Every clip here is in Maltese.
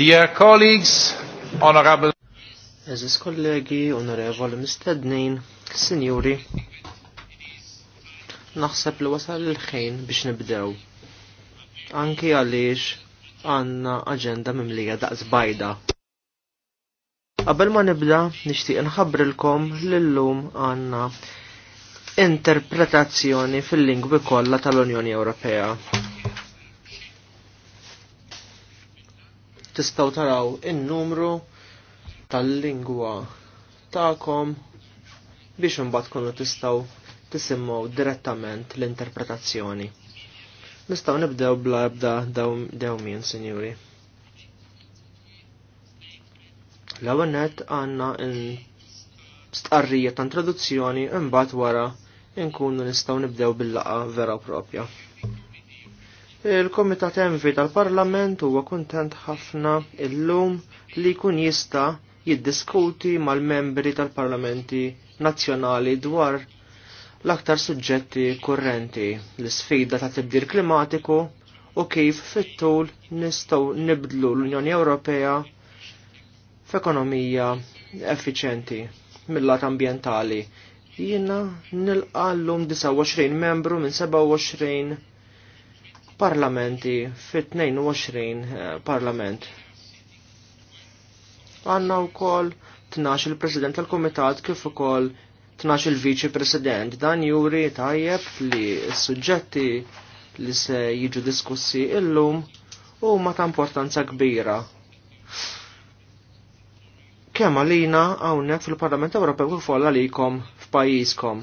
Dear colleagues, honorable... Eżis kollegi, onorevoli mistednin, sinjuri, naħseb li wasal il-ħin biex nibdew. Anki għaliex għanna aġenda mimlija daqs bajda. Qabel ma nibda, nixtieq nħabbrilkom l-lum għanna interpretazzjoni fil-lingwi kollha tal-Unjoni Ewropea tistaw taraw in-numru tal-lingwa ta'kom biex imbagħad kunu tistaw tisimgħu direttament l-interpretazzjoni. Nistgħu nibdew bla ebda dewmien, sinjuri. L-ewwel nett għandna stqarrija ta' introduzzjoni imbagħad wara nkunu nistgħu nibdew bil-laqa vera propja. Il-Komitat Envi tal-Parlament huwa kuntent ħafna illum li jkun jista' jiddiskuti mal-membri tal-Parlamenti nazzjonali dwar l-aktar suġġetti kurrenti, l-sfida ta' tibdir klimatiku u kif fit-tul nistgħu nibdlu l-Unjoni Ewropea f'ekonomija effiċenti mill-lat ambjentali. Jiena nilqa llum 29 membru minn 27 parlamenti fit-22 eh, parlament. Għanna u kol 12 il-president tal-komitat kif ukoll 12 il-viċi president. Dan juri tajjeb li s-suġġetti li se jiġu diskussi illum u ma ta' importanza kbira. Kemm għalina hawnhekk fil-Parlament Ewropew kif għal għalikom f'pajjiżkom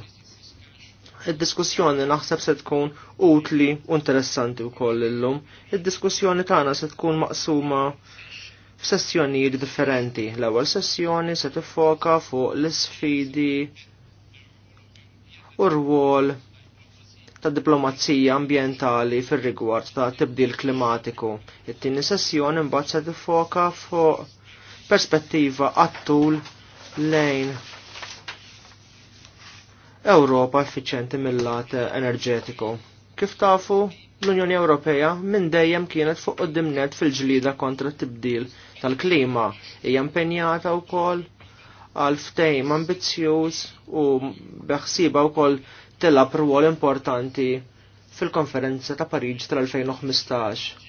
id-diskussjoni naħseb se tkun utli u interessanti wkoll illum. Id-diskussjoni tagħna se tkun maqsuma f'sessjonijiet differenti. L-ewwel sessjoni se tiffoka fuq l-isfidi u rwol ta' diplomazija ambjentali fir-rigward ta' tibdil klimatiku. It-tieni sessjoni mbagħad se tiffoka fuq perspettiva għattul lejn Ewropa effiċenti mill-lat enerġetiku. Kif tafu, l-Unjoni Ewropea minn dejjem kienet fuq qoddimnet fil-ġlida kontra t-tibdil tal-klima hija impenjata wkoll għal ftejm ambizzjuż u beħsiba wkoll tilab rwol importanti fil-konferenza ta' Pariġi tal-2015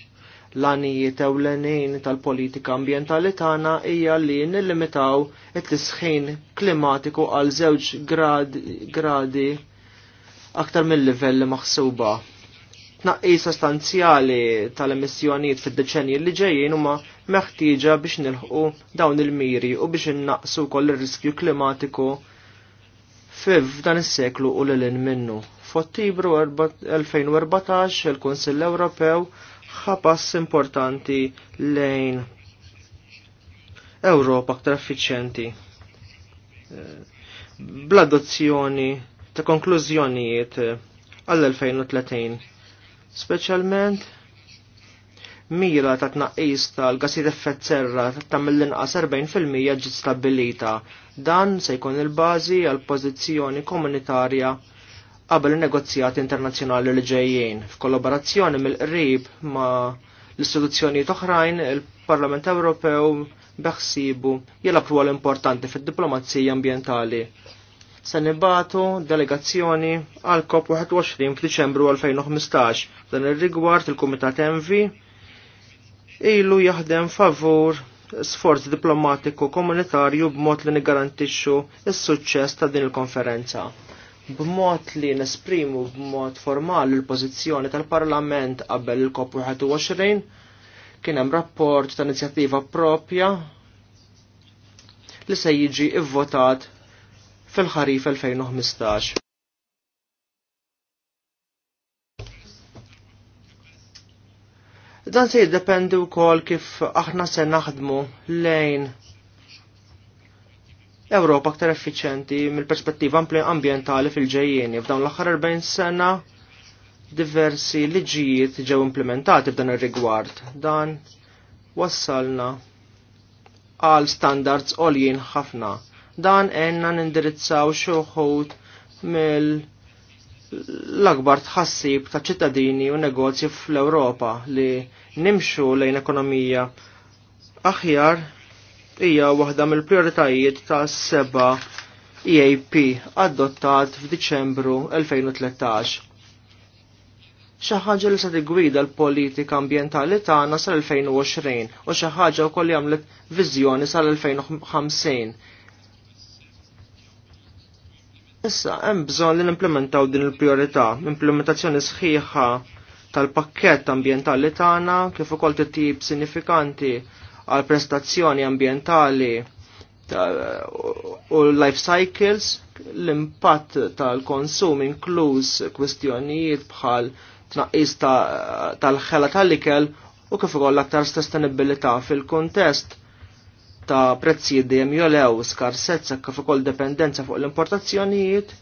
l-għanijiet ewlenin tal-politika ambientali tagħna hija li nillimitaw it-tisħin klimatiku għal żewġ gradi aktar mill-livelli maħsuba. Tnaqqis sostanzjali tal-emissjonijiet fid-deċenji li ġejjin huma meħtieġa biex nilħqu dawn il-miri u biex innaqsu wkoll ir-riskju klimatiku fiv dan is-seklu u l-lin minnu. Fottibru 2014 il-Kunsill Ewropew ħapass importanti lejn Ewropa aktar effiċjenti. Eh, bl-adozzjoni ta' konklużjonijiet eh, għall-2030, speċjalment mira ta' tnaqqis tal-gassi effett serra ta' mill-inqas 40% ġiet stabilita. Dan se jkun il-bażi għal pożizzjoni komunitarja qabel negozjat internazzjonali li ġejjin f'kollaborazzjoni mill-qrib ma' l-istituzzjonijiet oħrajn il-Parlament Ewropew beħsibu jilab rwol importanti fid-diplomazija ambjentali. Se nibatu delegazzjoni għal COP21 f'Diċembru 2015. Dan ir-rigward il-Kumitat Envi ilu jaħdem favur sforz diplomatiku komunitarju b'mod li nigarantixxu s-suċċess ta' din il-konferenza b'mod li nesprimu b'mod formali l-pożizzjoni tal-Parlament qabel il-COP21 kien hemm rapport ta' inizjattiva propja li se jiġi ivvotat fil-ħarif 2015. Dan se jiddependi wkoll kif aħna se naħdmu lejn Ewropa aktar effiċenti mill-perspettiva ambjentali fil-ġejjieni. F'dawn l-aħħar 40 sena diversi liġijiet ġew implementati f'dan ir-rigward. Dan wassalna għal standards għoljin ħafna. Dan enna nindirizzaw xoħut mill l-akbar tħassib ta' ċittadini u negozji fl-Ewropa li nimxu lejn ekonomija aħjar hija waħda mill-prioritajiet ta' seba EAP adottat f'Diċembru 2013. Xi ħaġa li se tiggwida l-politika ambjentali tagħna sal-2020 u xi ħaġa wkoll jagħmlet viżjoni sal-2050. Issa hemm bżonn li nimplementaw din il-priorità, implementazzjoni sħiħa tal-pakkett ambjentali tagħna kif ukoll titjib sinifikanti għal prestazzjoni ambientali u life cycles, l-impatt tal-konsum inkluż kwestjonijiet bħal tnaqqis tal-ħela tal-ikel u kif ukoll l aktar sostenibilità fil-kontest ta' prezzijiet dejjem jolew skarsezza kif ukoll dependenza fuq l-importazzjonijiet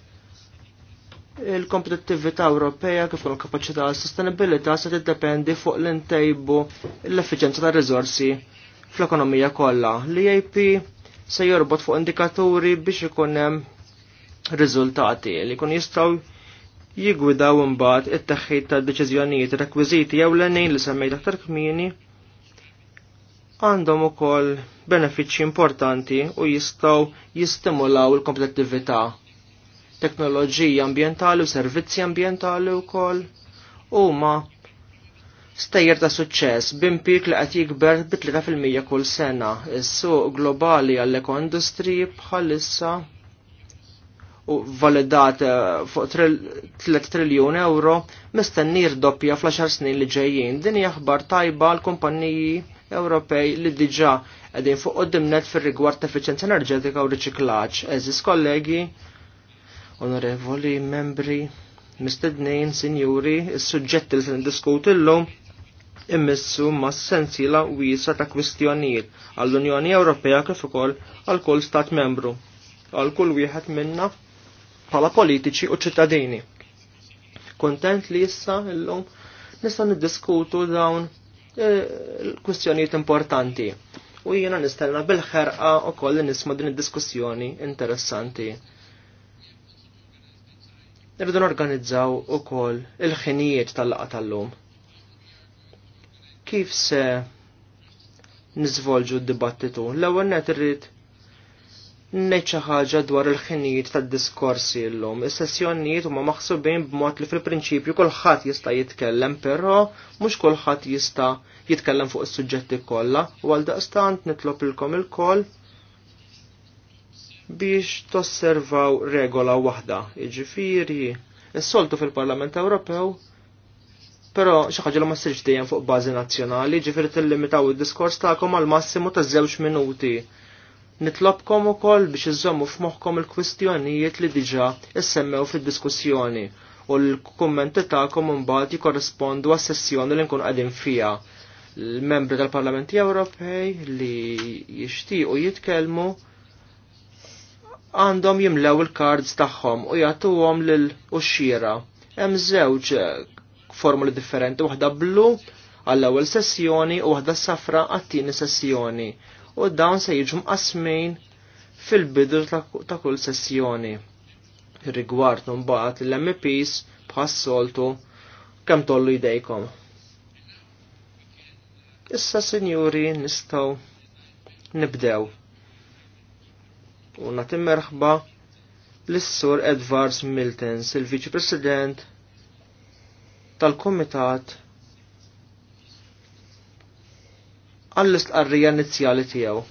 il-kompetittività Ewropea kif ukoll kapaċità tal sostenibilità se tiddependi fuq l-intejbu l-effiċenza tar-riżorsi fl-ekonomija kollha. L-EIP se jorbot fuq indikaturi biex ikun hemm riżultati li jkun jistgħu jigwidaw imbagħad it-teħħid tad-deċiżjonijiet rekwiżiti jew l li semmejt aktar kmieni għandhom ukoll benefiċċji importanti u jistgħu jistimulaw il-kompetittività, teknoloġija ambjentali u servizzi ambjentali wkoll huma stajjer ta' suċċess b'impik li qed jikber bit-tlida fil-mija kull sena. Is-suq globali għall-eko industri bħalissa u validat eh, fuq 3 triljun euro mistenni jirdoppja fl-10 snin li ġejjin. Din hija tajba l-kumpanniji Ewropej li diġà qegħdin fuq net fir-rigward ta' enerġetika u riċiklaġġ. Eżis kollegi, onorevoli membri, mistednin, sinjuri, is-suġġetti li se diskutillhom immissu ma' sensiela wiesa ta' kwistjonijiet għall-Unjoni Ewropea kif ukoll għal kull stat membru, għal kull wieħed minna bħala politiċi u ċittadini. Kontent li issa illum nista' niddiskutu dawn eh, kwistjonijiet importanti. U jiena nistenna bil-ħerqa wkoll li nisma' din id-diskussjoni interessanti. Irridu norganizzaw ukoll il-ħinijiet tal-laqa tal-lum. tal laqgħa tal lum kif se nizvolġu d-dibattitu. L-ewwel net irrid ngħid xi ħaġa dwar il-ħinijiet tad-diskorsi llum. Is-sessjonijiet huma maħsubin b'mod li fil-prinċipju kulħadd jista' jitkellem, però mhux kulħadd jista' jitkellem fuq is-suġġetti kollha, u għal daqstant nitlob ilkom ilkoll biex tosservaw regola waħda, jiġifieri. Is-soltu fil-Parlament Ewropew Però xi ħaġa li ma ssirx dejjem fuq bażi nazzjonali, ġifieri tillimitaw id-diskors tagħkom għal massimu ta' żewġ minuti. Nitlobkom ukoll biex iżommu f'moħħkom il-kwistjonijiet li diġà issemmew fid-diskussjoni u l-kummenti tagħkom imbagħad jikorrispondu għas-sessjoni li nkun qegħdin fiha. L-membri tal-Parlamenti Ewropej li jixtiequ jitkellmu għandhom jimlew il-kards tagħhom u jagħtuhom lil uxxira. Hemm żewġ formuli differenti, waħda blu għall-ewwel sessjoni u waħda safra għat-tieni sessjoni. U dawn se jiġu mqasmin fil-bidu ta' kull sessjoni. Rigward mbagħad l-MPs bħas-soltu kemm tollu jdejkom. Issa, sinjuri, nistgħu nibdew. U nagħti merħba l-Sur Edwards Miltens, il-Viċi President tal-Kumitat għall-istqarrija inizjali tiegħu.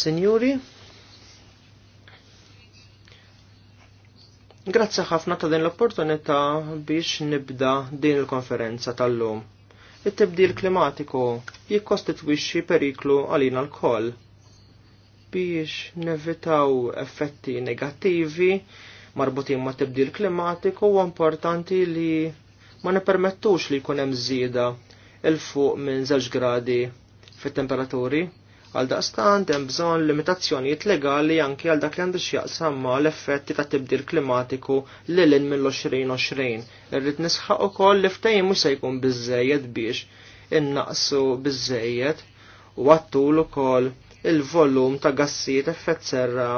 Sinjuri, Grazzi ħafna ta' din l-opportunità biex nibda din il-konferenza tal-lum. It-tibdil klimatiku jikkostitwixxi periklu għalina l-koll biex nevitaw effetti negattivi marbutin ma' tibdil klimatiku u importanti li ma' nipermettux li jkun hemm żieda il-fuq minn 0 gradi fit-temperaturi. Għal daqstant hemm bżonn limitazzjonijiet legali anke għal dak li għandu x'jaqsam ma' l-effetti ta' tibdil klimatiku lil in mill-2020. Irrid nisħaq ukoll li ftehim mhux se jkun biżejjed biex innaqsu biżejjed u għattul ukoll il-volum ta' gassijiet effett serra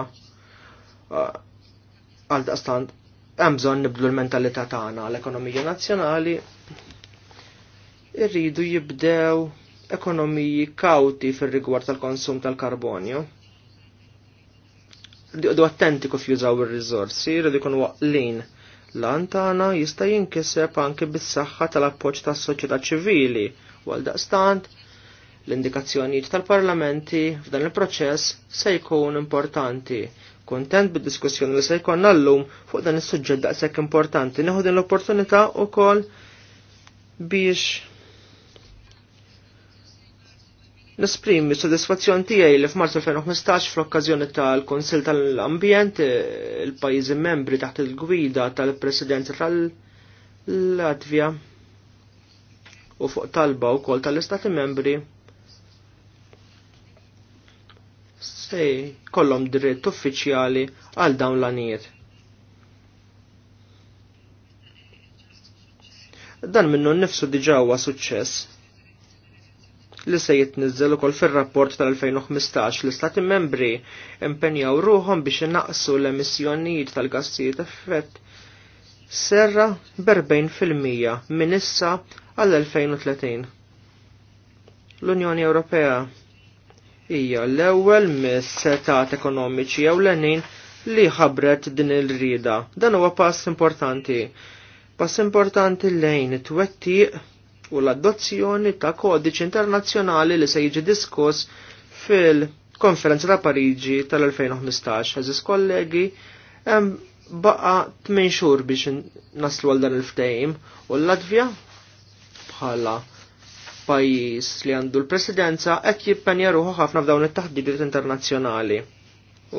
għal daqstant hemm bżonn nibdlu l-mentalità tagħna l-ekonomija nazzjonali irridu jibdew ekonomiji kawti fir-rigward tal-konsum tal-karbonju. Rridu attenti kif jużaw ir-riżorsi, rridu jkun waqlin lan tagħna jista' jinkiseb anke bis-saħħa tal-appoġġ tas-soċjetà ċivili u għal daqstant l-indikazzjonijiet tal-parlamenti f'dan il-proċess se jkun importanti Kontent bid-diskussjoni li se jkollna llum fuq dan is-suġġett daqshekk importanti. Neħu din l-opportunità wkoll biex nesprimi s-sodisfazzjon tiegħi li f'Marzu 2015 fl-okkażjoni tal-Kunsill tal-Ambjent il-pajjiżi membri taħt il-gwida tal-Presidenza tal-Latvja u fuq talba wkoll tal-Istati membri se kollhom dritt uffiċjali għal dawn l-anijiet. Dan minnu nnifsu diġà huwa suċċess li se jitniżżel ukoll fir-rapport tal-2015 li stati membri impenjaw ruhom biex inaqsu l-emissjonijiet tal-gassijiet effett serra b'40% minn issa għall-2030. L-Unjoni Ewropea hija l-ewwel miss setat ekonomiċi ewlenin li ħabret din il-rida. Dan huwa pass importanti. Pass importanti lejn it-twettiq u l-adozzjoni ta' kodiċi internazzjonali li se jiġi diskuss fil-konferenza ta' Pariġi tal-2015. Eżis kollegi, hemm baqa 8 xhur biex naslu għal dan il-ftehim u l ladvja bħala pajjiż li għandu l-presidenza qed jippenja ruħu ħafna f'dawn it-taħdidiet internazzjonali.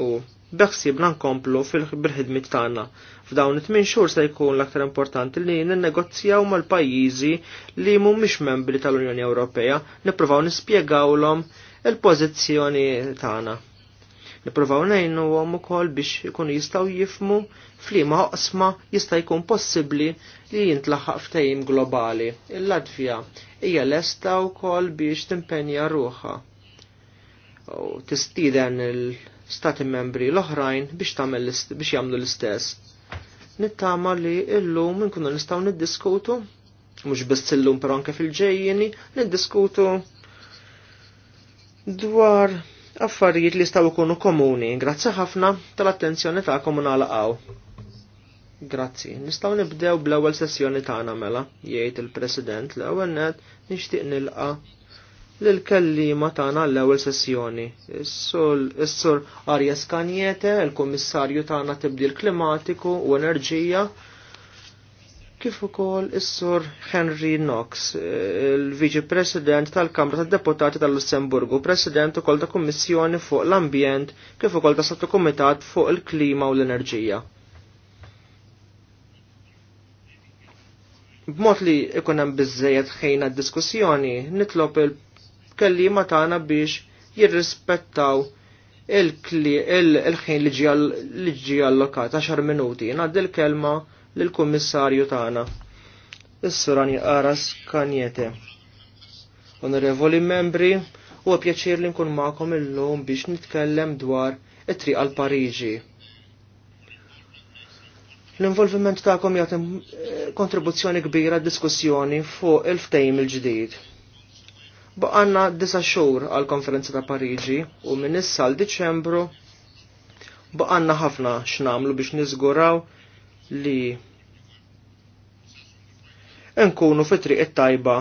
U beħsibna nkomplu fil-ħidmit tagħna. F'dawn it-tmien xhur se jkun l-aktar importanti li ninnegozjaw mal-pajjiżi li mhumiex membri tal-Unjoni Ewropea, nippruvaw nispjegawlhom il-pożizzjoni tagħna. Nippruvaw ngħinuhom ukoll biex ikunu jistgħu jifmu f'liema oqsma jista' jkun possibbli li jintlaħħaq ftehim globali. Il-Latvija hija lesta wkoll biex timpenja ruħha u tistiden il-stati membri l-oħrajn biex tagħmel biex jagħmlu l-istess. Nittama li illum nkunu nistgħu niddiskutu mhux biss illum però anke fil ġejjini niddiskutu dwar affarijiet li jistgħu jkunu komuni. Grazzi ħafna tal-attenzjoni ta' komunala għaw. Grazzi. Nistgħu nibdew bl-ewwel sessjoni tagħna mela, jgħid il-President l-ewwel net nixtieq nilqa' l kellima tagħna l-ewwel sessjoni. Is-sur Arias Kanjete, il-Kummissarju tagħna Tibdil Klimatiku u Enerġija, kif ukoll is-sur Henry Knox, il-Viċi President tal-Kamra tad-Deputati tal-Lussemburgu, President ukoll ta' Kummissjoni fuq l-Ambjent, kif ukoll ta' Sottokumitat fuq il-Klima u l-Enerġija. B'mod li ikun hemm biżejjed ħejna d-diskussjoni, nitlob il-kellima tagħna biex jirrispettaw il-ħin li ġi allokat 10 minuti. Ngħaddi l-kelma lill-kummissarju tagħna. is sorani Aras Kanjete. Onorevoli membri, huwa pjaċir li nkun magħkom illum biex nitkellem dwar it-triq għal Pariġi L-involviment ta'kom jagħti eh, kontribuzzjoni kbira diskussjoni fuq il-ftejm il-ġdid. Baqanna disa xhur għal konferenza ta' Pariġi u minn issa l Diċembru baqanna ħafna x'namlu biex niżguraw li nkunu fi triq it-tajba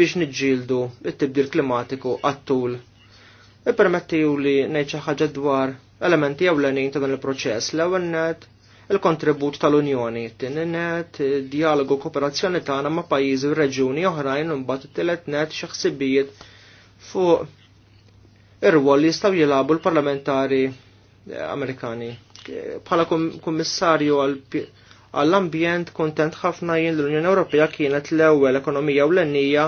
biex niġġieldu it tibdir klimatiku għattul. Ippermettiju li ngħid xi ħaġa dwar elementi għawlenin ta' dan il-proċess l ewwel il-kontribut tal-Unjoni, t-tinnet, dialogu kooperazzjoni tagħna ma' pajjiżi u reġuni oħrajn imbagħad it-telet net xi ħsibijiet fuq ir-rwol li jistgħu jilabu l-parlamentari eh, Amerikani. Bħala kummissarju għall-ambjent kontent ħafna jien l-Unjoni Ewropea kienet l-ewwel ekonomija u l-ennija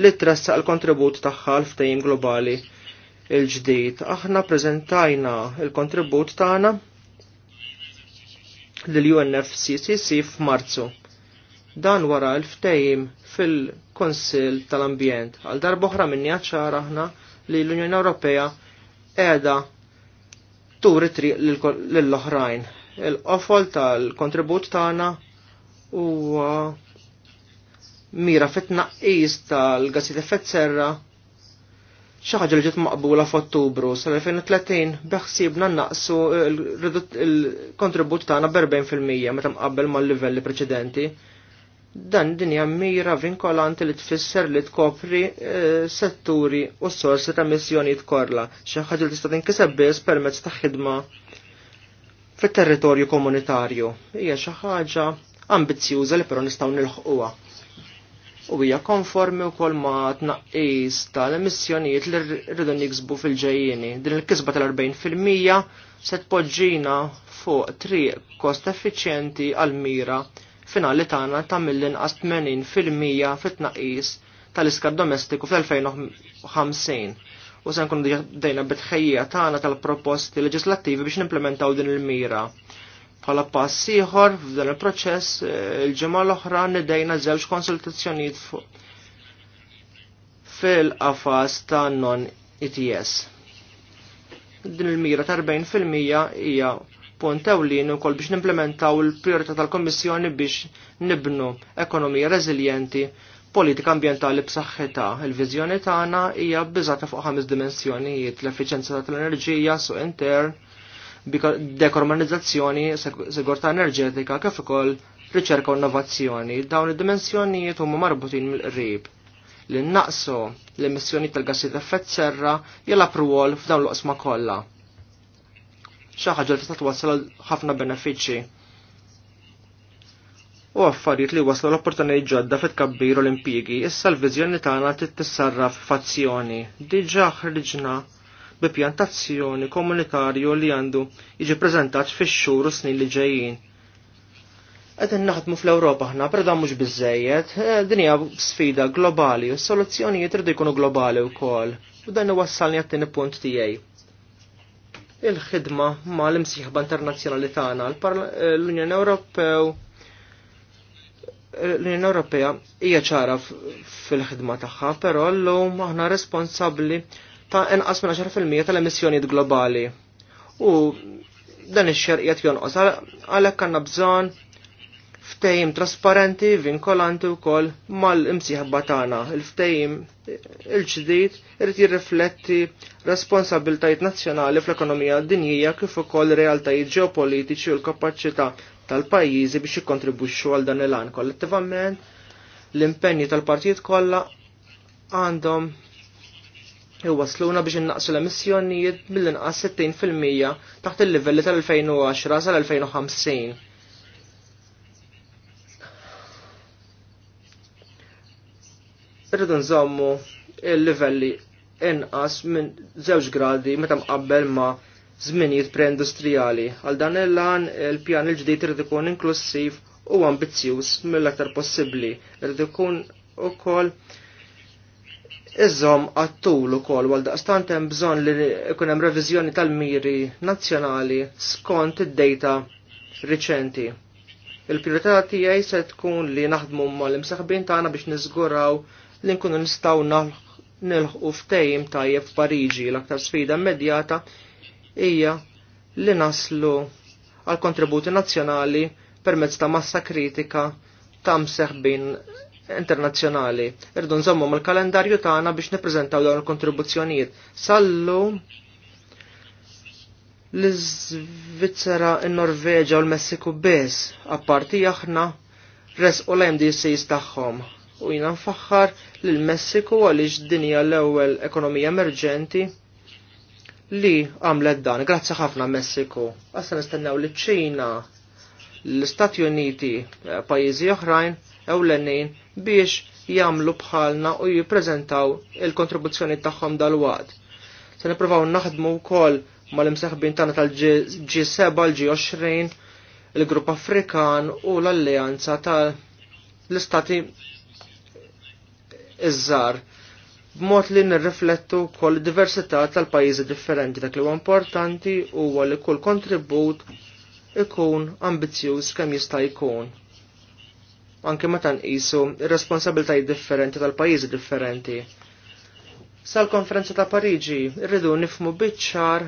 li tressa l kontribut tagħha l-ftehim globali il-ġdid. Aħna preżentajna il-kontribut tagħna lill unfccc f'Marzu. Dan wara l-ftejim fil-Konsil tal-Ambjent. Għal oħra minni ċara aħna li l-Unjoni Ewropea qiegħda turi triq lill-oħrajn. Il-qofol tal-kontribut tagħna huwa mira fit-tnaqqis tal-gassi effett serra xi ħaġa li ġiet maqbula f'Ottubru sal-2030 beħsiebna naqsu il-kontribut tagħna b'40% meta mqabbel mal-livelli preċedenti. Dan din hija mira vinkolanti li tfisser li tkopri eh, setturi u sorsi ta' missjonijiet korla xi ħaġa li tista' tinkiseb biss permezz ta' ħidma fit-territorju komunitarju. Hija xi ħaġa ambizzjuża li però nistgħu nilħquha u hija konformi wkoll ma tnaqqis tal-emissjonijiet li rridu niksbu fil-ġejjieni. Din il-kisba tal-40% se tpoġġina fuq triq kost effiċjenti għal mira finali tagħna ta' mill-inqas 80% fit-tnaqqis tal-iskar domestiku fl-2050. U se nkunu dejna bitħejja tagħna tal-proposti leġislattivi biex nimplementaw din il-mira. Bħala pass ieħor f'dan il-proċess eh, il-ġimgħa l-oħra nidejna żewġ konsultazzjonijiet fil-qafas ta' non ETS. Din il-mira ta' 40% hija punt ewlin ukoll biex nimplementaw il-priorità tal-Kommissjoni biex nibnu ekonomija reżiljenti politika ambientali b'saħħitha. Il-viżjoni tagħna hija bbiżata fuq ħames dimensjonijiet: l-effiċenza tal-enerġija, suq intern, dekormanizzazzjoni, sigurtà enerġetika kif ukoll riċerka u innovazzjoni. Dawn id-dimensjonijiet huma marbutin mill-qrib li naqsu l-emissjoni tal-gassiet effett serra jilla pruwol f'dawn l-qosma kollha. Xi ħaġa li twassal ħafna benefiċċji u affarijiet li waslu l-opportunitajiet ġodda fit-kabbir Olimpijgi, issa l-viżjoni tagħna tissarra f'azzjoni. Diġà ħriġna bi pjantazzjoni komunitarju li għandu jiġi prezentat fix-xhur u snin li ġejjin. Għedin naħdmu fl-Ewropa ħna, però dan mhux dinja eh, din hija sfida globali u s-soluzzjonijiet irdu jkunu globali wkoll. U dan wassalni għat-tieni punt tiegħi il-ħidma ma l-imsiħba internazjonali tagħna eh, l-Unjoni Ewropew l-Unjoni Ewropea hija ċara fil-ħidma tagħha, però llum aħna responsabbli ta' inqas minn 10% tal-emissjonijiet globali. U dan ix-xer qiegħed jonqos għalhekk għandna bżonn ftehim trasparenti, vinkolanti wkoll mal-imsieħba tagħna. Il-ftehim il-ġdid irid jirrifletti responsabiltajiet nazzjonali fl-ekonomija dinjija kif ukoll realtajiet ġeopolitiċi u l-kapaċità tal-pajjiżi biex jikkontribwixxu għal dan il-għan kollettivament l-impenni tal-partijiet kollha għandhom wasluna biex innaqsu l-emissjonijiet mill-inqas 60% taħt il-livelli tal-2010 sal-2050. Irridu nżommu il-livelli inqas minn 2 gradi meta mqabbel ma' żminijiet preindustrijali. Għal dan il-lan il-pjan il-ġdid irid ikun inklusiv u ambizzjuż mill-aktar possibbli. Irid ikun ukoll iżom għattul ukoll għal daqstantem hemm bżonn li jkun hemm reviżjoni tal-miri nazzjonali skont id-data riċenti. Il-priorità tiegħi se tkun li naħdmu l imsaħbin tagħna biex niżguraw li nkunu nistgħu nilħqu ftejim tajjeb f'Pariġi l-aktar sfida immedjata hija li naslu għal kontributi nazzjonali permezz ta' massa kritika ta' mseħbin internazzjonali. Irdu nżommu mal-kalendarju tagħna biex nippreżentaw dawn il-kontribuzzjonijiet. Sallu l-Svizzera, il-Norveġa u l-Messiku biss, apparti aħna res u l-MDCs tagħhom. U jina nfaħħar l-Messiku għaliex dinja l-ewwel ekonomija emerġenti li għamlet dan. Grazzi ħafna Messiku. Għassa nistennew li ċina, l-Istati Uniti, eh, pajjiżi oħrajn, ewlenin biex jagħmlu bħalna u jippreżentaw il-kontribuzzjoni tagħhom dal wad Se nipprovaw naħdmu wkoll mal-imseħbin tagħna tal-G7, l-G20, il-Grupp Afrikan u l-Alleanza tal-Istati iż-żar b'mod li nirriflettu wkoll diversità tal-pajjiżi differenti dak li huwa importanti huwa li kull kontribut ikun ambizzjuż kemm jista' jkun anke meta nqisu ir-responsabiltajiet differenti tal-pajjiżi differenti. Sal-konferenza ta' Pariġi rridu nifmu biċ-ċar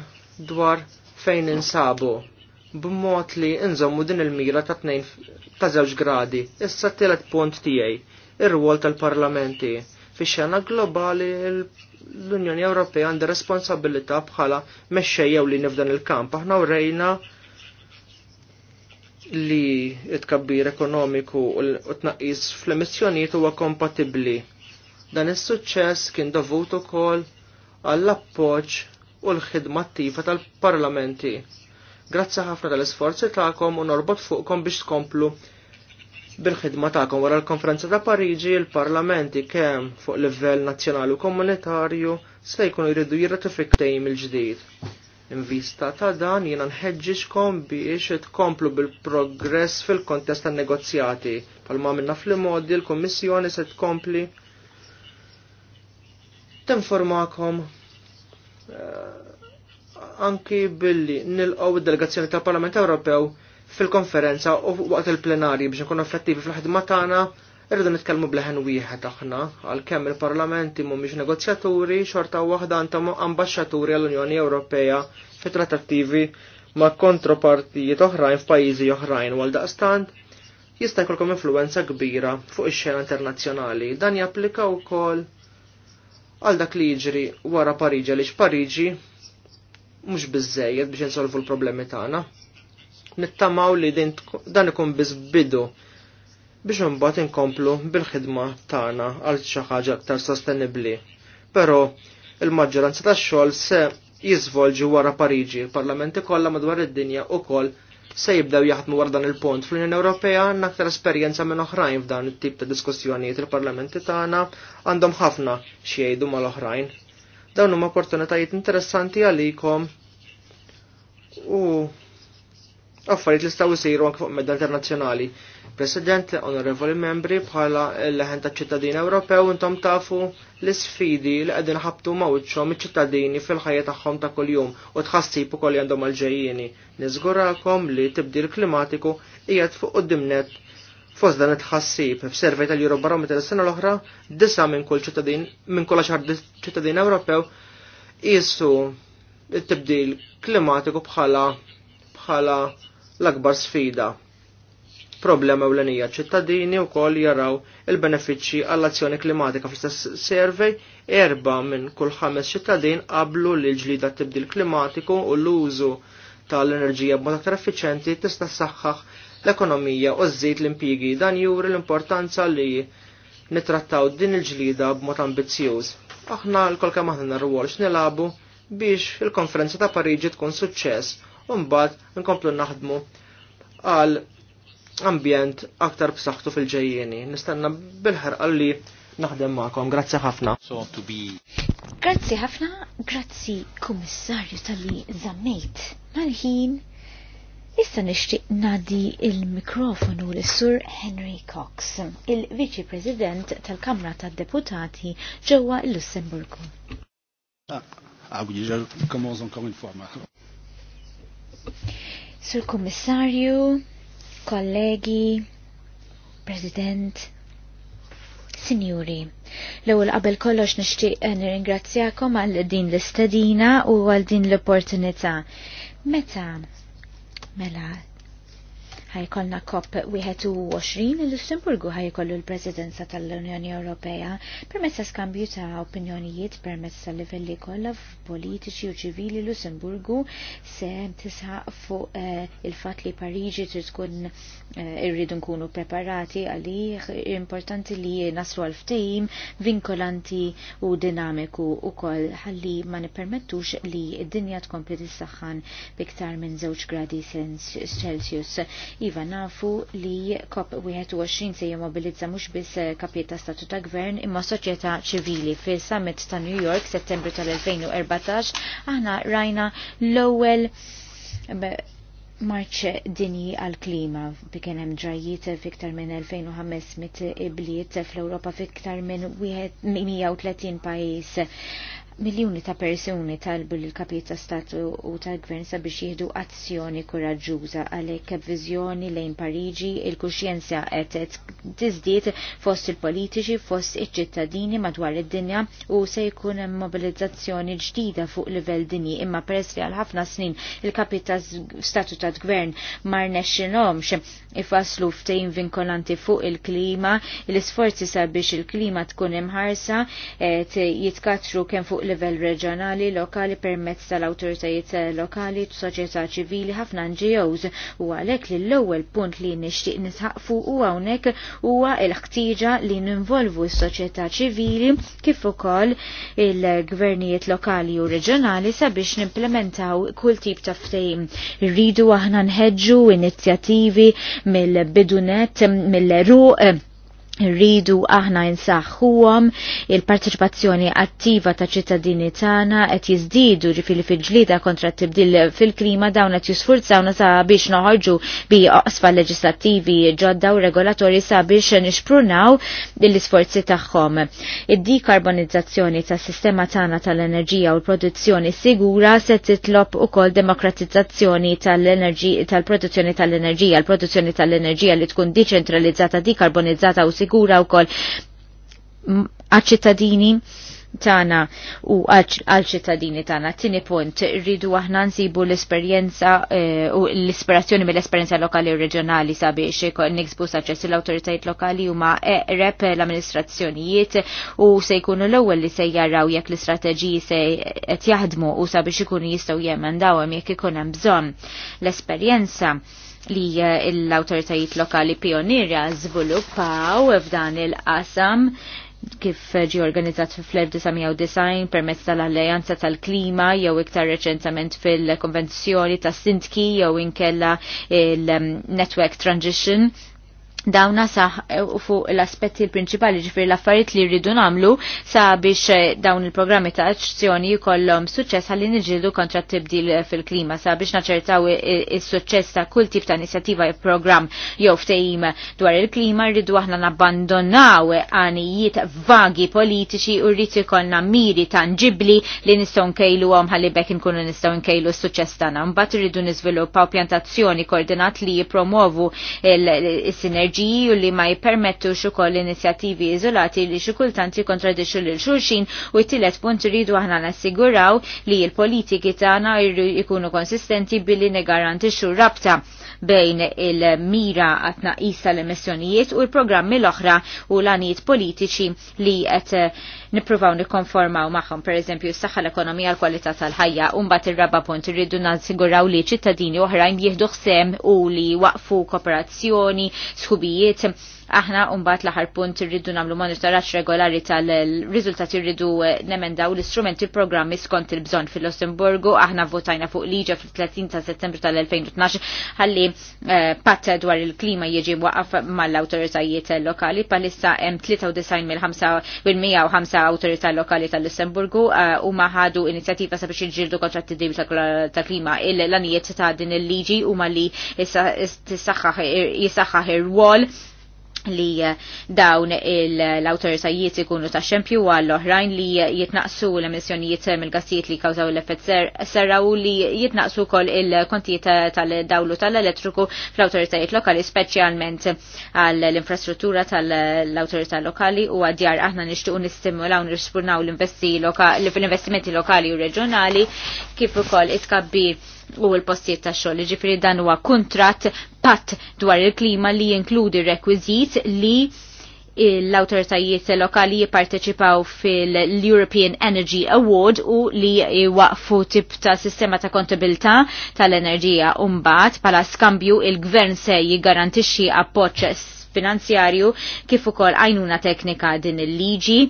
dwar fejn insabu b'mod li nżommu din il-mira ta' tnejn ta' żewġ gradi. Issa t-tielet punt tiegħi ir-rwol tal-parlamenti. Fix-xena globali l-Unjoni Ewropea għandha responsabilità bħala mexxejjew li nifdan il-kamp. Aħna rejna li it-kabbir ekonomiku u t-naqis fl-emissjonijiet huwa kompatibbli. Dan is-suċċess kien dovut ukoll għall-appoġġ u l-ħidma attiva tal-parlamenti. Grazzi ħafna tal-isforzi tagħkom u norbot fuqkom biex tkomplu bil-ħidma tagħkom wara l-konferenza ta' Pariġi il-parlamenti kemm fuq livell nazzjonali u komunitarju se jkunu jridu jirratifik il-ġdid. Invista ta' dan jiena nħeġġixkom biex tkomplu bil-progress fil-kontest tan-negozjati. Palma minna fl-modi l-Kommissjoni se tkompli tinformakom eh, anki billi nilqgħu id-delegazzjoni tal-Parlament Ewropew fil-konferenza u waqt il-plenarji biex nkunu effettivi fil-ħidma tagħna Irridu nitkellmu bleħen wieħed aħna għalkemm il-parlamenti mhumiex negozjaturi xorta waħda għandhom ambaxxaturi għall-Unjoni Ewropea fi trattattivi ma' kontropartijiet oħrajn f'pajjiżi oħrajn u għaldaqstant jista' jkollkom influenza kbira fuq ix-xena internazzjonali. Dan japplika wkoll għal dak li jiġri wara Pariġi għaliex Pariġi mhux biżejjed biex insolvu l-problemi tagħna. Nittamaw li dan ikun biss bidu biex imbagħad inkomplu bil-ħidma tagħna għal xi ħaġa aktar sostenibbli. Però il-maġġoranza tax-xogħol se jiżvolġi wara Pariġi, parlamenti kollha madwar id-dinja ukoll se jibdew jaħdmu wara dan il-punt fl-Unjoni Ewropea għandna aktar esperjenza minn oħrajn f'dan it-tip ta' diskussjonijiet il-parlamenti tagħna għandhom ħafna xi jgħidu mal-oħrajn. Dawn huma opportunitajiet interessanti għalikom u affarijiet li staw isiru anke fuq medda internazzjonali. President, onorevoli membri, bħala l-leħen ta' ċittadin Ewropew intom tafu l-sfidi li qegħdin ħabtu mawċom iċ-ċittadini fil-ħajja tagħhom ta' kuljum u tħassib ukoll għandhom għal-ġejjieni. li tibdil klimatiku qiegħed fuq qudiemnet Fost dan it-ħassib f'servej tal-Eurobarometer s-sena l-oħra, disa minn kull ċittadin, minn kull ċar ċittadin Ewropew, jisu t tibdil klimatiku bħala bħala l-akbar sfida. Problema ewlenija ċittadini u koll jaraw il-benefiċċji għall-azzjoni klimatika fl-istess survey erba minn kull ħames ċittadin qablu li l-ġlida tibdil klimatiku u l-użu tal-enerġija b'mod aktar effiċenti tista' saħħaħ l-ekonomija u żżid l-impjigi dan juri l-importanza li nitrattaw din il-ġlida b'mod ambizzjuż. Aħna l kolka maħna r rwol x'nilabu biex il-konferenza ta' Pariġi tkun suċċess u nkomplu naħdmu għal ambjent aktar b'saħħtu fil-ġejjieni. Nistenna bil-ħarqa naħdem magħkom. Grazzi ħafna. So to be. Grazzi ħafna, grazzi kummissarju tal-li zammejt mal-ħin. Issa nixtieq nadi il-mikrofonu l sur Henry Cox, il-Viċi President tal-Kamra tad-Deputati ġewwa l-Lussemburgu. Ah, ah oui, je commence encore une fois. Sur Kommissarju, kollegi, President, Sinjuri, l-ewwel qabel kollox nixtieq nirringrazzjakom għal din l-istedina u għal din l-opportunità. Meta mela ħajkolna COP21 il-Lussemburgu ħajkollu l-Presidenza tal-Unjoni Ewropea permezz skambju ta' opinjonijiet permezz tal livelli kollha politiċi u ċivili Lussemburgu se tisħaq fuq eh, il-fatt li Pariġi trid tkun eh, irridu nkunu preparati għalih importanti li naslu għal ftehim vinkolanti u dinamiku koll ħalli ma nippermettux li d-dinja tkompli tissaħħan biktar minn żewġ gradi Celsius. Iva nafu li COP21 se jimmobilizza mhux biss eh, kapiet ta' statu ta' gvern imma soċjetà ċivili fi summit ta' New York settembru tal-2014 aħna rajna l-ewwel Marċ dinji għal-klima bi kien hemm ġrajiet fiktar minn 2500 ibliet fl-Ewropa fiktar minn 130 pajjiż miljoni ta' persuni talbu l-kapit ta' statu u tal-gvern sabiex jihdu azzjoni kuraġuża għalhekk viżjoni lejn Pariġi il-kuxjenza qed tiżdied fost il-politiċi fost iċ-ċittadini madwar id-dinja u se jkun hemm mobilizzazzjoni ġdida fuq livell dinji imma peress li għal ħafna snin il-kapit ta' statu ta' gvern mar nexxinhomx ifaslu ftejn vinkolanti fuq il-klima l-isforzi sabiex il-klima tkun imħarsa jitkatru kemm fuq livell reġjonali, lokali permezz tal-awtoritajiet lokali, soċjetà ċivili, ħafna NGOs u għalhekk li l-ewwel punt li nixtieq nisħaq fuq u hawnhekk huwa l-ħtieġa li ninvolvu s-soċjetà ċivili kif ukoll il-gvernijiet lokali u reġjonali sabiex nimplementaw kull tip ta' ftehim. Irridu aħna nħeġġu inizjattivi mill-bidunet mill-ruq rridu aħna insaħħuhom il-parteċipazzjoni attiva ta' ċittadini tagħna qed jiżdiedu ġifieri fil-ġlida kontra t-tibdil fil-klima dawn qed jisfurzawna sabiex biex noħorġu bi oqsfa leġislattivi ġodda u regolatorji sabiex nixprunaw l-isforzi tagħhom. Id-dekarbonizzazzjoni tas-sistema tagħna tal-enerġija u l-produzzjoni sigura se titlob ukoll demokratizzazzjoni tal-enerġija tal-produzzjoni tal-enerġija, l-produzzjoni tal-enerġija li tkun diċentralizzata, dekarbonizzata u Sigura wkoll għal-ċittadini tana u għal-ċittadini tana. Tini punt, rridu aħna nsibu l-esperienza eh, u l-ispirazzjoni mill-esperienza lokali u reġjonali sabiex nixbu saċess l-autoritajiet lokali u ma rep l-amministrazzjonijiet u se jkunu l-ewwel li se jaraw jekk l-istrateġiji se qed jaħdmu u sabiex ikunu jistgħu jemendaw hemm jekk ikun hemm bżonn l-esperjenza li eh, l-autoritajiet lokali pionirja żviluppaw f'dan il-qasam kif ġi organizzat fl-1990 permezz tal-Alleanza tal-Klima jew iktar reċentament fil-Konvenzjoni tas-Sintki jew inkella il-Network um, Transition dawna saħ eh, u fuq l-aspetti l-prinċipali ġifir l-affarijiet li rridu namlu sa biex eh, dawn il-programmi ta' azzjoni jkollhom suċċess għalli niġġieldu kontra tibdil eh, fil-klima sa biex naċertaw is-suċċess ta' kull tip ta' inizjattiva e programm jew ftehim dwar il-klima rridu aħna nabbandonaw għanijiet vagi politiċi u rrid ikollna miri tanġibli li nistgħu nkejluhom ħalli bekk inkunu nistgħu nkejlu s-suċċess tagħna. Mbagħad irridu niżviluppaw pjantazzjoni koordinat li jippromovu il sinerġi strategiji u li ma jipermettux ukoll inizjattivi iżolati li xi kultant l lil xulxin u t-tielet punt iridu aħna nassiguraw li l-politiki tagħna jkunu konsistenti billi negarantixxu rabta bejn il-mira isa l emissjonijiet u l-programmi l-oħra u l-għanijiet politiċi li għet eh, nipruvaw nikonformaw maħħom, per eżempju, s-saxħa l-ekonomija l-kwalità tal-ħajja, umbat il-raba punt irridu nassiguraw li ċittadini oħrajn jihdu xsem u li waqfu kooperazzjoni, sħubijiet Aħna unbat l punt irridu namlu monitoraċ regolari tal-rizultati irridu eh, nemendaw l-istrumenti programmi skont il-bżon fil-Lussemburgu. Aħna votajna fuq liġa fil-30 ta' settembru tal-2012 ħalli eh, patta dwar il-klima jieġi waqaf mal-autoritajiet lokali. Palissa hemm 93 mill-105 autorità lokali tal-Lussemburgu eh, u maħadu inizjativa sabiex iġġieldu kontratti dibi ta' klima. Il-lanijiet ta' din il-liġi u ma li jisaxħaħ ir-wol li dawn l-autorizajiet ikunu ta' xempju għall-oħrajn li jitnaqsu l-emissjonijiet mill-gassijiet li kawżaw l-effett serra u li jitnaqsu kol il-kontijiet tal-dawlu tal-elettriku fl-autorizajiet lokali, specialment għall-infrastruttura tal-autorità lokali u għadjar aħna nishtuqu nistimulaw nirspurnaw l-investimenti lokali u reġjonali kif ukoll it kabbi u l-postijiet ta' xogħol. Ġifieri dan huwa kuntratt patt dwar il-klima li jinkludi rekwiżit li l-autoritajiet lokali jipparteċipaw fil-European Energy Award u li waqfu tip ta' sistema ta' kontabilta tal-enerġija umbat pala skambju il-gvern se jigarantixxi appoċċ finanzjarju kif ukoll għajnuna teknika din il-liġi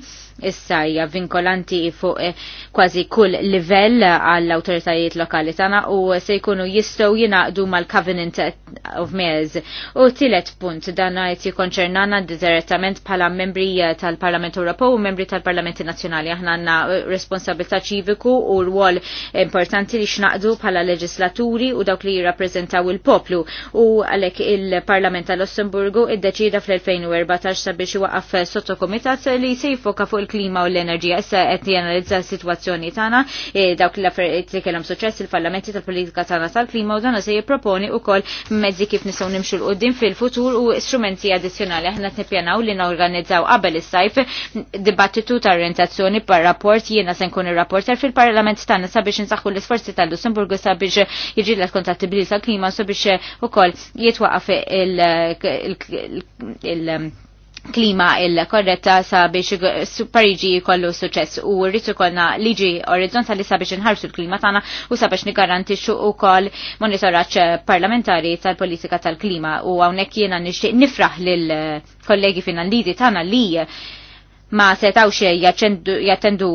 issa hija vinkolanti fuq eh, kważi kull livell għall awtoritajiet lokali tagħna u se jkunu jistgħu jingħaqdu mal-Covenant of Mayors. U tielet punt dan qed jikkonċernana direttament bħala membri tal-Parlament Ewropew u membri tal-Parlamenti Nazzjonali aħna għandna eh, responsabilità ċiviku u rwol importanti li x'naqdu bħala leġislaturi u dawk li jirrappreżentaw il-poplu u għalhekk il-Parlament tal-Lussemburgu iddeċida fl-2014 sabiex iwaqaf sottokomitat li se jfoka fuq l klima u l-enerġija. Issa qed janalizza s-sitwazzjoni tagħna e, dawk l-affarijiet li kellhom suċċess il-parlamenti tal-politika tagħna tal-klima u dan se jipproponi wkoll mezzi kif nistgħu nimxu l-qudiem fil-futur u strumenti addizzjonali. Aħna nippjanaw li norganizzaw qabel is-sajf dibattitu ta' orientazzjoni par rapport jiena se nkun ir-rapporter fil-Parlament tagħna sabiex insaħħu l-isforzi tal-Lussemburgu sabiex jiġilet kontattibilità tal-klima sabiex ukoll jitwaqaf il- klima il-korretta sabiex Pariġi jkollu suċess u rritu kolna liġi orizzontali sabiex nħarsu l-klima tagħna u sabiex u wkoll monitoraġġ parlamentari tal-politika tal-klima u hawnhekk jena nixtieq nifraħ lill kollegi finlandidi tagħna li ma setaw xie jattendu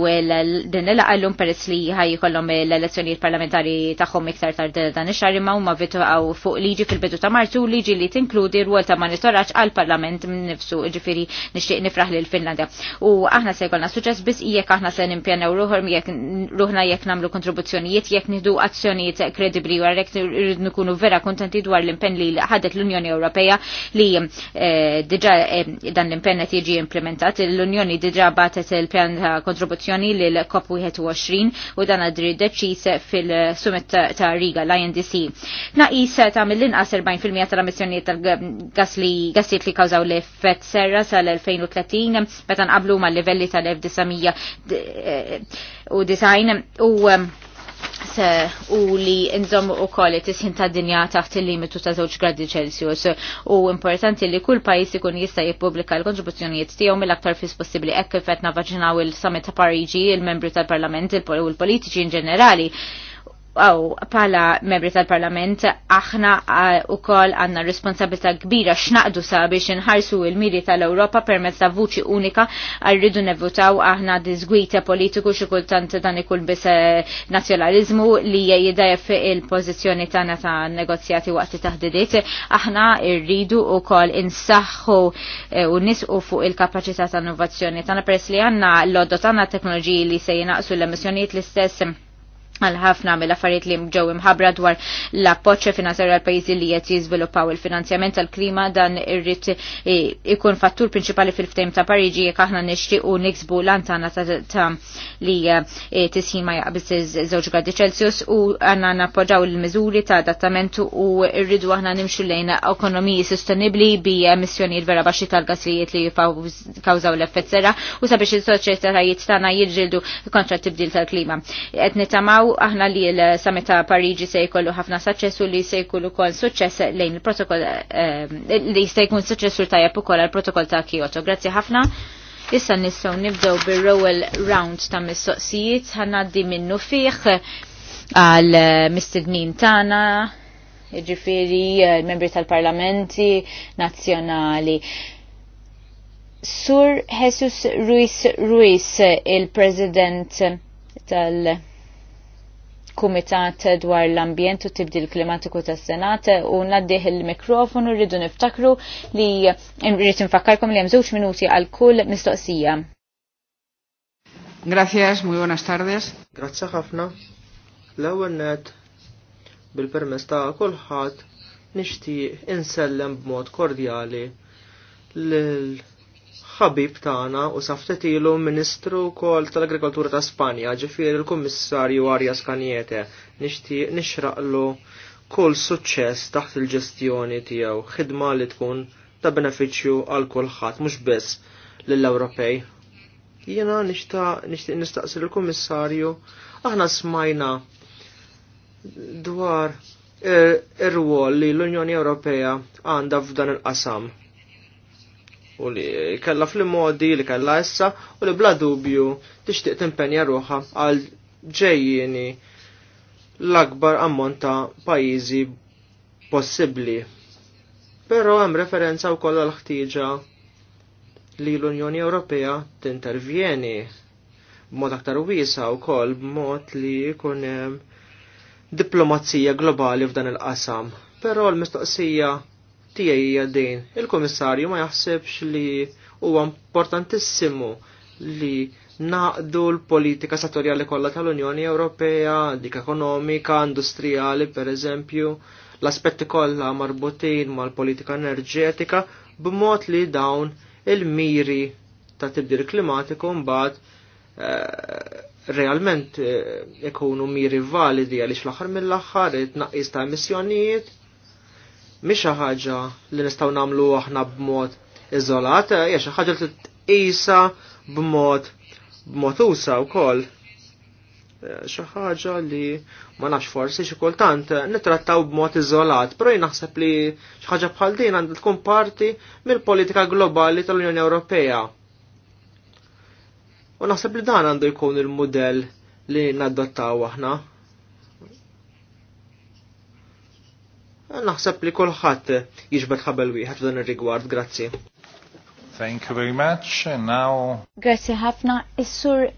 din il-għallum peress li kollom l-elezzjoniet parlamentari taħħom iktar tard dan ix imma huma vitu għaw fuq liġi fil-bidu ta' Martu liġi li tinkludi rwol ta' monitoraġġ għall-Parlament nifsu ġifiri nixtieq nifraħ l Finlandja. U aħna se jkollna suċċess biss jek aħna se u ruħhom jekk ruħna jekk nagħmlu kontribuzzjonijiet jekk nidu azzjonijiet kredibbli u għarrek irrid nkunu vera kontenti dwar l-impenn li ħadet l-Unjoni Ewropea li eh, diġa' eh, dan l-impenn qed jiġi implementat l-Unjoni l-Unjoni diġa batet il-pjan ta' kontribuzzjoni l COP21 u dan għadri deċis fil-summit ta' Riga, l-INDC. Naqis ta' millin għas 40% tal-emissjonijiet tal gassiet li kawżaw l-effett serra sal-2030 meta nqablu mal-livelli tal-1990 eh, u u limit eh, u li nżom u koll it-tisħin ta' dinja taħt il-limitu ta' żewġ gradi Celsius u importanti li kull pajis ikun jista' jippubblika l-kontribuzzjonijiet tiegħu mill-aktar fis possibbli hekk kif qed navaġinaw il-Summit ta' Pariġi, il-membri tal-Parlament u l-politiċi in ġenerali Aw, pala membri tal-parlament, aħna u kol għanna responsabilta kbira xnaqdu sa biex nħarsu il-miri tal-Europa permezz ta' vuċi unika għarridu nevutaw aħna dizgwita politiku xikultant dan ikul bis e, nazjonalizmu li jidajf il-pozizjoni tana ta' negozjati waqt taħdidiet. Aħna irridu u kol insaxħu e, u nisqu fuq il kapacita ta' innovazzjoni tana peress li għanna l-oddo tana teknoloġiji li se jinaqsu l-emissjonijiet l-istess għal ħafna mill-affarijiet li ġew imħabra dwar l-appoċċ finanzjarja għal pajjiżi li qed jiżviluppaw il-finanzjament tal-klima dan irrid ikun fattur prinċipali fil-ftehim ta' Pariġi jekk aħna nixtiequ niksbu antana ta' li eh, tisħin ma jaqbis żewġ gradi Celsius u għandna nappoġġaw il-miżuri ta' adattament u rridu aħna nimxu lejn ekonomiji sostenibbli bi emissjonijiet vera baxxi tal gasijiet li kawżaw l-effett sera u sabiex is-soċjetajiet tagħna jiġġieldu kontra t-tibdil tal-klima. Qed nitamaw aħna li l-summit ta' se jkollu ħafna saċċessu li se jkollu kol suċċess lejn il-protokoll eh, eh, li se jkun suċċessur tajjeb ukoll għall-protokoll ta' Kyoto. Grazzi ħafna. Issa nistgħu nibdew bir-rowel round ta' mistoqsijiet ħanaddi minnu fih għal mistednin tagħna ġifiri eh, membri tal-parlamenti nazzjonali. Sur Jesus Ruiz Ruiz, il-President tal- kumitat dwar l-ambjent u tibdil klimatiku tas senat u naddih il-mikrofonu rridu niftakru li rrid infakkarkom li hemm żewġ minuti għal kull mistoqsija. Gracias, muy buenas tardes. Grazzi ħafna. L-ewwel net bil-permess ta' kulħadd nixtieq insellem b'mod kordjali lil ħabib tagħna u saftet ilu Ministru wkoll tal-Agrikoltura ta' Spanja, ġifieri l-Kummissarju Arias Kanjete, nixtieq nixraqlu kull suċċess taħt il-ġestjoni tiegħu, ħidma li tkun ta' benefiċċju għal kulħadd mhux biss lill-Ewropej. Jiena nixtieq nistaqsi l-Kummissarju, aħna smajna dwar eh, ir-rwol li l-Unjoni Ewropea għandha f'dan il-qasam u li kalla fl-modi li kalla issa u li bla dubju tixtieq timpenja ruħa għal ġejjini l-akbar ammont ta' pajjiżi possibbli. Però hemm referenza wkoll l ħtieġa li l-Unjoni Ewropea b b'mod aktar wiesa wkoll b'mod li jkun hemm diplomazija globali f'dan il-qasam. Però l-mistoqsija tiegħi hija din. Il-Kummissarju ma jaħsebx li huwa importantissimu li naqdu l-politika settorjali kollha tal-Unjoni Ewropea, dik ekonomika, industrijali per eżempju, l-aspetti kollha marbutin mal-politika enerġetika b'mod li dawn il-miri ta' tibdil klimatiku mbagħad eh, realment eh, ikunu miri validi għaliex l aħħar mill-aħħar it-tnaqqis ta' emissjonijiet Mhix xi ħaġa li nistgħu nagħmlu aħna b'mod iżolat, hija xi ħaġa li tqisa b'mod b'mod usa wkoll. Eh, xi ħaġa li ma nafx forsi xi kultant nittrattaw b'mod iżolat, però naħseb li xi ħaġa bħal din għandha tkun parti mill-politika globali tal-Unjoni Ewropea. U naħseb li dan għandu jkun il-modell li nadottaw aħna. Naħseb li kolħat jiġbet ħabel wieħed f'dan ir-rigward, grazzi. Thank you very much. And now... Grazie ħafna. Is-sur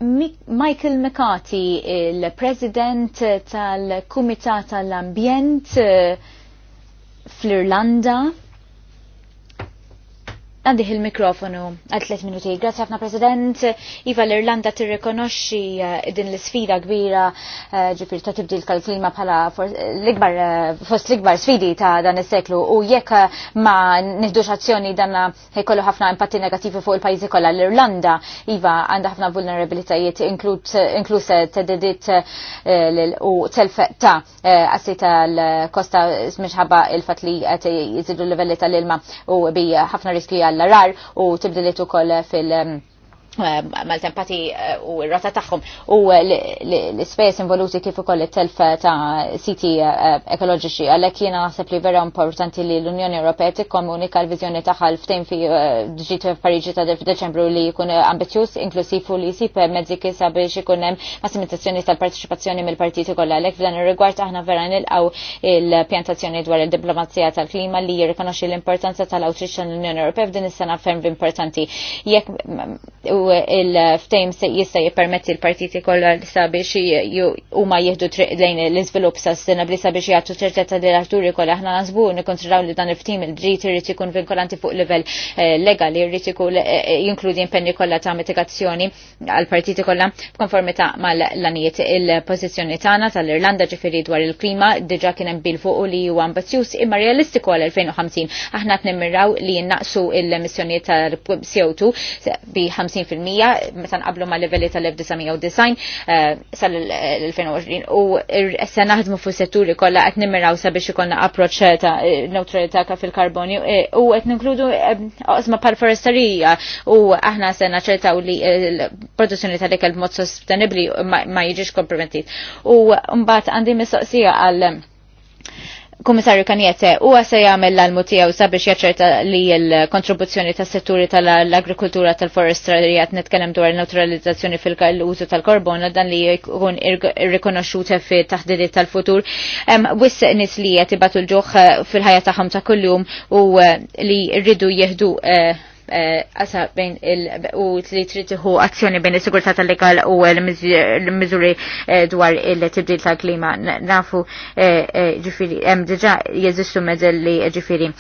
Michael McCarthy, il-President tal-Kumitat tal-Ambjent eh, fl-Irlanda. Għandih il-mikrofonu għal 3 minuti. Grazie ħafna President. Iva l-Irlanda tirrikonoxxi eh, din l-sfida kbira eh, ġifir ta' tibdil tal-klima bħala l-ikbar eh, fost l-ikbar sfidi ta' dan is-seklu u jekk ma nieħdux azzjoni dan ħejkollu ħafna impatti negativi fuq il pajzi kollha l-Irlanda. Iva għandha ħafna vulnerabilitajiet inkluż dedit u telf ta' assi tal-kosta minħabba il-fatt li qed jżidu l-livelli tal-ilma u bi ħafna riskju tal-arar u tibdilitu ukoll fil- Ehm, mal-tempati eh, u r-rata tagħhom u eh, l space involuti kif ukoll it-telf eh, ta' siti ekoloġiċi għalhekk jiena naħseb li vera importanti li l-Unjoni Ewropea tikkomunika l-viżjoni tagħha l-ftehim fi ġiet Pariġi ta' Deċembru li jkun ambizzjuż inklusiv u li jsib mezzi kisa biex ikun hemm massimizzazzjoni tal-partiċipazzjoni mill-partiti kollha għalhekk f'dan ir-rigward aħna vera nilqgħu il-pjantazzjoni dwar il-diplomazija tal-klima li jirrikonoxxi l-importanza tal-awtriċ tal-Unjoni Ewropea f'din is-sena ferm importanti. Jekk mm, il-ftejm se jista jippermetti l-partiti kollha sabiex huma jieħdu triq lejn l-iżvilupp sustainabli sabiex jagħtu ċertezza li l-atturi kollha aħna nasbu nikkontrollaw li dan il-ftim il-dritt irid ikun vinkolanti fuq livell eh, legali irid ikun eh, jinkludi impenni kollha ta' mitigazzjoni għall partiti kollha b'konformità mal-lanijiet il-pożizzjoni tagħna tal-Irlanda ġifieri dwar il-klima diġà kien hemm bil fuq li huwa ambizzjuż imma realistiku għal 2050. Aħna qed li jinnaqsu l-emissjonijiet tal CO2 bi 50 20% meta nqablu ma' livelli tal-1990 eh, sal-2020 u se naħdmu fuq setturi kollha qed nimmiraw sabiex ikollna approċċ ta' neutralità fil-karbonju eh, u qed ninkludu eh, oqsma pal-foresterija u aħna se naċċertaw li l-produzzjoni tal-ikel b'mod sostenibbli ma jiġix kompromettit. U mbagħad għandi mistoqsija għal Komissarju Kanjete, u għasa jgħamil l-almu tijaw sabiex jaċerta li l-kontribuzzjoni ta' setturi tal-agrikultura tal għat netkellem dwar neutralizzazzjoni fil-użu tal-korbon dan li jkun irrikonoxxuta fi taħdidi tal-futur. Wis nis li jgħatibatu l-ġuħ fil-ħajja taħħom ta' kull-jum u eh, li rridu jihdu eh, għasa eh, bejn il u li tritiħu azzjoni bejn il-sigurtà tal-legal u l-mizuri eh, dwar il-tibdil tal-klima. Nafu eh, ġifiri, jem diġa jeżistu medelli ġifiri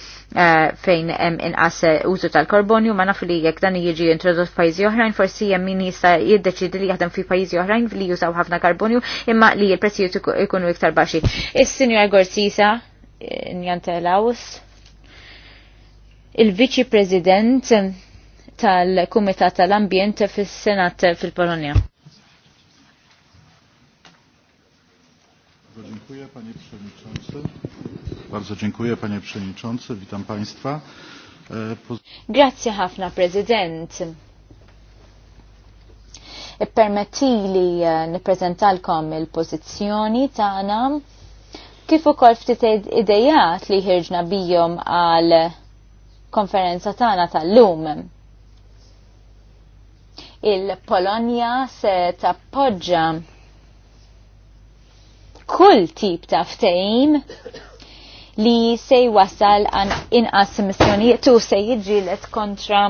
fejn hemm inqas użu tal-karbonju, ma nafu li jekk dan jiġi introdott f'pajjiżi oħrajn, forsi hemm min jista' jiddeċidi li jaħdem fi pajjiżi oħrajn li jużaw ħafna karbonju, imma li l-prezzijiet ikunu iktar baxi. Is-Sinjor Gorsisa njantelaws il-Viċi President tal-Kumitat tal-Ambjent fis-Senat fil-Polonja. Dziękuję panie przewodniczący. Bardzo dziękuję panie przewodniczący. Witam państwa. E, Grazie ħafna prezident. Ippermetti li e, nippreżentalkom il-pożizzjoni tagħna kif ukoll ftit idejat li ħirġna bihom għal konferenza tagħna tal-lum. Il-Polonja se tappoġġa kull tip ta' ftehim li se jwasal għan inqas missjonijiet u se jiġilet kontra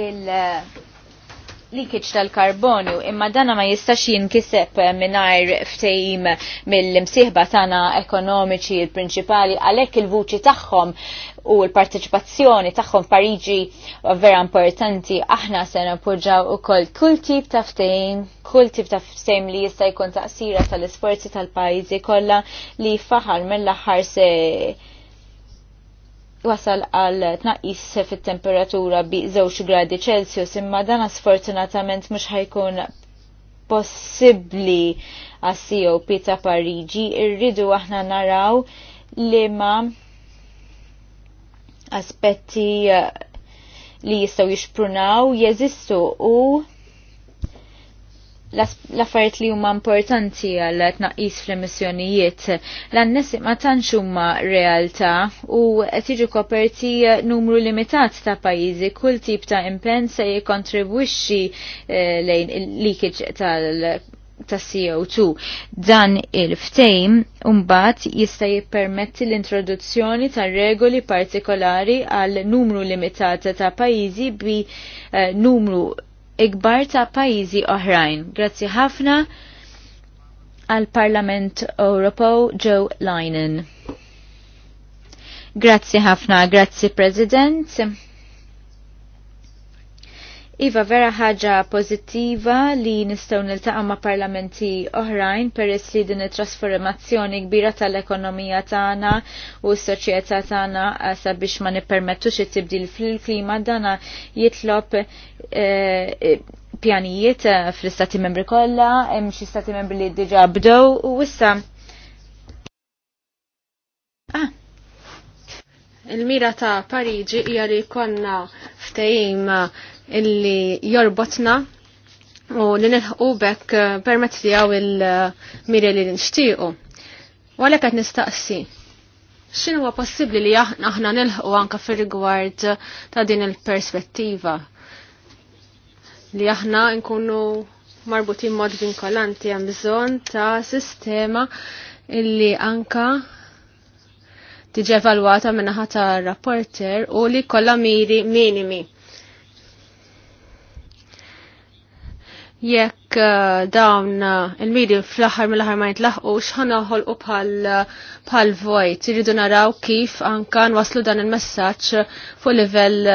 il- likiċ tal-karbonju, imma dana ma jistax jinkiseb minnajr ftejim mill-imsieħba tana ekonomiċi il-prinċipali għalek il-vuċi tagħhom u l-parteċipazzjoni tagħhom Pariġi vera importanti aħna se nappoġġaw ukoll kull tip ta' ftehim, kull tip ta' ftehim li jista' jkun taqsira tal-isforzi tal-pajjiżi kollha li faħar mill-aħħar se wasal għal tnaqis fit-temperatura bi 2 gradi Celsius imma dan sfortunatament mhux ħajkun possibbli għas COP ta' Pariġi irridu aħna naraw eh, li ma aspetti li jistaw jixprunaw jeżistu u l-affarijiet li huma importanti għal tnaqqis fl-emissjonijiet. L-annessi ma tantx huma realtà u qed jiġu koperti numru limitat ta' pajjiżi kull tip ta' impenn se jikkontribwixxi eh, lejn il-leakage tal ta' CO2. Dan il-ftejm umbat jista' jippermetti l-introduzzjoni ta' regoli partikolari għal numru limitat ta' pajjiżi bi eh, numru ikbar ta' pajizi oħrajn. Grazzi ħafna għal Parlament Ewropew Joe Linen. Grazzi ħafna, grazzi President. Iva vera ħaġa pozittiva li nistgħu niltaqa' ma' parlamenti oħrajn peress li din it-trasformazzjoni kbira tal-ekonomija tagħna u s-soċjetà tagħna sabiex ma nippermettux it-tibdil fil-klima dana jitlob eh, pjanijiet eh, fl-istati membri kollha, hemm xi stati membri li diġà bdew u issa Ah. Il-mira ta' Pariġi hija li konna ftehim illi jorbotna u li nilħu bekk eh, permezz li għaw il-miri li nishtiqu. U għalek nistaqsi, xinu huwa possibli li aħna nilħu anka fil-rigward ta' din il-perspettiva li aħna nkunu marbuti mod vinkolanti hemm bżonn ta' sistema illi anka tiġi evalwata minnaħa rapporter u li kolla miri minimi. jekk uh, dawn uh, il-midi fl-aħħar mill-aħħar ma jitlaħqux uħol u uh, bħal vojt. Irridu naraw kif anka waslu dan il-messaġġ fuq livell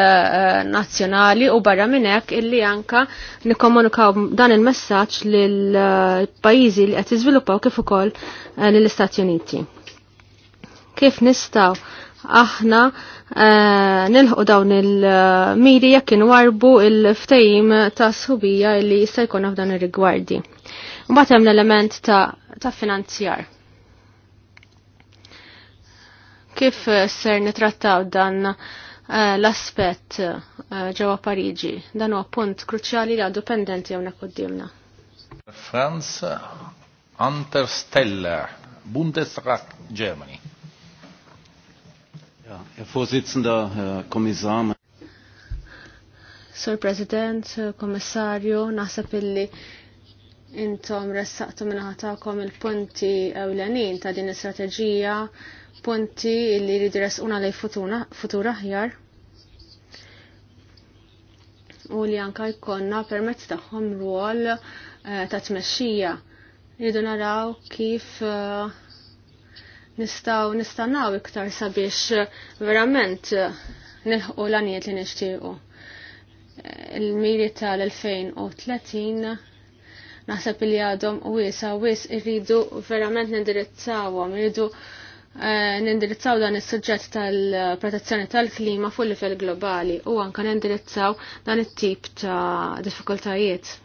nazzjonali u barra minn hekk illi anka nikkomunikaw dan il-messaġġ l pajjiżi li qed jiżviluppaw kif ukoll lill-Istati Uniti. Kif nistgħu aħna Eh, nilħu dawn il-miri jekk inwarbu il-ftejim ta' sħubija li jista' jkun f'dan ir-rigwardi. Mbagħad hemm l-element ta', ta finanzjar. Kif ser nitrattaw dan eh, l-aspett eh, ġewwa Pariġi? Dan huwa punt kruċjali li għadu pendenti hawnhekk quddiemna. Franz Antersteller, Bundesrat Germany. Herr Vorsitzender, Herr Kommissar. Sur President, Kommissarju, naħseb illi intom ressaqtu minnaħatakom il-punti ewlenin ta' din istrateġija, punti illi rridu resquna lej futur aħjar. U li anka jkonna permezz tagħhom rwol eh, ta' tmexxija. Rridu naraw kif uh, nistaw nistanaw iktar sabiex verament nilħu l-għaniet li nishtiqu. Il-miri tal-2030 naħseb li għadhom u wisa wis irridu verament nindirizzawhom, irridu eh, nindirizzaw dan is-suġġett tal-protezzjoni tal-klima fuq livell globali u anke nindirizzaw dan it-tip ta' diffikultajiet.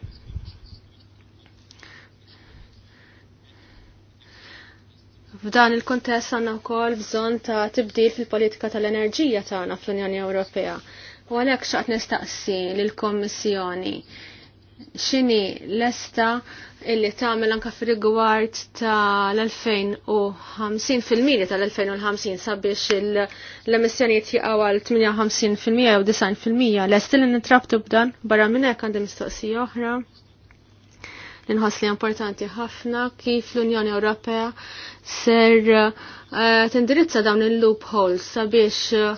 F'dan il-kontest għanna wkoll bżonn ta' tibdil fil-politika tal-enerġija tagħna fl-Unjoni Ewropea. U għalhekk xaqt nistaqsi lill-Kommissjoni x'inhi lesta illi tagħmel anke fir-rigward tal-2050 fil-mili tal-2050 sabiex l-emissjonijiet jaqgħu għal 58% u 90% lest li nitrabtu b'dan barra minn hekk għandi mistoqsija oħra l-inħas li importanti ħafna kif l-Unjoni Ewropea ser eh, tindirizza dawn il-loopholes sabiex eh,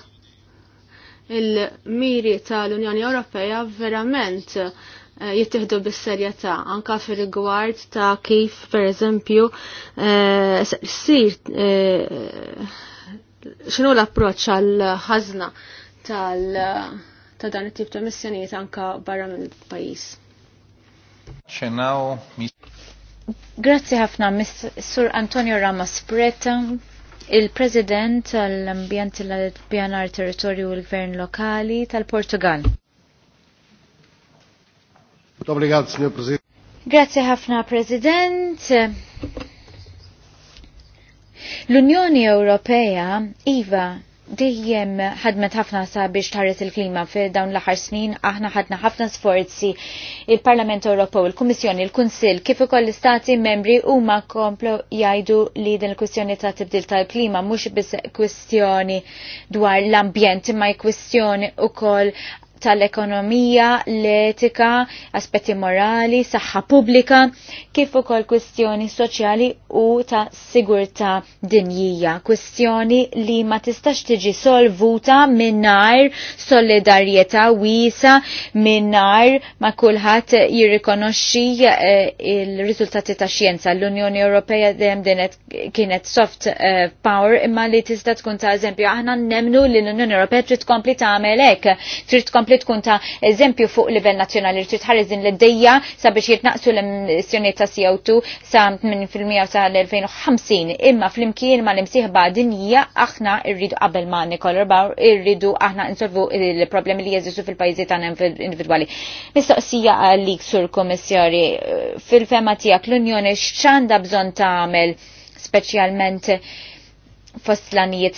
il-miri tal-Unjoni Ewropea verament eh, jittihdu bis-serjetà anka fir-rigward ta' kif pereżempju sir x'inhu l-approċċ għal ħażna tal ta' dan it-tip ta' missjonijiet anka barra mill-pajjiż ċenaw. Grazzi ħafna, Sur Antonio Ramos Preta, il-President tal-Ambjent tal-Pjanar Territorju u l-Gvern Lokali tal-Portugal. Obrigat, Grazie ħafna, President. L-Unjoni Ewropea, Iva, dejjem ħadmet ħafna sabiex tħares il-klima fi dawn l-aħħar snin, aħna ħadna ħafna sforzi il-Parlament Ewropew, il-Kummissjoni, il-Kunsill, kif ukoll l-Istati membri huma komplu jgħidu li din il-kwistjoni ta' tibdil tal-klima mhux biss kwistjoni dwar l-ambjent imma kwistjoni ukoll tal-ekonomija, l-etika, aspetti morali, saħħa pubblika, kif ukoll kwistjoni soċjali u ta' sigurta dinjija. Kwistjoni li ma tistax tiġi solvuta minnar solidarjetà wisa minnar ma kulħadd jirrikonoxxi eh, il-riżultati ta' xjenza. L-Unjoni Ewropea dejjem dinet kienet soft eh, power imma li tista' tkun ta' eżempju aħna nemnu li l-Unjoni Ewropea trid tkompli tagħmel hekk, trid li tkun ta' eżempju fuq livell nazzjonali li titħares din l-dejja sabiex jitnaqsu l emissjoni ta' CO2 sa' 8% sa' l-2050 imma fl-imkien ma' l-imsieħba dinija aħna irridu qabel ma' nikolorbaw irridu aħna insolvu il-problemi li jeżistu fil-pajjiżi ta' individwali. Mistoqsija għalik sur kommissjari fil-fema tiegħek l-Unjoni x'għandha bżonn tagħmel speċjalment fost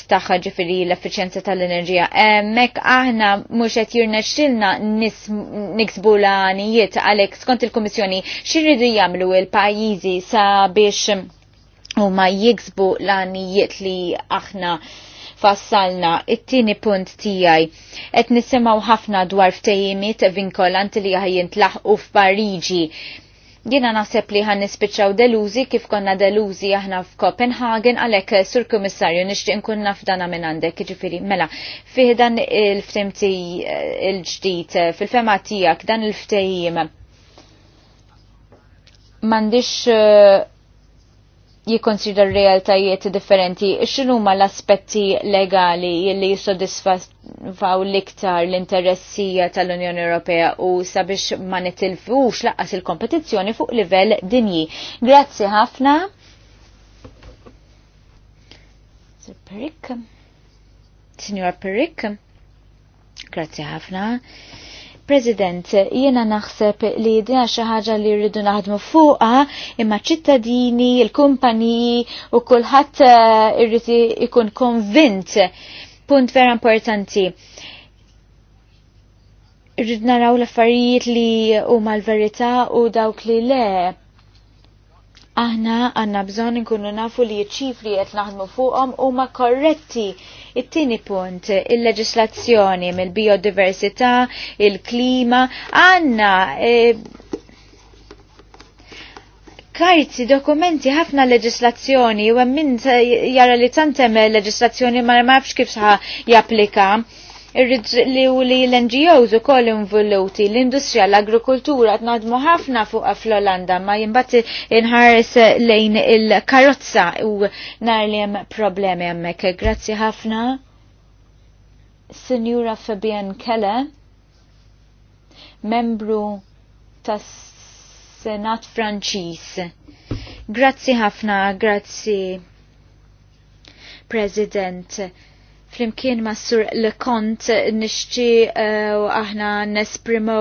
taħħa ġifiri l efficienza tal-enerġija. Mek aħna mux għet jirna xilna niksbu l-anijiet għalek skont il-Komissjoni xirridu jamlu il-pajizi sabiex u ma jiksbu l-anijiet li aħna fassalna it-tieni punt tiegħi. Qed nisimgħu ħafna dwar ftehimiet vinkolanti li f f'Pariġi Jiena naħseb li ħan nispiċċaw deluzi kif konna deluzi aħna f'Kopenhagen għalhekk sur kummissarju nixtieq nkun naf dan minn għandek jiġifieri mela fih dan il-ftimti eh, il-ġdid eh, fil-fema tiegħek dan il-ftehim m'għandix eh, jikonsidra realtajiet differenti, xinu ma l-aspetti legali li jisodisfaw liktar l-interessija tal-Unjoni Ewropea u sabiex ma nitilfux laqas il-kompetizzjoni fuq livell dinji. Grazzi ħafna. Sir Perik. Signora Perik. Grazzi ħafna. President, jiena naħseb li dina xi ħaġa li rridu naħdmu fuqha imma ċittadini, il-kumpaniji u kulħadd eh, irrid ikun konvint. Punt vera importanti. Rridna naraw l-affarijiet li huma l-verità u dawk li le aħna għanna bżon nkunu nafu li ċifri qed naħdmu fuqhom huma korretti. It-tieni punt, il-leġislazzjoni mill-biodiversità, il-klima, għanna e, karti, dokumenti, ħafna leġislazzjoni, u għemmin jara li tantem leġislazzjoni ma nafx kif saħa japplika li u li l-NGOs u koll involuti, l-industrija, l-agrikultura, t-nadmu ħafna fuq fl-Olanda, ma jimbat inħares lejn il karotza u nar li jem problemi għammek. Grazzi ħafna. Signora Fabian Kelle, membru tas Senat Franċis. Grazzi ħafna, grazzi President Flimkien ma' sur Lekont nixċi uh, aħna nesprimu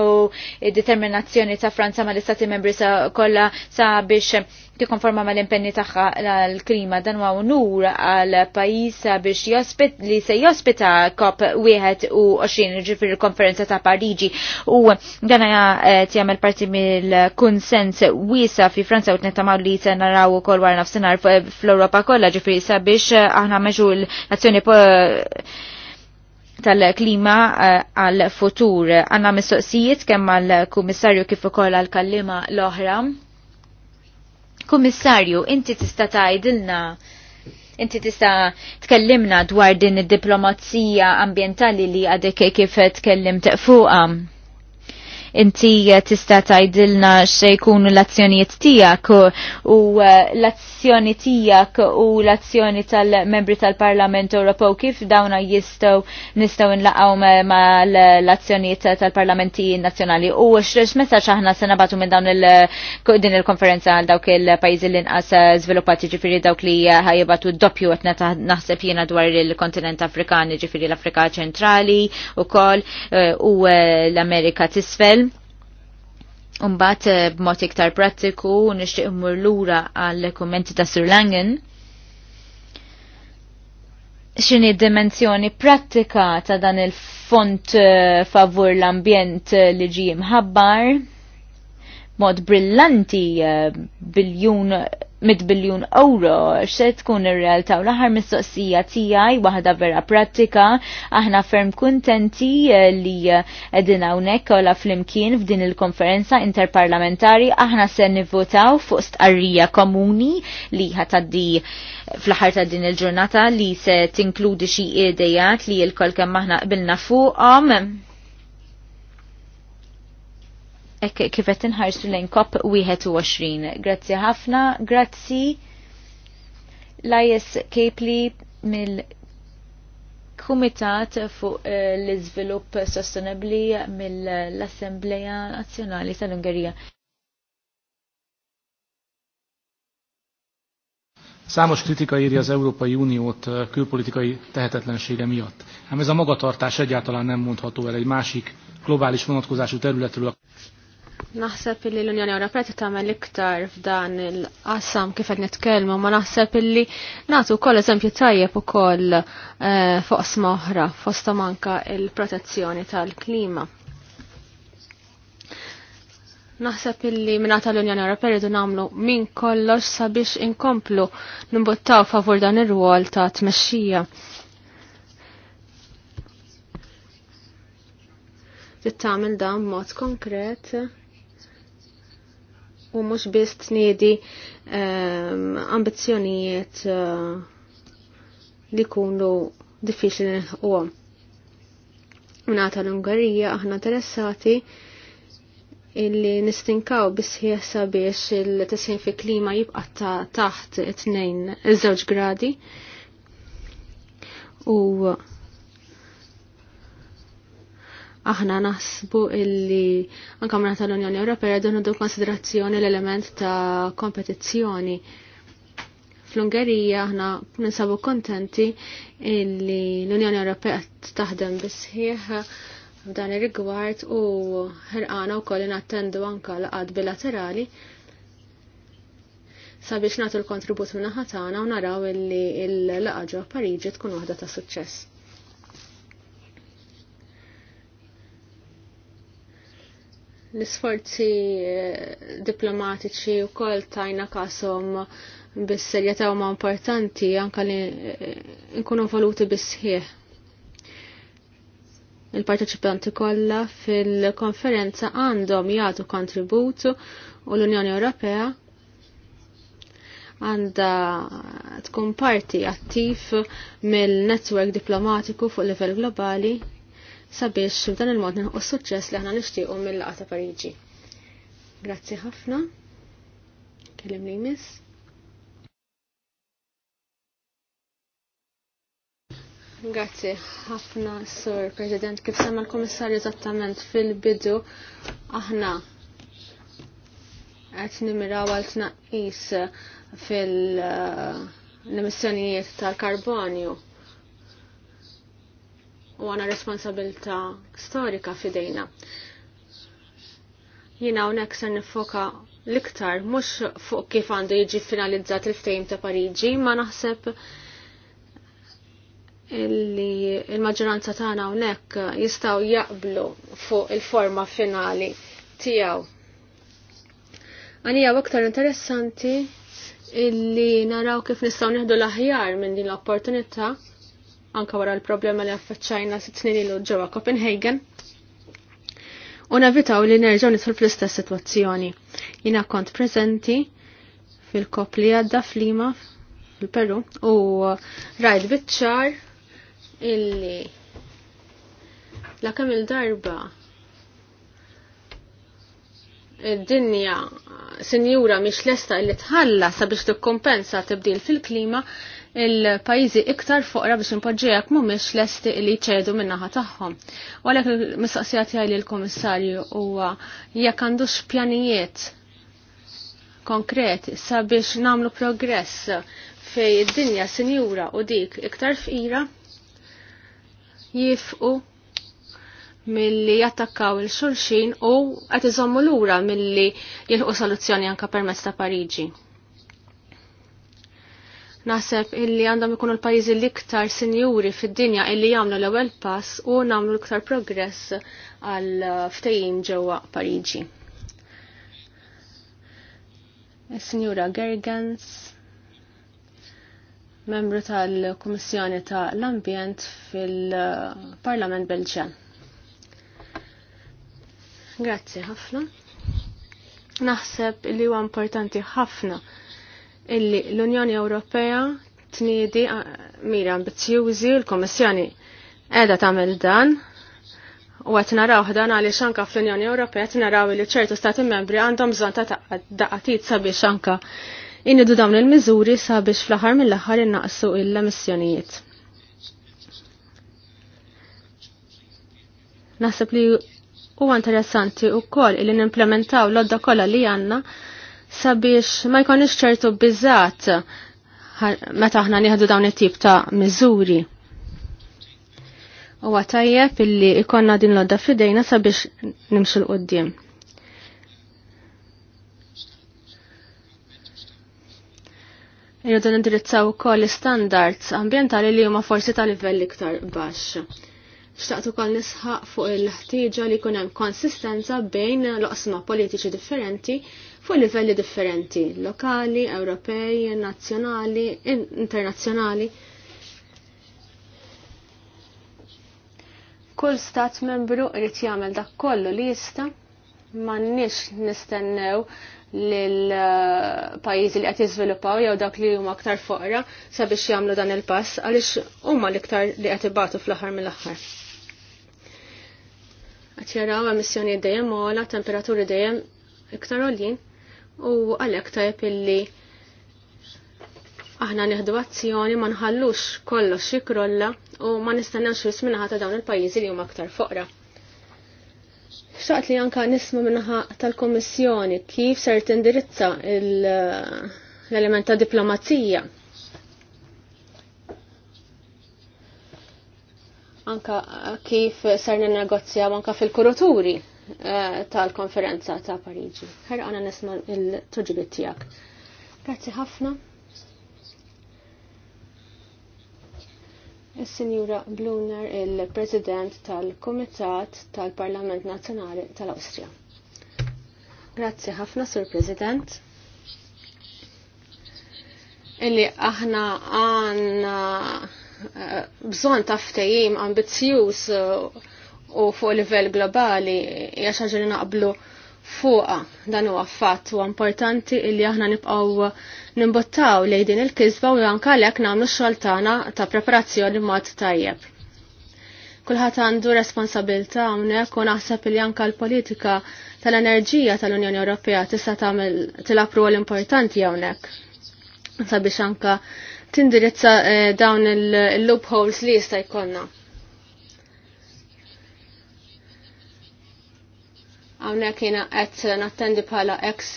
determinazzjoni ta' Franza ma' l-istati membri sa' kolla sa' biex tikkonforma mal-impenni tagħha l-klima dan wa unur għal pajjiż biex jospit li se jospita COP 21 ġifier il-konferenza ta' Parigi. u dan jagħmel eh, parti mill-kunsens wiesa fi Franza u tnettamaw li se naraw ukoll f nafsinhar fl-Ewropa kollha ġifieri sabiex eh, aħna meġu l-azzjoni tal-klima eh, għal-futur. Għanna mistoqsijiet kemm għal-Kummissarju kif ukoll għal-kallima l-oħra. Kummissarju, inti tista' tgħidilna Inti tista' tkellimna dwar din id-diplomazija ambjentali li għadek kif tkellim teqfuqa? inti eh, tista' tgħidilna jkunu l-azzjonijiet tiegħek u eh, l-azzjoni tiegħek u l-azzjoni tal-membri tal-Parlament Ewropew kif dawna jistgħu nistgħu nlaqgħu ma l-azzjonijiet tal-parlamenti nazzjonali u x'rex messaġġ aħna se nabatu minn dawn il din il-konferenza għal dawk il-pajjiżi li inqas eh, żviluppati ġifieri dawk li ħajibatu doppju qed naħseb jiena dwar il-kontinent Afrikan, ġifieri l-Afrika ċentrali u kol u l-Amerika tisfel. Umbat eh, b'mod iktar prattiku nixtieq immur lura għal kummenti ta' Sir Langen. X'inhi dimensjoni prattika ta' dan il-font eh, favur l-ambjent eh, li ġi mħabbar? mod brillanti eh, biljun mid biljun euro xe tkun ir-realtà u l-aħħar mistoqsija tiegħi waħda vera pratika aħna ferm kuntenti eh, li qegħdin eh, hawnhekk ola flimkien f'din il-konferenza interparlamentari aħna se nivvotaw fuq stqarrija komuni li ħataddi fl-aħħar ta' din il-ġurnata li se tinkludi xi idejat li l-kol kemm aħna qbilna fuqhom ek kifet inħarsu lejn kop 21. Grazzi ħafna, grazzi Lajes Kepli mill Kumitat fuq eh, l-Iżvilupp Sostenibli mill-Assembleja Nazzjonali tal-Ungerija. Számos kritika éri az Európai Uniót eh, külpolitikai tehetetlensége miatt. Ám ez a magatartás egyáltalán nem mondható el egy másik globális vonatkozású területről. Naħseb illi l-Unjoni Ewropea trid tagħmel iktar f'dan il-qasam kif qed nitkellmu, ma naħseb illi nagħtu wkoll eżempju tajjeb ukoll eh, fuq oħra fosta manka il-protezzjoni tal-klima. Naħseb illi minnata tal unjoni Ewropea rridu nagħmlu min kollox sabiex inkomplu nimbuttaw favur dan ir-rwol ta' tmexxija. Tittamil dan mod konkret u mhux biss tniedi ehm, ambizzjonijiet eh, li jkunu diffiċli nilħquhom. Mingħata l-Ungarija aħna interessati illi nistinkaw biss bisħieħ biex il-tisħin fi klima jibqa taħt it-tnejn iż-żewġ gradi u aħna naħsbu illi anka minn tal-Unjoni Ewropea dun du konsiderazzjoni l-element ta' kompetizzjoni. Fl-Ungerija aħna ninsabu kontenti illi l-Unjoni Ewropea taħdem bisħieħ f'dan ir-rigward u ħirqana wkoll inattendu anka laqad bilaterali sabiex nagħtu l-kontribut minna ħatana u naraw illi l-laqgħa Pariġi tkun waħda ta' suċċess. l-sforzi eh, diplomatiċi u kol tajna kasom bis-serjetà huma importanti anka li eh, nkunu valuti bis-sħieħ. Il-parteċipanti kollha fil-konferenza għandhom jagħtu kontribut u l-Unjoni Ewropea għandha tkun parti attiv mill netwerk diplomatiku fuq livell globali sabiex f'dan il-mod nħu suċċess li aħna nixtiequ mill-laqa ta' Pariġi. Grazzi ħafna. Kellim li jmiss. Grazzi ħafna, Sur President. Kif semma l-Komissarju eżattament fil-bidu aħna qed nimira għal tnaqqis fil-emissjonijiet tal-karbonju u għana responsabilta storika fidejna. Jina unek ser nifoka l-iktar, mux fuq kif għandu jiġi finalizzat il-ftejm ta' Pariġi, ma naħseb illi il-maġġoranza tagħna hawnhekk jistgħu jaqblu fuq il-forma finali tiegħu. Għanija aktar interessanti illi naraw kif nistgħu nieħdu l-aħjar minn din l-opportunità anka wara l-problema li affaċċajna s-snini l ġewwa Copenhagen. U navitaw li nerġgħu nidħol fl-istess sitwazzjoni. Jiena kont preżenti fil-kop li għadda flima fil-Peru u rajt bitċar illi la kemm il-darba id-dinja sinjura miex lesta illi tħalla sabiex tikkompensa tibdil fil-klima il-pajizi iktar foqra biex impoġġijak mumiex lesti li ċedu minnaħa tagħhom. U għalhekk il-mistoqsija tiegħi l kummissarju huwa jekk għandux pjanijiet konkreti sabiex namlu progress fej id-dinja sinjura u dik iktar fqira jifqu milli jattakkaw il-xulxin u qed iżommu lura milli jilħu soluzzjoni anka permezz ta' Pariġi. Naħseb illi għandhom ikunu l-pajjiżi l-iktar sinjuri fid-dinja illi jagħmlu l-ewwel pass u nagħmlu l-iktar progress għal ftehim ġewwa Pariġi. Sinjura Gergens, membru tal-Kummissjoni ta' l-Ambjent fil-Parlament Belġan. Grazzi ħafna. Naħseb li huwa importanti ħafna illi l-Unjoni Ewropea tniedi mira ambizzjużi l-Kommissjoni qiegħda tagħmel dan u qed naraw dan għaliex anke fl-Unjoni Ewropea qed naraw li ċertu stati membri għandhom bżonn ta' daqatit sabiex anke innidu dawn il-miżuri sabiex fl-aħħar mill-aħħar innaqsu l-emissjonijiet. Naħseb li huwa interessanti wkoll li nimplementaw l-odda kollha li għandna sabiex ma jkonix ċertu bizzat meta aħna nieħdu dawn it-tip ta' miżuri. U għatajjeb illi ikonna din l-odda fidejna sabiex nimxu l-qoddim. Irridu nindirizzaw ukoll standards ambjentali li huma forsi ta' livell iktar baxx. Xtaqt ukoll nisħaq fuq il-ħtieġa li jkun hemm konsistenza bejn loqsma politiċi differenti fuq livelli differenti, lokali, Ewropej, nazzjonali, internazzjonali. Kull stat membru rrit jagħmel dak kollu li jista' m'għandniex nistennew l-pajizi eh, li qed jiżviluppaw jew dak li huma aktar foqra sabiex jagħmlu dan il-pass għaliex huma l-iktar li qed ibatu fl-aħħar mill-aħħar. Qed jaraw emissjonijiet dejjem ogħla, temperaturi dejjem iktar għoljin u għalhekk tajb illi aħna nieħdu azzjoni ma nħallux kollox jikrolla u ma nistennewx wisq minnaħa ta' dawn il-pajjiżi li huma aktar foqra. Xaqt li anka nismu minnaħa tal-Kommissjoni kif ser tindirizza l-element ta' diplomazija. Anka kif ser negozja anka fil-kuruturi Eh, tal-konferenza ta' Pariġi. għana nisma il-tuġibit tijak. Grazzi ħafna. Is-Sinjura Bluner, il-President tal-Kumitat tal-Parlament Nazzjonali tal-Awstrija. Grazzi ħafna, Sur President. Illi aħna għanna eh, bżon ta' ftejim ambizzjuż eh, u fuq livell globali hija xi li naqblu fuqa dan huwa fatt u importanti li aħna nibqgħu nimbottaw lejn din il-kisba u anke għalhekk nagħmlu x-xogħol tagħna ta' preparazzjoni mod tajjeb. Kulħadd għandu responsabilità hawnhekk u naħseb li anke l-politika tal-enerġija tal-Unjoni Ewropea tista' tagħmel tilab rwol importanti hawnhekk. Sabiex anke tindirizza eh, dawn il-loopholes li jista' jkollna. Għawnek kiena għet nattendi bħala ex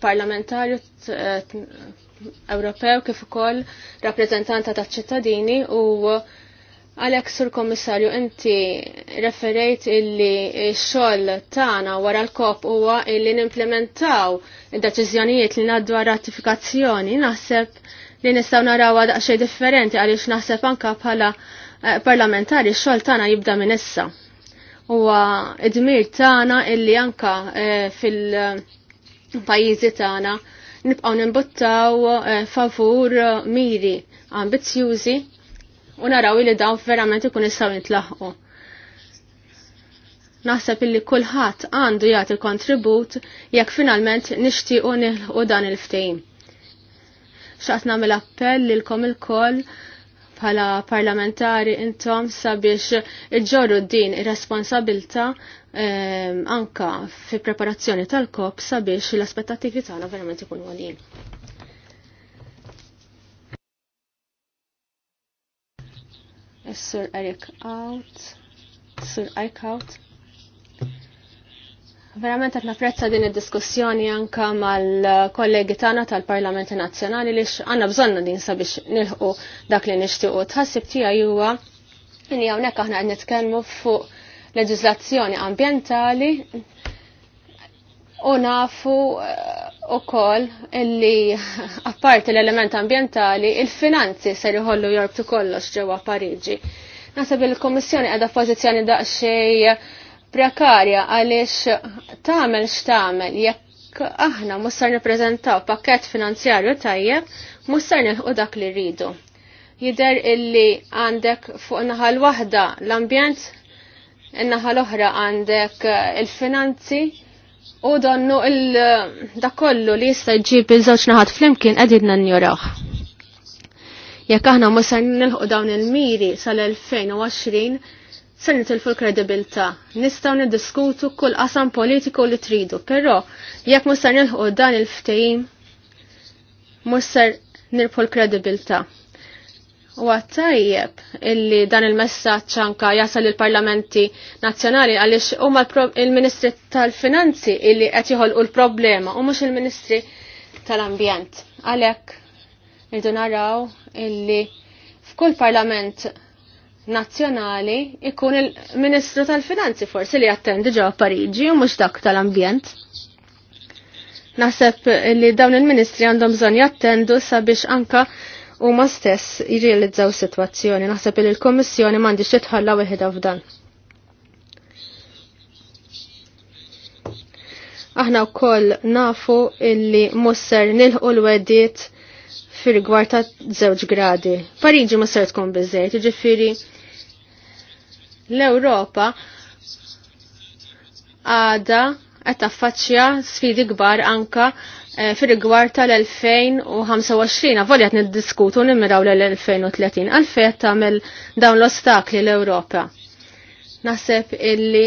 parlamentarju eh, Ewropew kif ukoll rappreżentanta ta' ċittadini u għalhekk sur kommissarju inti referejt illi x-xogħol tagħna wara l-kop huwa illi nimplementaw id-deċiżjonijiet li ngħaddu ratifikazzjoni naħseb li nistgħu naraw daqsxejn differenti għaliex naħseb anke bħala eh, parlamentari x-xogħol tagħna jibda minn issa huwa id-dmir tagħna illi anka e, fil-pajjiżi tagħna nibqgħu nimbuttaw e, favur miri ambizzjużi u naraw li dawn verament ikun jistgħu jintlaħqu. Naħseb illi kulħadd għandu jagħti kontribut jekk finalment nixtiequ nilħu dan il-ftehim. Xaqt nagħmel appell lilkom il-koll il koll bħala parlamentari intom sabiex iġorru din ir-responsabilta eh, anka fi preparazzjoni tal-kop sabiex l-aspettativi tagħna verament ikunu għalin. Sir Eric out, Sir Eric out. Verament qed napprezza din id-diskussjoni anka mal-kollegi tagħna tal-Parlamenti Nazzjonali li għandna bżonna din sabiex nilħu dak li nixtiequ. Tħassib tiegħi huwa li hawnhekk aħna qed nitkellmu fuq leġiżlazzjoni ambjentali u nafu eh, ukoll illi apparti l-element ambjentali il-finanzi se jħollu jorbtu kollox ġewwa Pariġi. Nasab il-Kommissjoni qiegħda pożizzjoni daqsxejn prekarja għaliex tagħmel x'tagħmel jekk aħna mussar nippreżentaw pakkett finanzjarju tajjeb mussar nilħu dak li rridu. Jider illi għandek fuq naħal waħda l-ambjent, in-naħa l-oħra għandek il-finanzi, u donnu il dakollu kollu li jista' jġib il-żewġ naħat flimkien qegħdin nanjorawh. Jekk aħna mussar nilħu dawn il-miri sal-2020 se nitilfu l-kredibilità. Nistgħu niddiskutu kull qasam politiku li tridu, però jekk musser nilħu dan il-ftehim mhux nirpu l kredibilta U għattajjeb illi dan il-messaċ anka jasal il-parlamenti nazjonali għalix huma il-ministri tal-finanzi illi qed u l-problema u mhux il-ministri tal-ambjent. Għalhekk irdu naraw illi f'kull parlament nazzjonali ikun il-Ministru tal-Finanzi forsi li attendi ġo Pariġi u mhux dak tal-ambjent. Naħseb li dawn il-ministri għandhom bżonn jattendu sabiex anka u ma stess jirrealizzaw situazzjoni. Naħseb li l-Kommissjoni xitħalla u weħida f'dan. Aħna wkoll nafu illi musser nilħu l-weddiet fil gwarta ta' żewġ gradi. Pariġi ma tkun biżejt, ġifiri l-Ewropa għada qed taffaċċja sfidi kbar anka eh, fir-rigward tal-2025, avolja niddiskutu nimmiraw l-2030 għalfejn qed tagħmel dawn l-ostakli l-Ewropa. Naħseb illi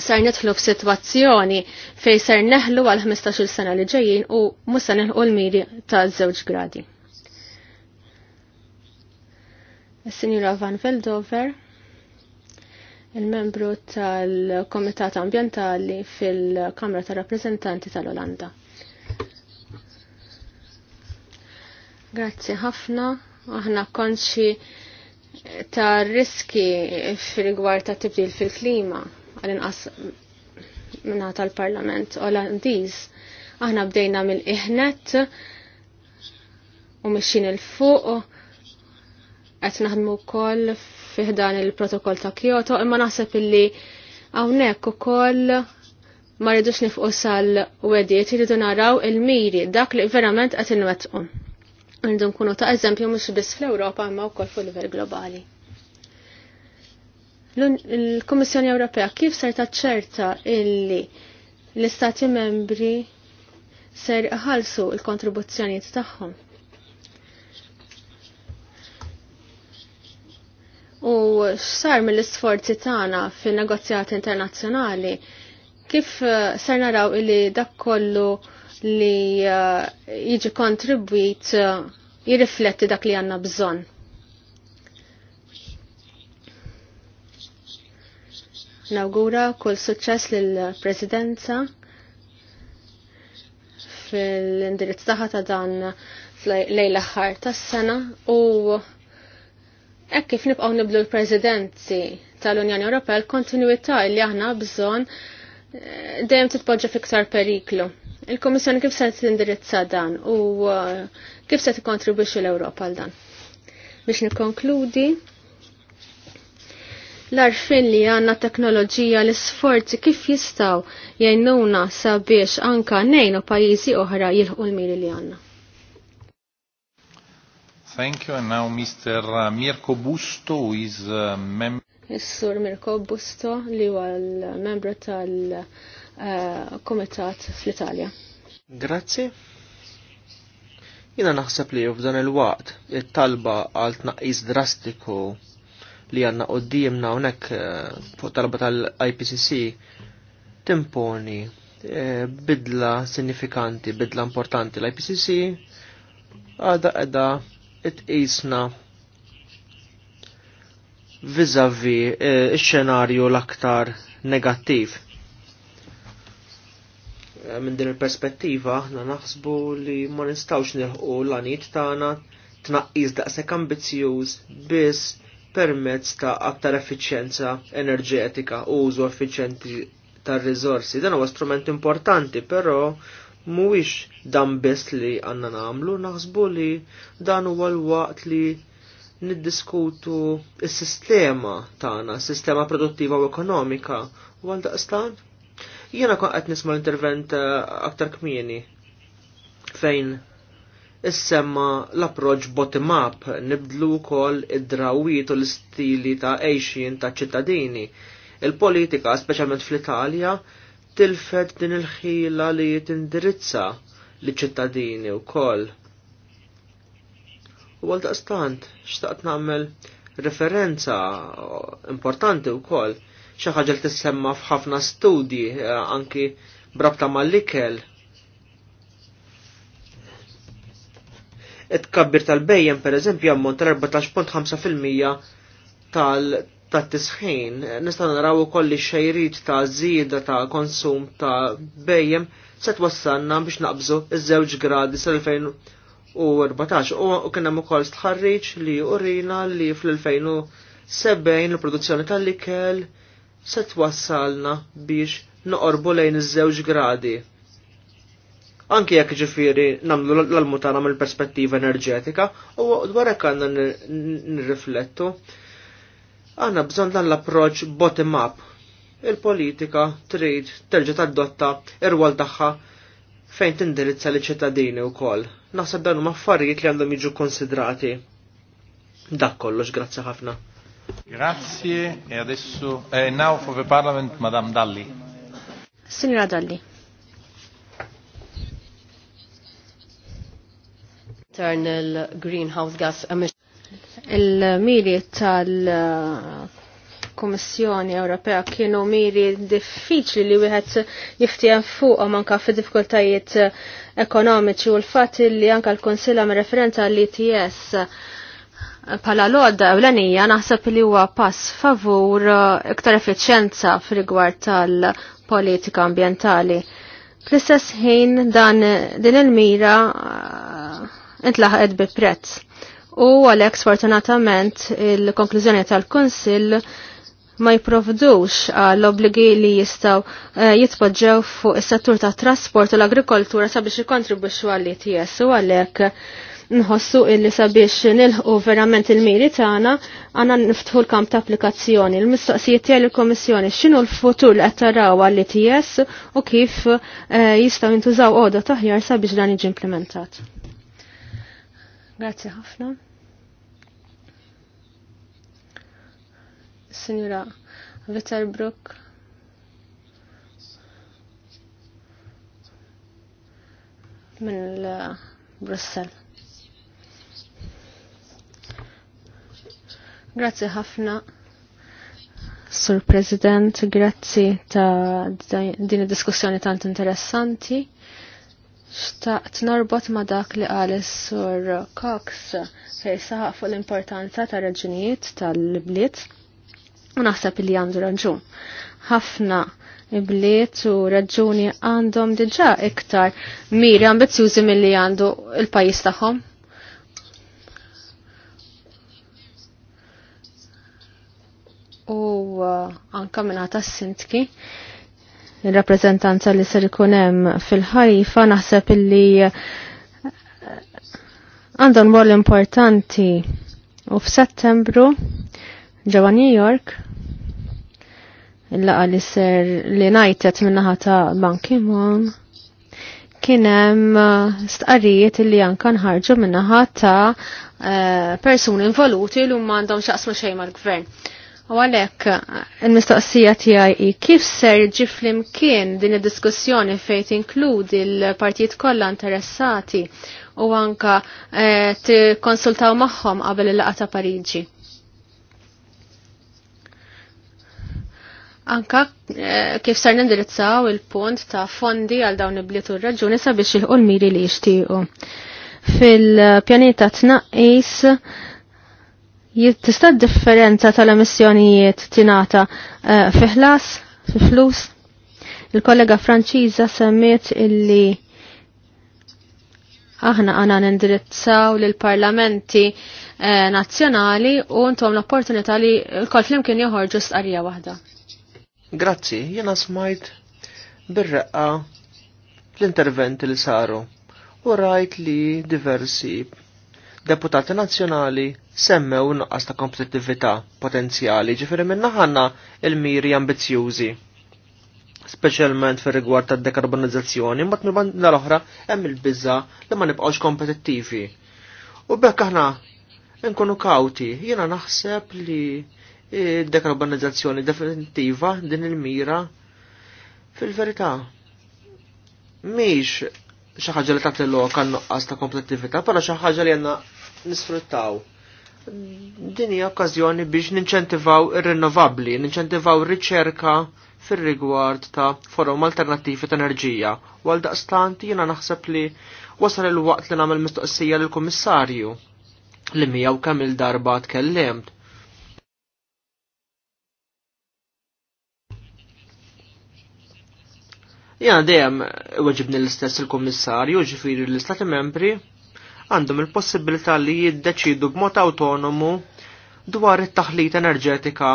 sar nidħlu f'sitwazzjoni fejn ser neħlu għal 15-il sena li ġejjin u mhux se l-miri ta' żewġ gradi. is Van Veldover il-membru tal-Komitat Ambientali fil-Kamra tal-Rappresentanti tal-Olanda. Grazzi ħafna, aħna konxi ta' riski fil-gwar ta' tibdil fil-klima għal-inqas minna tal-Parlament Olandiż. Aħna bdejna mill-iħnet u mixin il-fuq, għet naħdmu kol fiħdan il-protokoll ta' Kyoto, imma naħseb illi hawnhekk ukoll ma rridux nifqu sal-wediet iridu naraw il-miri dak li verament qed inwettqu. Rridu nkunu ta' eżempju mhux biss fl-Ewropa imma wkoll fuq livell globali. L-Kummissjoni Ewropea kif ser taċċerta illi l-Istati membri ser ħalsu il-kontribuzzjonijiet tagħhom? u sar mill-isforzi tagħna fin-negozjati internazzjonali kif eh, sar naraw illi dak kollu li eh, jiġi kontribwit eh, jirrifletti dak li għanna bżonn. nawgura kull suċċess lill-Presidenza fil-indirizz taħħa ta' dan lejl aħħar tas-sena u Ek kif nibqaw niblu l-Presidenzi tal-Unjoni Ewropea l-kontinuità li aħna bżonn eh, dejjem titpoġġa fiktar periklu. il kummissjoni kif se tindirizza dan u eh, kif se tikkontribwixxi l-Ewropa għal dan. Biex nikkonkludi, l-arfin li għanna teknoloġija l-sforzi kif jistaw jajnuna sabiex anka nejnu pajizi oħra jilħu l-miri li għanna. Thank you, and now Mr. Uh, Mirko Busto is member. Is-sur Mirko Busto li huwa l-membru tal uh, kumitat fl-Italja. Grazzi. Jina naħseb li f'dan il-waqt it-talba għal tnaqqis drastiku li għanna qoddimna hawnhekk uh, fuq talba tal-IPCC timponi bidla sinifikanti, bidla importanti l-IPCC għada għada it-qisna vizavi eh, il-xenarju l-aktar negattiv. Eh, minn din il-perspettiva, aħna naħsbu li ma nistawx nilħu l-għaniet tagħna tnaqqis daqshekk ambizzjuż biss permezz ta' aktar effiċjenza enerġetika u użu effiċjenti tar-riżorsi. Dan huwa strument importanti, però mhuwiex dan biss li għandna nagħmlu, naħsbu li dan huwa l-waqt li niddiskutu is-sistema tagħna, sistema produttiva u ekonomika. U għal daqstan, jiena kon qed nisma' l-intervent eh, aktar kmieni fejn issemma l-approċ bottom-up nibdlu wkoll id drawit u l-istili ta' għejxin ta' ċittadini. Il-politika, speċjalment fl-Italja, tilfed din il-ħila li jitindirizza li ċittadini u koll. U għal daqstant, xtaqt namel referenza importanti u koll, xaħġa li tissemma f'ħafna studji eh, anki brabta mal-likel. Et kabbir tal-bejjem per eżempju jammont tal-14.5% tal- ta' tisħin, nistaw naraw ukoll xejrid ta' żieda ta' konsum ta' bejjem se twassalna biex naqbżu iż-żewġ gradi sal-2014 u kien hemm ukoll stħarriġ li urina li fl-2070 il-produzzjoni tal-ikel se twassalna biex noqorbu lejn iż-żewġ gradi. Anki jekk ġifiri namlu l-almutana mill-perspettiva enerġetika u dwar hekk għandna nirriflettu. Għanna bżon dan l-approċ bottom-up. Il-politika trid terġa' tadotta ir-rwol tagħha fejn tindirizza li ċittadini wkoll. Naħseb dan huma affarijiet li għandhom jiġu konsidrati. Dak kollox, grazzi ħafna. Grazie e adesso eh, now for the Parliament Madame Dalli. Signora Dalli. Internal greenhouse gas emissions il-miri tal-Kommissjoni Ewropea kienu miri diffiċli li wieħed jiftijem fuq manka fi diffikultajiet ekonomiċi u l-fatt li anka l-Konsilla me referenza l-ITS e pala loda ewlenija naħseb li huwa pass favur iktar effiċenza fil-rigward tal-politika ambientali. Fl-istess ħin dan din il-mira eh, intlaħed bi prezz u għalhekk sfortunatament il-konklużjoni tal-Kunsill ma jiprovdux għall-obligi li jistaw eh, jitpoġġew fuq is-settur tat trasport u l-agrikoltura sabiex jikontribwixxu għall its e u għalhekk nħossu illi sabiex nilħu verament il-miri tagħna għandna niftħu l-kamp ta' applikazzjoni. Il-mistoqsijiet tiegħi l-Kommissjoni x'inhu l-futur li qed taraw għall its e u kif eh, jistgħu jintużaw għoda taħjar sabiex dan jiġi implementat. Grazie ħafna. Signora Witterbrook. Minn Brussel. Grazie ħafna. Sur President, grazie ta' din diskussjoni tant interessanti. Staqt norbot ma dak li għal sur Cox fej saħaq fuq l-importanza ta' raġunijiet tal-bliet u naħseb li għandu raġun. Ħafna bliet u raġuni għandhom diġa iktar miri ambizjużi mill-li għandu il-pajis tagħhom. U uh, anka minna tas-sintki il-rappresentanza li ser ikun hemm fil-ħarifa naħseb illi għandhom rol importanti u f'Settembru ġewwa New York il-laqa li ser li ngħidet min-naħa ta' Ban Ki-moon kien hemm stqarrijiet li anke nħarġu min-naħa ta' eh, persuni involuti li huma għandhom x'aqsmu xejn mal-gvern U għalek, il-mistoqsija tijaj kif ser ġiflim kien din il-diskussjoni fejn tinkludi l-partijiet kollha interessati u anka eh, t-konsultaw maħħom qabel il laqata ta' Pariġi. Anka eh, kif ser nindirizzaw il-punt ta' fondi għal dawn il-bliet u raġuni sabiex il-qolmiri li jixtiequ. Fil-pjanita tnaqqis Tista' differenza tal-emissjonijiet tinata fiħlas, eh, fi ħlas, fi flus. Il-kollega Franċiża semmiet illi aħna għana nindirizzaw l-parlamenti nazjonali eh, nazzjonali u ntom l-opportunità li l-kol flimkien joħorġu stqarrija waħda. Grazzi, jena smajt birreqqa l-interventi li saru u rajt li diversi deputati nazzjonali semmew nuqqas ta' kompetittività potenzjali minna ħanna il-miri ambizjużi speċjalment fir rigward ta' dekarbonizzazzjoni, mbagħad mill-banda l-oħra hemm il-biża li ma nibqgħux kompetittivi. U bekk aħna nkunu kawti, jiena naħseb li dekarbonizzazzjoni definitiva din il-mira fil-verità miex xi ħaġa li tagħti lok għal nuqqas ta' komplettività pala xi ħaġa li għandna nisfruttaw. Din hija okkażjoni biex ninċentivaw ir-rinnovabbli, ninċentivaw riċerka fir-rigward ta' forum alternattivi ta' enerġija. U għal daqstant jiena naħseb li wasal il-waqt li nagħmel mistoqsija lill-Kummissarju li miegħu kemm il-darba tkellimt Jena dejjem weġibni l-istess il kummissarju ġifiri l-Istati membri għandhom il-possibilità li jiddeċidu b'mod autonomu dwar it-taħlit enerġetika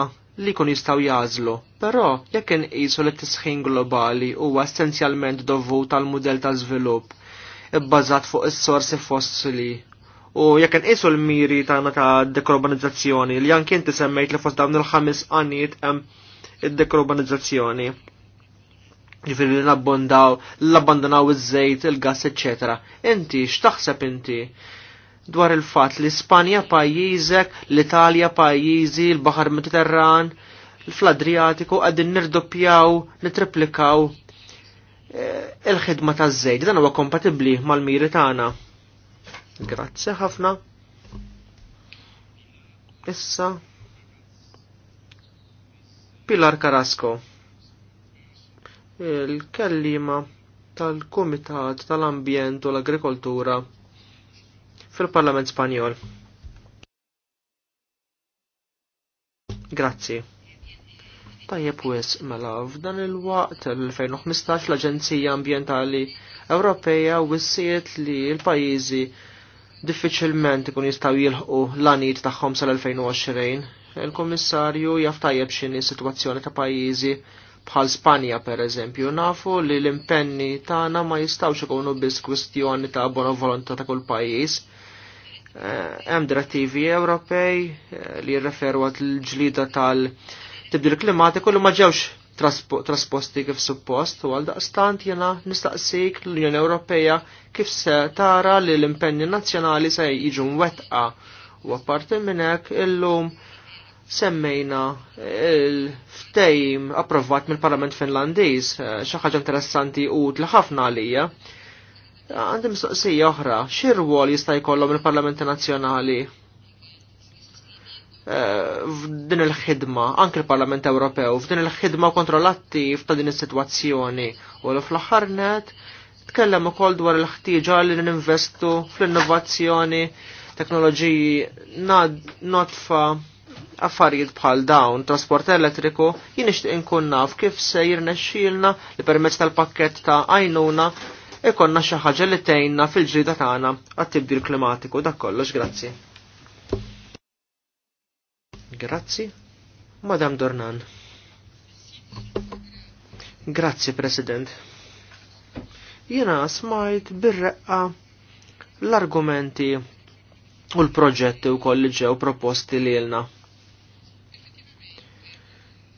li kun jistaw jazlu. Però jekk inqisu li t-tisħin globali huwa essenzjalment dovut tal-mudell ta' żvilupp ibbażat fuq is-sorsi fossili U jekk inqisu l-miri tagħna ta' dekarbonizzazzjoni li anke inti semmejt li fost dawn il-ħames qanijiet hemm id-dekarbonizzazzjoni ġifiri nabbondaw, l-abbandonaw iż-żejt, il-gas, ecc. Inti, x'taħseb inti dwar il-fat li Spanja pajjiżek, l-Italja pajjiżi, l-Baħar Mediterran, l-Fladriatiku għadin nirdoppjaw, nitriplikaw eh, il-ħidma ta' żejt dan huwa kompatibbli mal-miri tagħna. Grazzi ħafna. Issa. Pilar Carrasco il-kellima tal-Kumitat tal-Ambjent u l-Agrikoltura fil-Parlament Spanjol. Grazzi. Tajjeb wis mela f'dan il-waqt l-2015 l-Aġenzija Ambientali Ewropeja wissiet li l-pajjiżi diffiċilment ikun jistgħu jilħqu l-anid tagħhom sal-2020. Il-Kummissarju jaf tajjeb x'inhi sitwazzjoni ta' pajjiżi bħal Spanja per eżempju, nafu li l-impenni tagħna ma jistawx ikunu biss kwistjoni ta' bona volontà ta' kull pajjiż. Eh, hemm direttivi Ewropej eh, li jirreferu l-ġlida tal-tibdil klimatiku li ma ġewx trasposti kif suppost u għal daqstant jena nistaqsik l-Unjoni Ewropeja kif se tara li l-impenni nazzjonali se jiġu mwettqa u apparti minn hekk illum semmejna il-ftejm approvat mill-Parlament Finlandiż, xi ħaġa interessanti u ħafna għalija. Għandim soqsija oħra, xir rwol jista' jkollhom il-Parlamenti Nazzjonali eh, f'din il-ħidma, anke il-Parlament Ewropew, f'din il-ħidma kontrollatti ta' din is-sitwazzjoni u fl-aħħar net tkellem ukoll dwar il-ħtieġa li ninvestu fl-innovazzjoni, teknoloġiji notfa' affarijiet bħal dawn, trasport elettriku, jien nixtieq inkun naf kif se jirnexxielna li permezz tal-pakkett ta' għajnuna ikonna xi ħaġa li tgħinna fil-ġrida tagħna għat-tibdil klimatiku dak kollox, grazzi. Grazzi, Madam Dornan. Grazzi, President. Jiena smajt birreqqa l-argumenti u l-proġetti u kolli ġew proposti li l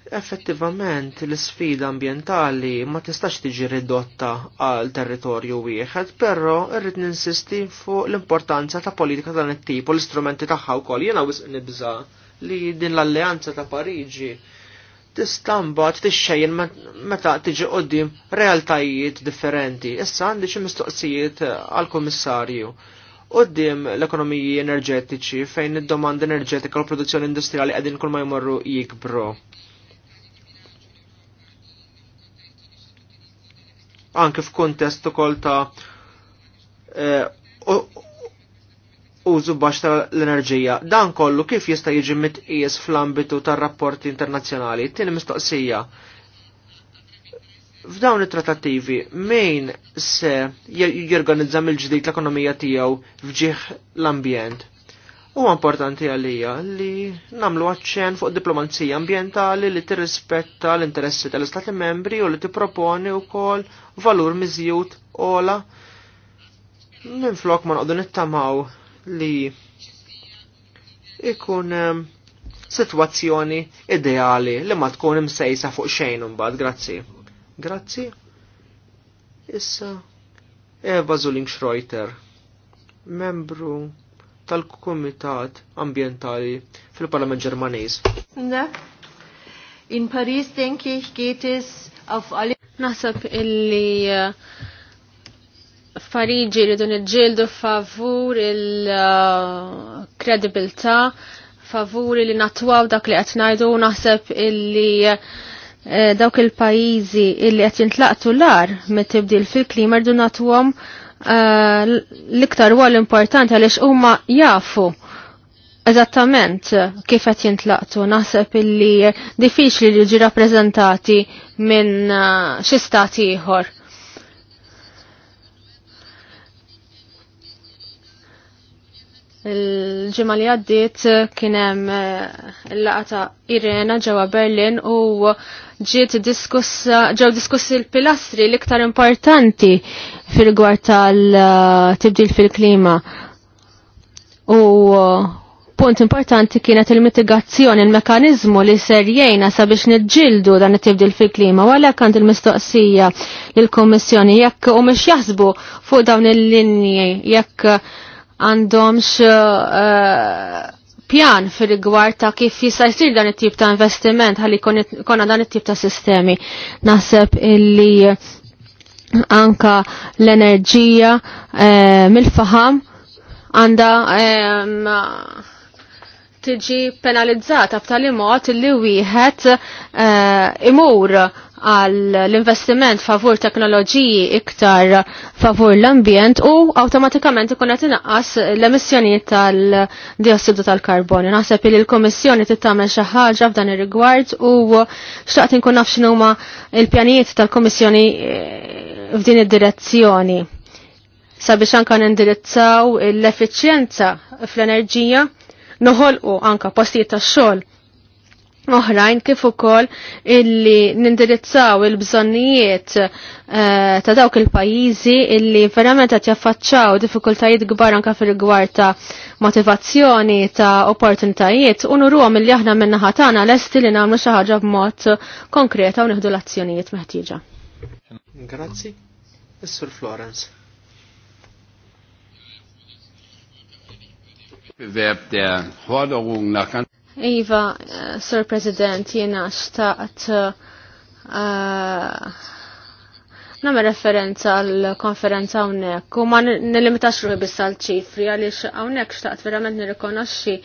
Effettivament l-sfida ambientali ma tistax tiġi ridotta għal territorju wieħed, però rrid ninsisti fuq l-importanza ta' politika dan it-tip u l-istrumenti tagħha wkoll. Jiena wisq nibża li din l-alleanza ta' Pariġi tista' mbagħad tixxejjen meta tiġi qudiem realtajiet differenti. Issa għandi xi mistoqsijiet għall-Kummissarju. Qoddim l-ekonomiji enerġetiċi fejn id-domanda enerġetika u l-produzzjoni industrijali qegħdin kull ma jmorru jikbru anke f'kuntest ukoll ta' eh, użu baxx tal-enerġija. Dan kollu kif jista' jiġi mitqies fl-ambitu tar-rapporti internazzjonali. Tieni mistoqsija. F'dawn it-tratattivi min se jorganizza mill-ġdid l-ekonomija tiegħu fġieħ l-ambjent? Huwa importanti għalija li namlu għaċċen fuq diplomazija ambientali li tirrispetta l-interessi tal-Istati membri u li tipproponi wkoll valur miżjud ola Minflok ma noqdu nittamaw li ikun ehm, sitwazzjoni ideali li ma tkun imsejsa fuq xejn imbagħad. Grazzi. Grazzi. Issa Eva Zuling Schreuter, membru tal-Kumitat Ambientali fil-Parlament Ġermaniż. In Paris denki ich geht es auf alle Nasab illi uh, Farigi li dun il-ġildu favur il-kredibilta, uh, favur li natwaw dak li qed ngħidu naħseb illi uh, dawk il-pajjiżi illi qed jintlaqtu l-ar mit-tibdil fil-klima rdu natwom Eh, l-iktar għal importanti għalix huma jafu eżattament kif qed jintlaqtu naħseb illi diffiċli li jiġi rappreżentati minn eh, xi stat ieħor. Il-ġimgħa li għaddiet kien hemm eh, il-laqgħa ta' Irena ġewwa Berlin u ġiet diskussa ġew diskussi l-pilastri l-iktar importanti fil-gwar tal-tibdil fil-klima. U uh, punt importanti kienet il-mitigazzjoni, il-mekanizmu li ser jgħina sabiex nidġildu dan it-tibdil fil-klima, u għalhekk għand il-mistoqsija lill-Kummissjoni jekk u mhux jaħsbu fuq dawn il-linji jekk għandhomx uh, uh, pjan fil-rigward ta' kif jista' jsir dan it-tip ta' investiment ħalli konna dan it-tip ta' sistemi. Naħseb illi anka l-enerġija eh, mill-faham għanda eh, tiġi penalizzata b'tali mod li wieħed eh, imur għal l-investiment favur teknoloġiji iktar favur l-ambjent u automatikament ikun qed inaqqas l-emissjonijiet tal-diossidu tal karboni Naħseb li l-Kummissjoni tagħmel xi ħaġa f'dan ir-rigward u xtaqt inkun naf x'inhuma l-pjanijiet tal-Kummissjoni eh, f'din id-direzzjoni sabiex anka nindirizzaw l-effiċjenza fl-enerġija noħolqu anka postijiet tax-xogħol oħrajn kif ukoll illi nindirizzaw il-bżonnijiet eh, ta' dawk il-pajjiżi illi verament qed jaffaċċaw diffikultajiet kbar anke fir-rigward ta' motivazzjoni ta' opportunitajiet u nurhom illi aħna min-naħa tagħna lesti li nagħmlu xi ħaġa b'mod konkreta u nieħdu l-azzjonijiet meħtieġa. Grazzi, is Florence. Bewerb der Forderung nach Iva, eh, Sir President, jena xtaqt eh, namme referenza għal konferenza għonek u ma nilimitax ruħi biss għal ċifri għalix għonek xtaqt verament nirrikonoxxi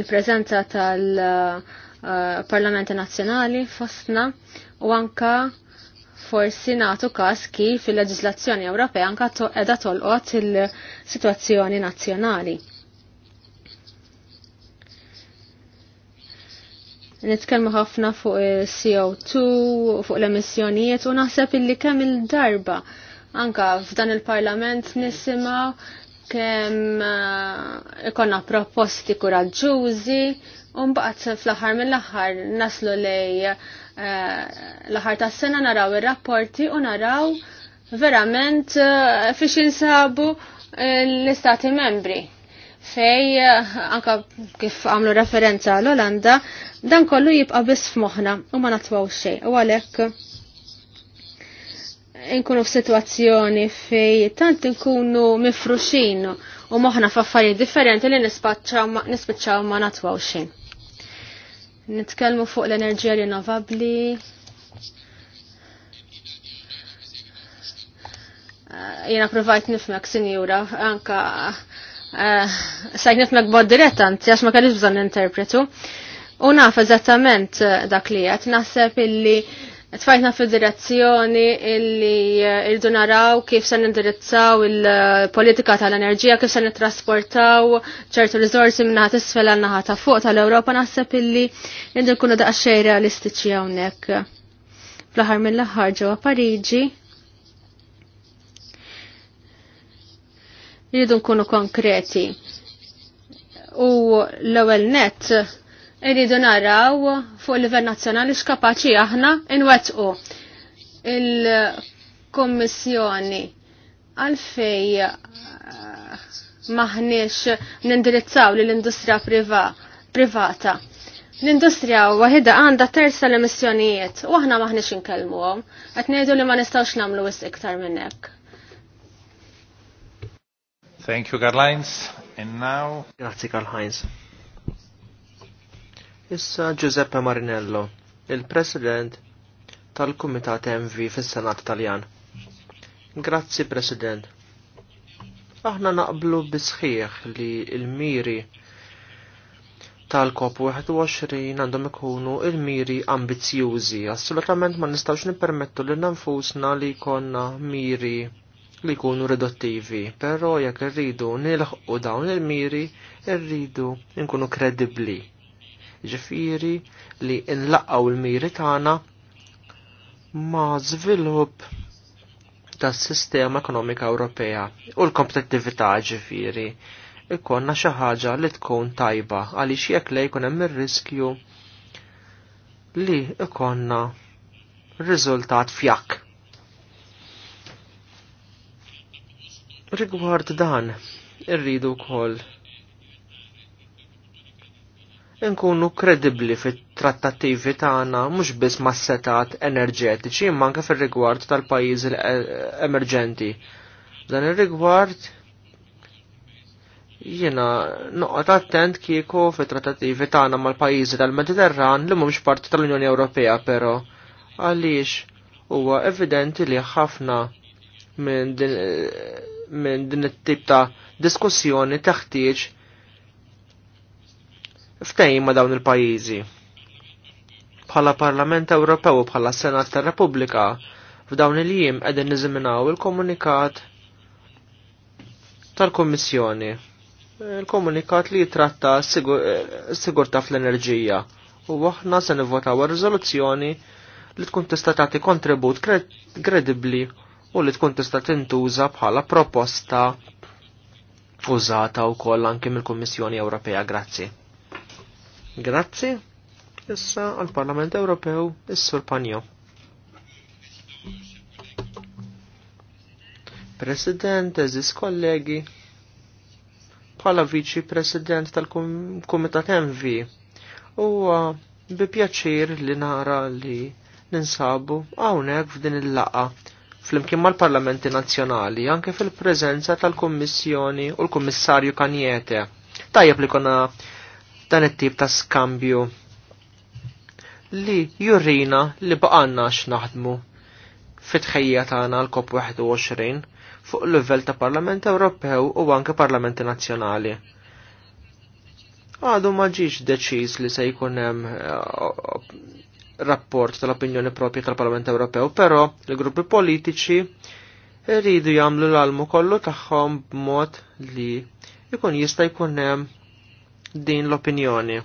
il-prezenza tal-Parlamenti eh, Nazzjonali fostna u anka forsi natu kas kif il-leġislazzjoni Ewropea anka edha tolqot il-situazzjoni nazzjonali. nitkellmu ħafna fuq eh, CO2, fuq l-emissjonijiet u naħseb illi kemm il-darba anka f'dan il-parlament nisimgħu kemm eh, ikonna proposti kuraġġużi u mbagħad fl-aħħar mill-aħħar naslu lej eh, l-aħħar tas-sena naraw ir-rapporti u naraw verament fiex jinsabu l-istati membri fej anka kif għamlu referenza l-Olanda, dan kollu jibqa biss f'moħħna u ma natwaw xejn. U għalhekk inkunu f'sitwazzjoni fej tant inkunu mifruxin u moħħna f'affarijiet differenti li nispiċċaw ma natwaw xejn. Nitkellmu fuq l-enerġija rinnovabbli, jena provajt nifmek, sinjura, anka Eh, sajnet ma gbod diretta, anzi għax ma kellix bżonn interpretu. U naf eżattament eh, dak li qed naħseb illi tfajtna fil-direzzjoni illi eh, irdu naraw kif se nindirizzaw il-politika tal-enerġija, kif se nittrasportaw ċertu rizorsi minna t għal naħa ta' fuq tal-Ewropa naħseb illi irdu nkunu daqsxejn realistiċi hawnhekk. Fl-aħħar mill-aħħar ġewwa Parigi. Jridu nkunu konkreti. U l-ewwel net jridu naraw fuq livell nazzjonali x'kapaċi aħna nwettqu il-Kommissjoni għalfej eh, maħniex nindirizzaw lill industrija priva, privata. L-industrija waħida għandha terza l-emissjonijiet u aħna maħniex inkellmuhom, qed ngħidu li ma nistgħux nagħmlu wis iktar minn hekk. Thank you, Karl-Heinz. And now... Grazie, Karl-Heinz. Issa Giuseppe Marinello, il-President tal-Kumitat MV fis-Senat Taljan. Grazzi, President. Aħna naqblu bisħiħ li il-miri tal-COP 21 għandhom ikunu il-miri ambizjużi. Assolutament ma nistawx nippermettu li nanfusna li konna miri li jkunu reduttivi, però jekk irridu nilħqu dawn il-miri, irridu nkunu kredibbli. Ġifiri li nlaqgħu il-miri tagħna ma' żvilupp tas-sistema ekonomika Ewropea u l-kompetittività ġifieri ikonna xi ħaġa li tkun tajba għaliex jekk le jkun hemm ir-riskju li ikonna riżultat fjak. Rigward dan, irridu wkoll nkunu kredibbli fit-trattattivi tagħna mhux biss mas-setat enerġetiċi imma anke fir-rigward tal-pajjiżi eh, emerġenti. Dan ir-rigward jiena noqgħod attent kieku fit-trattattivi tagħna mal-pajjiżi tal-Mediterran li mhumiex parti tal-Unjoni Ewropea però għaliex huwa evidenti li ħafna minn din minn din it-tip ta' diskussjoni teħtieġ ftejn ma' dawn il-pajjiżi. Bħala Parlament Ewropew u bħala Senat tar-Repubblika f'dawn il-jiem qegħdin niżiminaw il-komunikat tal kummissjoni Il-komunikat li jitratta s-sigurta fl-enerġija u aħna se nivvotaw riżoluzzjoni li tkun tista' tagħti kontribut kredibbli u li tkun tista' tintuża bħala proposta użata wkoll anke mill-Kummissjoni Ewropea. Grazzi. Grazzi. Issa għall-Parlament Ewropew is-Sur Panjo. President, eżis kollegi, bħala viċi president tal-Kumitat MV, huwa bi pjaċir li nara li ninsabu hawnhekk f'din il-laqa flimkien mal-Parlamenti Nazzjonali anke fil-preżenza tal-Kommissjoni u l-Kummissarju Kanjete. Tajjeb li konna dan it-tip ta' skambju li jurrina li baqanna x'naħdmu fit-tħejja tagħna l kop 21 fuq livell ta' Parlament Ewropew u anke Parlamenti Nazzjonali. Għadu ma ġiex deċiż li se jkun hemm rapport tal-opinjoni propja tal-Parlament Ewropew, però il-gruppi politiċi rridu jagħmlu l-almu kollu tagħhom b'mod li jkun jista' jkun hemm din l-opinjoni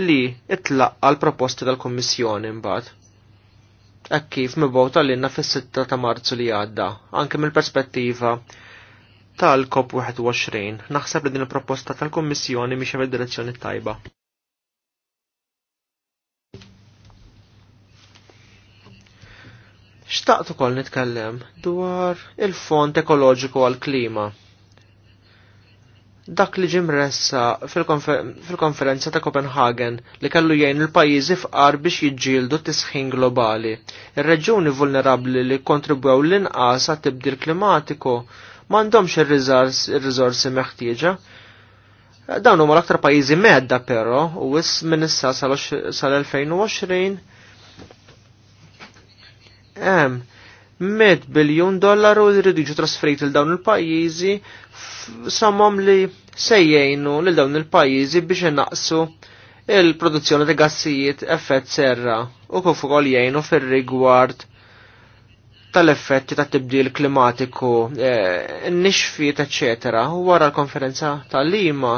li itlaqqa l-proposti tal-Kommissjoni mbagħad. Hekk kif mibgħuta lilna fis-6 ta' Marzu li għadda, anke mill-perspettiva tal-COP21. Naħseb li din il-proposta tal-Kommissjoni mhix id direzzjoni tajba. Xtaqt ukoll nitkellem dwar il-Fond Ekoloġiku għal-Klima. Dak li ġim ressa fil-konferenza ta' Copenhagen li kellu jgħin il-pajjiżi fqar biex jiġġieldu t-tisħin globali. Ir-reġuni vulnerabbli li kontribwew l-inqas għat tibdil klimatiku m'għandhomx ir-riżorsi meħtieġa Dawn huma l-aktar pajjiżi medda però u wis minn issa sal-2020 hemm 100 biljun dollaru li rridu jiġu trasferiti l dawn il-pajjiżi samom li sejjejnu lil dawn il-pajjiżi biex innaqsu il-produzzjoni ta' gassijiet effett serra u kif ukoll jgħinu fir-rigward tal-effetti ta' tibdil klimatiku, eh, nixfiet, eccetera. Wara l-konferenza ta' Lima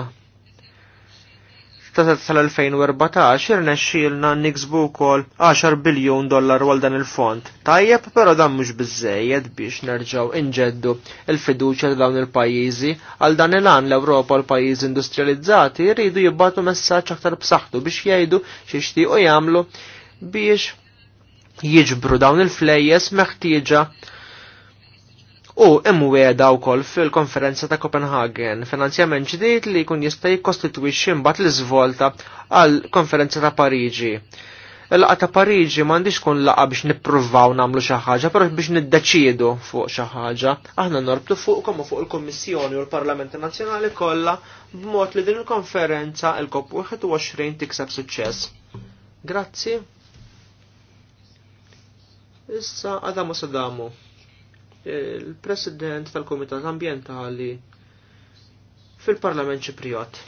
ta' tal-2014 irnexxielna niksbu wkoll 10 biljun dollar għal dan il-fond. Tajjeb però dan mhux bizzejed biex nerġgħu inġeddu il-fiduċja ta' dawn il-pajjiżi għal dan il-għan l-Ewropa l pajjiżi industrializzati jridu jibbatu messaġġ aktar b'saħħtu biex jgħidu x'ixtiequ jagħmlu biex jiġbru dawn il-flejjes meħtieġa u imwieda wkoll fil-konferenza ta' Copenhagen, finanzjament ġdid li jkun jista' jikkostitwixxi mbagħad l-iżvolta għal konferenza ta' Parigi. Il-laqa ta' Parigi m'għandix tkun laqa biex nippruvaw nagħmlu xi ħaġa, però biex niddeċiedu fuq xi ħaġa. Aħna norbtu fuqkom u fuq il-Kummissjoni u l-Parlamenti Nazzjonali kollha b'mod li din il-konferenza il-COP 21 tikseb suċċess. Grazzi. Issa għadamu sadamu il-President tal-Komitat Ambientali fil-Parlament Ċipriot.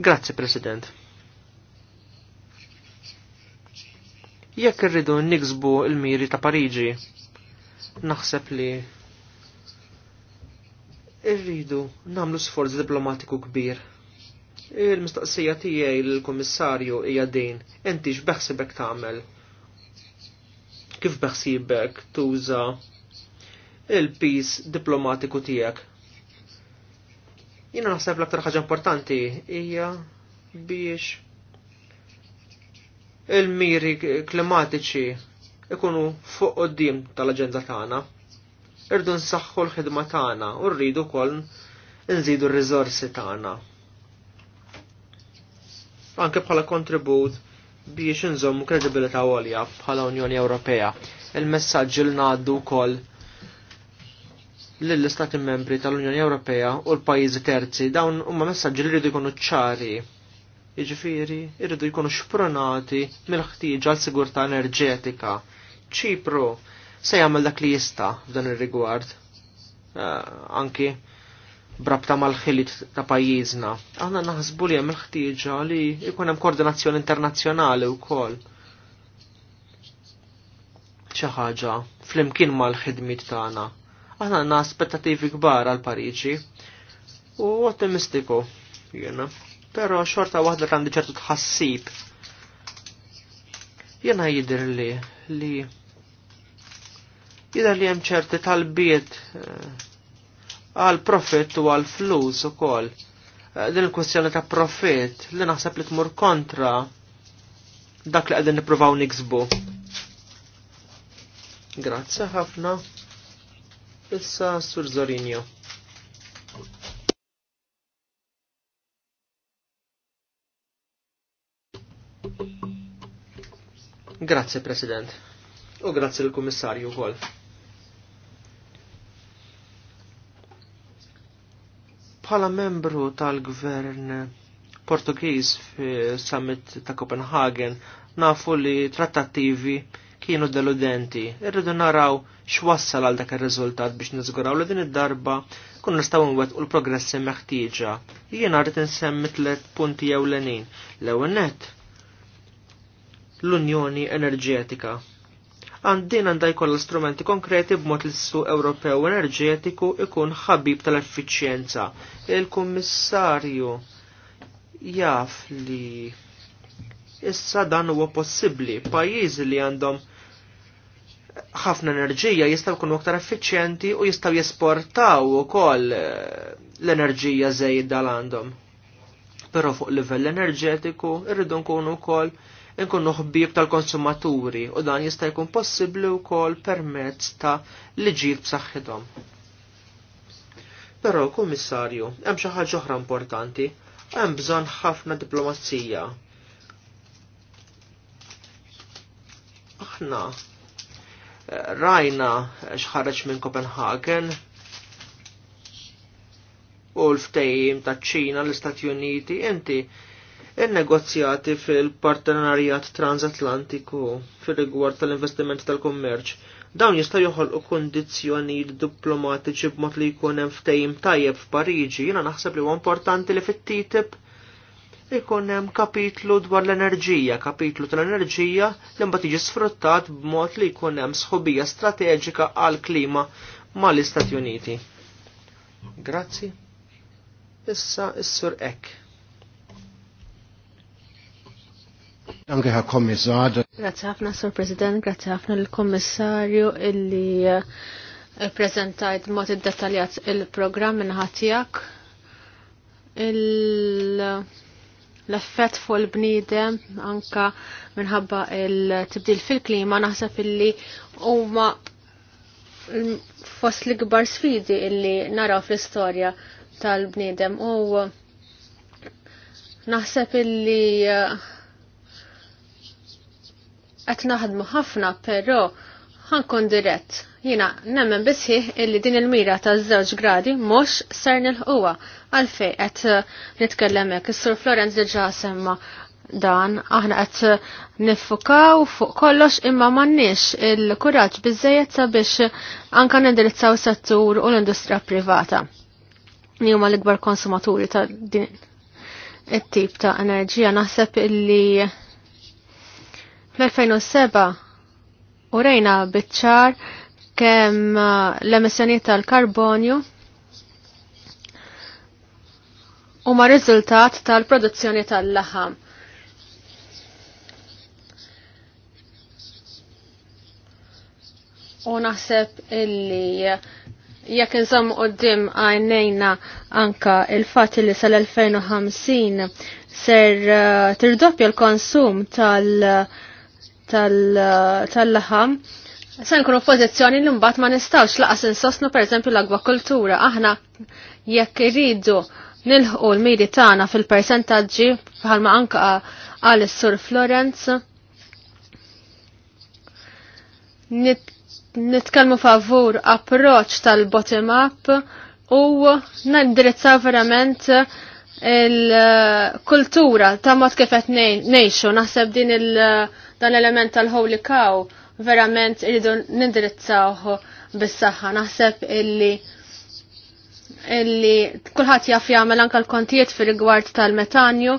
Grazzi, President. Jekk irridu niksbu il-miri ta' Pariġi, naħseb li irridu namlu sforz diplomatiku kbir Il-mistaqsija tiegħi l-Kummissarju hija din, inti x'beħsibek tagħmel? Kif beħsibek tuża il-pis diplomatiku tiegħek? Jiena naħseb l-aktar ħaġa importanti hija biex il-miri klimatiċi ikunu fuq qoddim tal-aġenda tagħna. Irdu nsaħħu l-ħidma tagħna u rridu wkoll nżidu r-riżorsi tagħna anke bħala kontribut biex nżommu kredibilità għolja bħala Unjoni Ewropea. il messagġ li ngħaddu wkoll lill-Istati membri tal-Unjoni Ewropea u l-pajjiżi terzi dawn huma messaġġi li rridu jkunu ċari. Jiġifieri jridu jkunu xpronati mill-ħtieġa għal sigurtà enerġetika. Ċipru se jagħmel dak li jista' f'dan ir-rigward. Eh, anki brabta mal-ħilit ta' pajjiżna. Aħna naħsbu li hemm ħtieġa li jkun hemm koordinazzjoni internazzjonali wkoll. Xi ħaġa flimkien mal-ħidmiet tagħna. Aħna għandna aspettattivi kbar għal Pariġi u ottimistiku jiena. Però xorta waħda għandi ċertu tħassib. Jiena jidher li li jidher li hemm ċerti talbiet eh, għal profit u għal flus u kol. Eh, din il-kwestjoni ta' profit li naħseb li tmur kontra dak li għedin niprofaw niksbu. Grazzi ħafna. Issa Sur Zorinjo. Grazzi President. U grazzi il kummissarju wkoll. Bħala membru tal-gvern Portugiż fi summit ta' Copenhagen nafu li trattattivi kienu deludenti. Irridu naraw x'wassal għal dak ir-riżultat biex niżguraw li din id-darba kun nistgħu nwettqu l-progressi meħtieġa. Jiena rrid insemmi tliet punti ewlenin. L-ewwel nett l-Unjoni Enerġetika għandin għandha jkollha strumenti konkreti b'mod li s-suq Ewropew enerġetiku ikun ħabib tal-effiċjenza. Il-Kummissarju jaf li issa dan huwa possibbli pajjiżi li għandhom ħafna enerġija jistaw kunu aktar effiċjenti u jistaw jesportaw ukoll eh, l-enerġija zejda l għandhom. Però fuq livell enerġetiku irridu nkunu wkoll Inkunu ħbieb tal-konsumaturi u dan jista' jkun possibbli wkoll permezz ta' liġijiet b'saħħithom. Però kummissarju, hemm xi ħaġa oħra importanti, hemm bżonn ħafna diplomazija. Aħna eh, rajna xħareġ minn Copenhagen u l-ftejim ta' ċina l-Istati Uniti, inti il-negozjati fil-partenarjat transatlantiku fil-rigward tal-investiment tal-kommerċ. Dawn jistaw joħolqu kondizjoni diplomatiċi b'mod li jkun hemm ftehim tajjeb f'Pariġi, jiena naħseb li huwa importanti li fit-TTIP ikun hemm kapitlu dwar l-enerġija, kapitlu tal-enerġija li mbagħad jiġi sfruttat b'mod li jkun hemm sħobija strateġika għall-klima mal-Istati Uniti. Grazzi. Issa is-sur ek. Anke ħa kommissar. Grazie ħafna, Sur President, grazie ħafna l-Kommissarju illi eh, prezentajt mod id-detaljat il-programm minħatijak. L-effett fuq il-bniedem anka minħabba il-tibdil fil-klima naħseb illi huma fost l-ikbar sfidi illi naraw fl-istorja tal-bniedem u naħseb illi eh, qed naħdmu ħafna, però ħankun dirett. Jina nemmen bisħiħ illi din il-mira ta' żewġ gradi mhux ser nilħuha għalfej qed eh, nitkellem Is-Sur Florence diġà semma dan aħna qed eh, niffukaw fuq kollox imma m'għandniex il-kuraġġ biżejjed sabiex anke nindirizzaw settur u l-industrija privata. Li huma l-ikbar konsumaturi ta' din it-tip ta' enerġija naħseb illi Fl-2007 u rejna bitċar kemm uh, l-emissjonijiet tal-karbonju huma riżultat tal-produzzjoni tal-laħam. U naħseb illi jekk nżomm qudiem għajnejna anka il-fatt li sal-2050 ser uh, tirdoppja l-konsum tal- uh, tal-laħam. Sen kunu nkunu l li mbagħad ma nistgħux laqas per esempio l agwakultura Aħna jekk irridu nilħqu l midi tagħna fil-persentaġġi bħalma anka għal sur Florence. Nit nitkellmu favur approċ tal-bottom up u nindirizzaw verament il-kultura ta' mod kif qed ngħixu naħseb din il dan element tal-holy cow verament irridu nindirizzawh bis-saħħa naħseb illi illi kulħadd jaf jagħmel anke l-kontijiet fir-rigward tal-metanju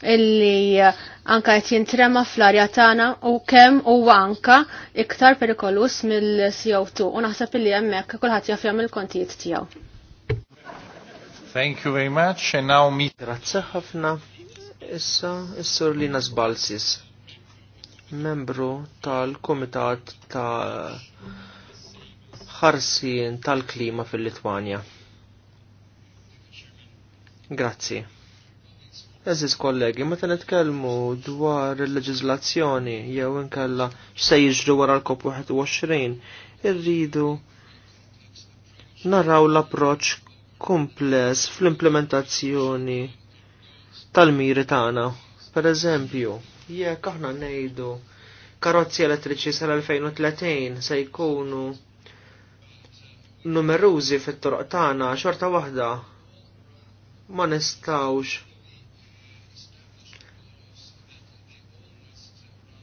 illi eh, anka qed jintrema fl-arja tagħna u kemm huwa anka iktar perikolus mill-CO2 u naħseb illi hemmhekk kulħadd jaf jagħmel il-kontijiet tiegħu. Thank you very much, and now me. Grazie ħafna. Issa, issur Lina Sbalsis, membru tal-Komitat ta' ħarsien tal-klima fil-Litwanja. Grazzi. Eżis kollegi, meta nitkellmu dwar il-leġizlazzjoni jew inkella x'se jiġru wara l-COP21, irridu naraw l-approċċ Kompless fl-implementazzjoni tal-miri tagħna. Per eżempju, jekk aħna ngħidu karozzi elettriċi sal-2030 se jkunu numerużi fit-toroq tagħna xorta waħda ma nistgħux.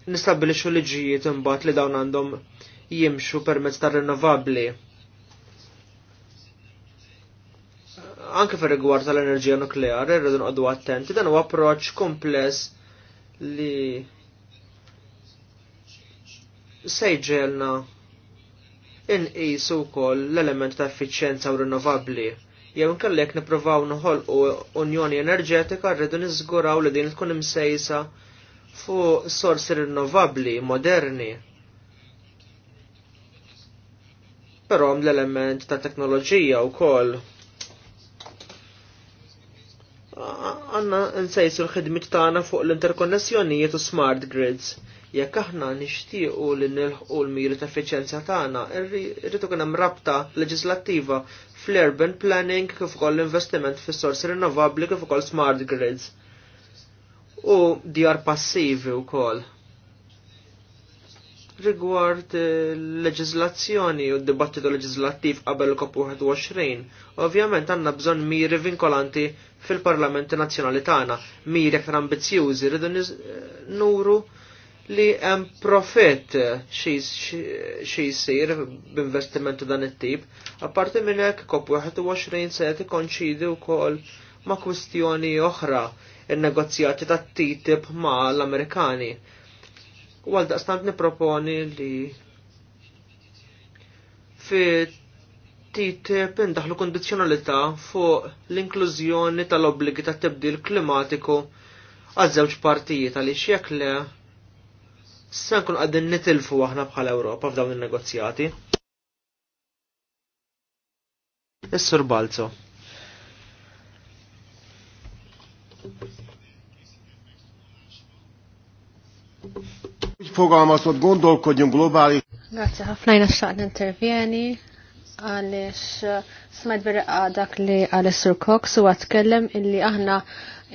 nistabbilixxu liġijiet imbagħad li dawn għandhom jimxu permezz tar-rinnovabbli anke fir rigward tal-enerġija nukleari rridu nqogħdu attenti dan huwa approċċ kompless li se jġelna inqisu wkoll l-element ta' effiċjenza u rinnovabbli. Jew jekk nippruvaw noħolqu unjoni enerġetika rridu niżguraw li din tkun imsejsa fuq sorsi rinnovabbli moderni. Però l-element ta' teknoloġija wkoll għanna nsejsu l-ħidmit tagħna fuq l-interkonnessjonijiet u smart grids. Jekk aħna nixtiequ li nilħqu l-miri ta' effiċenza tagħna, irrid kien hemm rabta leġislattiva fl-urban planning kif ukoll l-investiment fis-sorsi rinnovabbli kif ukoll smart grids. U djar passivi wkoll rigward eh, leġizlazzjoni u d-dibattitu leġizlattiv qabel COP21, ovvjament għanna bżon miri vinkolanti fil-Parlamenti Nazzjonali tagħna, miri aktar ambizzjużi rridu eh, nuru li hemm profit eh, xi jsir b'investimentu dan it-tip, apparti minn hekk COP21 se qed ikonċidi wkoll ma' kwistjoni oħra in-negozjati tat-TTIP ma' l-Amerikani u għal daqstant niproponi li fi TTIP indaħlu kondizjonalità fuq l-inklużjoni tal-obbligi ta' tibdil klimatiku għal żewġ partijiet għaliex jekk le se nkun għaddin nitilfu aħna bħala Ewropa f'dawn in-negozjati. Is-Sur Balzo. megfogalmazott gondolkodjunk globális. Grazie, ħafna jina xaqt intervjeni għalix uh, smed verqa dak li għalis Sur Cox u għatkellem illi aħna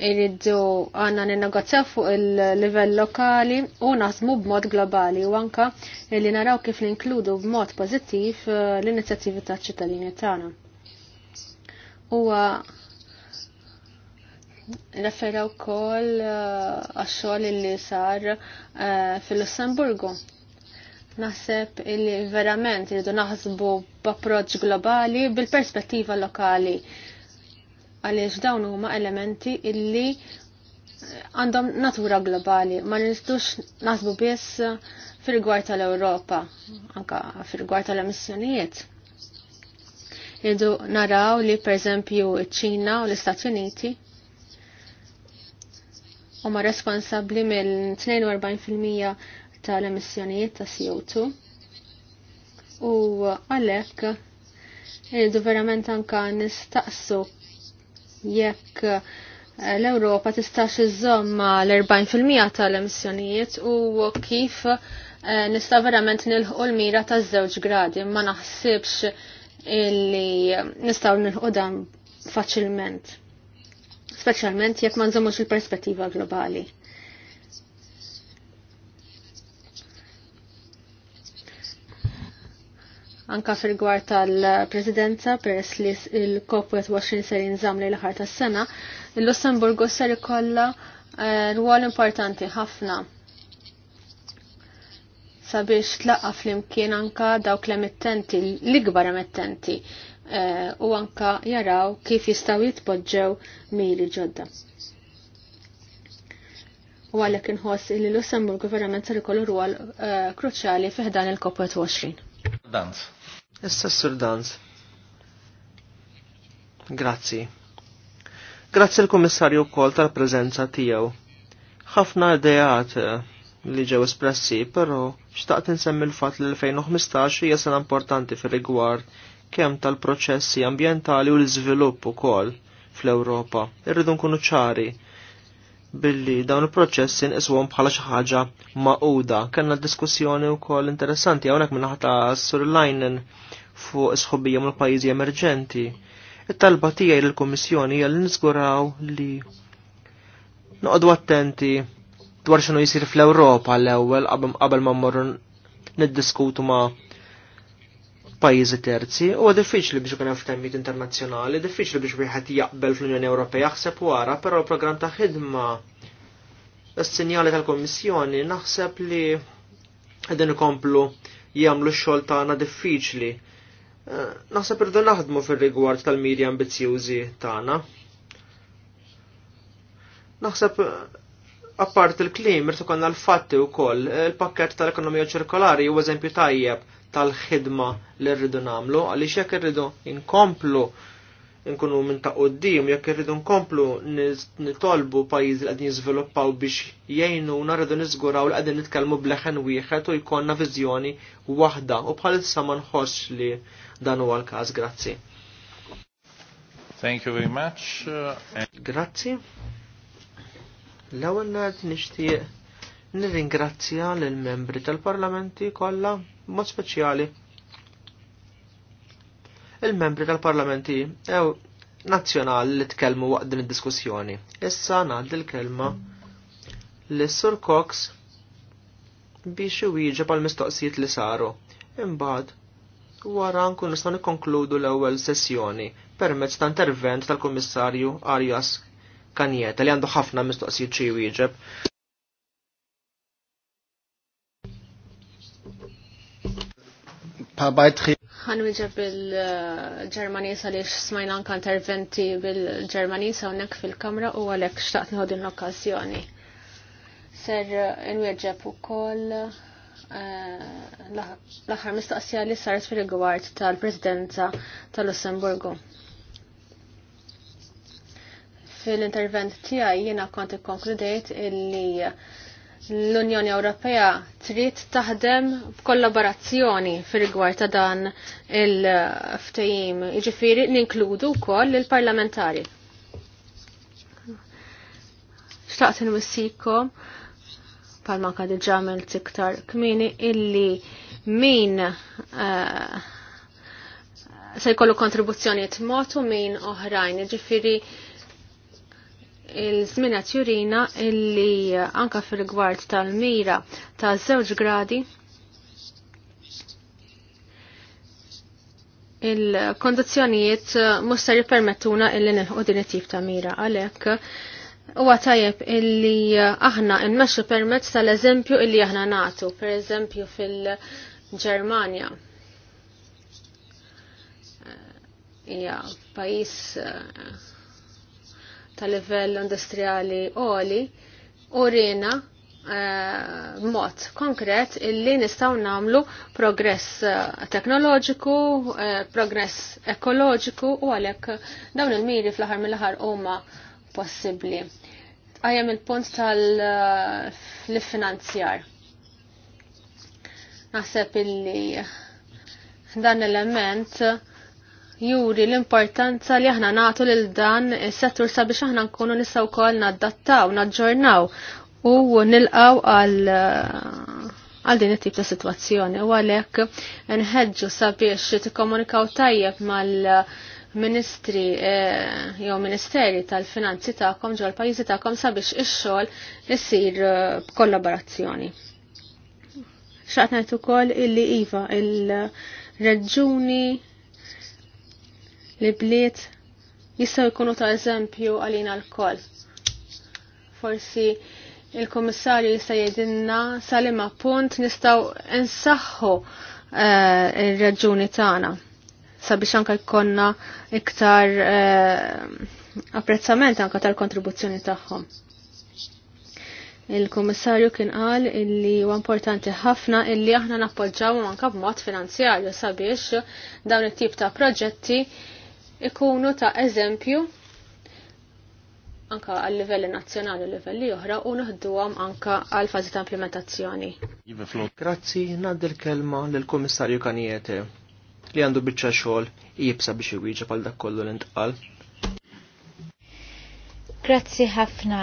irriddu għanna ninnegozja fuq il-livell lokali u nasmu b'mod globali u anka illi naraw kif b b'mod pozittiv uh, l inizjativi ta' ċittadini tagħna. U referaw kol eh, għaxxol uh, li sar uh, fil-Lussemburgu. Naħseb li verament irridu naħsbu b'approċċ globali bil-perspettiva lokali. Għaliex dawn huma elementi illi eh, għandhom natura globali, ma nistux naħsbu biss fil-gwar tal-Ewropa, anka fil-gwar tal-emissjonijiet. Irridu naraw li per eżempju ċ-Ċina u l-Istati Uniti huma responsabbli mill-42% tal-emissjonijiet ta' CO2 u għalhekk irridu verament anke nistaqsu jekk l-Ewropa tistax iżomm l-40% tal-emissjonijiet u kif eh, nista' verament nilħu l-mira ta' żewġ gradi ma naħsibx illi nistgħu nilħu dan faċilment specialment jekk ma nżommux il-perspettiva globali. Anka fil-gwar tal-Presidenza, peress li il-COP21 ser jinżam li l-ħar tas-sena, il-Lussemburgu ser ikolla eh, rwol importanti ħafna sabiex tlaqqa fl-imkien anka dawk l-emittenti, l-ikbar emittenti, Eh, u anka jaraw kif jistaw jitpoġġew Mili ġodda. U għalek nħoss li l lussemburgu verament sar ikollu rwol eh, kruċjali fiħdan il-COP21. Dans. Issa sur Dans. Grazzi. Grazzi l-Kummissarju wkoll tal-preżenza tiegħu. Ħafna ideat eh, li ġew espressi, però xtaqt insemmi l-fatt li l-2015 hija sena importanti fir-rigward kemm tal-proċessi ambjentali u l-iżvilupp ukoll fl-Ewropa. Irridu nkunu ċari billi dawn il-proċessi nqiswhom bħala xi ħaġa maquda. Kellna diskussjoni wkoll interessanti hawnhekk minn ħata Sur Leinen fuq isħobija mal pajjiżi emerġenti. It-talba tiegħi lill-Kummissjoni hija li nisguraw li noqogħdu attenti dwar x'inhu jsir fl-Ewropa l-ewwel qabel ma mmorru niddiskutu ma' pajjiżi terzi u diffiċli biex ikun hemm ftehmiet internazzjonali, diffiċli biex wieħed jaqbel fl-Unjoni Ewropea jaħseb wara, però l-programm ta' ħidma s-sinjali tal kummissjoni naħseb li qegħdin ikomplu jagħmlu x-xogħol tagħna diffiċli. Eh, naħseb irdu naħdmu fir-rigward tal-miri ambizzjużi tagħna. Naħseb apart il-klim irtu konna l-fatti u koll, il-pakket tal-ekonomija ċirkolari u eżempju tajjeb tal-ħidma li rridu namlu, għaliex jekk irridu inkomplu nkunu minn ta' qoddim, jekk irridu nkomplu nitolbu pajjiżi li qegħdin jiżviluppaw biex jgħinuna narridu niżguraw li qegħdin nitkellmu bleħen wieħed u jkollna viżjoni waħda u bħalissa ma nħoss li dan huwa l-każ, grazzi. Thank you very much. Uh, grazzi. L-ewwel nixtieq nirringrazzja lill membri tal-Parlamenti kollha mod speċjali il-membri tal-parlamenti ew nazzjonali li tkellmu waqt din id-diskussjoni. Issa ngħaddi l-kelma li Sur Cox biex iwieġeb għal mistoqsijiet li saru. Imbagħad wara nkun nistgħu nikkonkludu l-ewwel sessjoni permezz ta' intervent tal-Kummissarju Arias Kanjeta li għandu ħafna mistoqsijiet xi jwieġeb. pa' bajtri. Għanwiġa bil-ġermanisa li smajna anka interventi bil-ġermanisa unnek fil-kamra u għalek xtaqt nħodin l-okkazjoni. Ser nwieġeb u koll eh, l-axar mistaqsija li saret fil-gwart tal-presidenza tal-Lussemburgu. Fil-intervent tijaj jena konti konkludejt illi l-Unjoni Ewropea trid taħdem b'kollaborazzjoni fir-rigward ta' dan il-ftehim, jiġifieri ninkludu wkoll il-parlamentari. Xtaqt inwissikom palma kad ġamel tiktar kmini illi min uh, se jkollu kontribuzzjoniet motu min oħrajn, ġifiri uh, il zmina tjurina jurina illi anka fil-rigward tal-mira ta' żewġ gradi il-kondizzjonijiet mhux jipermettuna jippermettuna illi nilħu din it-tip ta' mira għalhekk huwa tajjeb illi aħna nmexxu permezz tal-eżempju illi aħna nagħtu, pereżempju fil-Ġermanja. Hija uh, ta' livell industrijali oli u rina uh, eh, mod konkret illi nistaw namlu progress eh, teknoloġiku, uh, progress ekoloġiku u għalek dawn il-miri fl-ħar mill-ħar huma possibli. Għajem il-punt tal-finanzjar. Naħseb illi dan l uh, juri l-importanza li aħna nagħtu lil dan is-settur sabiex aħna nkunu nistgħu wkoll naddattaw, naġġornaw u nilqaw għal eh, għal din it-tip ta' sitwazzjoni u għalhekk nħeġġu sabiex tikkomunikaw tajjeb mal-ministri eh, jew ministeri tal-finanzi tagħkom ġol pajjiżi tagħkom sabiex ix-xogħol isir eh, b'kollaborazzjoni. Xaqt ngħid ukoll illi iva il-reġuni li bliet jistaw jkunu ta' eżempju għalina l-koll. Forsi il-komissarju jista' jedinna salima punt nistaw insaħħu eh, il-raġuni tagħna sabiex anka jkonna iktar eh, apprezzament anka tal-kontribuzzjoni tagħhom. Il-Kummissarju kien qal illi huwa importanti ħafna illi aħna nappoġġaw anka b'mod finanzjarju sabiex dawn it-tip ta' proġetti ikunu ta' eżempju anka għal livelli nazzjonali u livelli oħra u naħduhom anka għal fażi ta' implementazzjoni. Grazzi, ngħaddi l-kelma lill-Kummissarju Kanijete li għandu biċċa xogħol jibsa biex iwieġeb għal dak kollu l-intqal. Grazzi ħafna,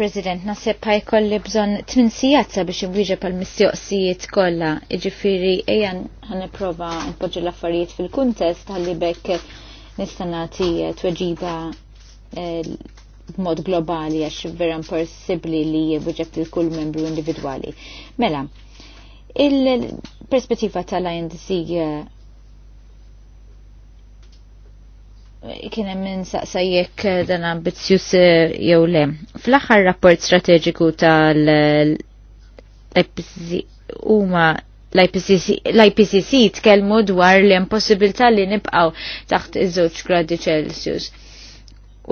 President. Nasib ħajkolli bżon 8 sijat biex imwieġeb għal mistoqsijiet kollha. ħan prova ħaniprova npoġġi l-affarijiet fil-kuntest ħalli bekk nista' nagħti eh, tweġiba eh, b'mod globali għax vera impossibbli li jibbuġġett il kull membru individwali. Mela, il-perspettiva tal-INDC eh, kien hemm insaqsa jekk dan ambizzjuż jew le. Fl-aħħar rapport strateġiku tal huma l-IPCC tkellmu dwar l-impossibilità li nibqaw taħt iż-żewġ gradi Celsius.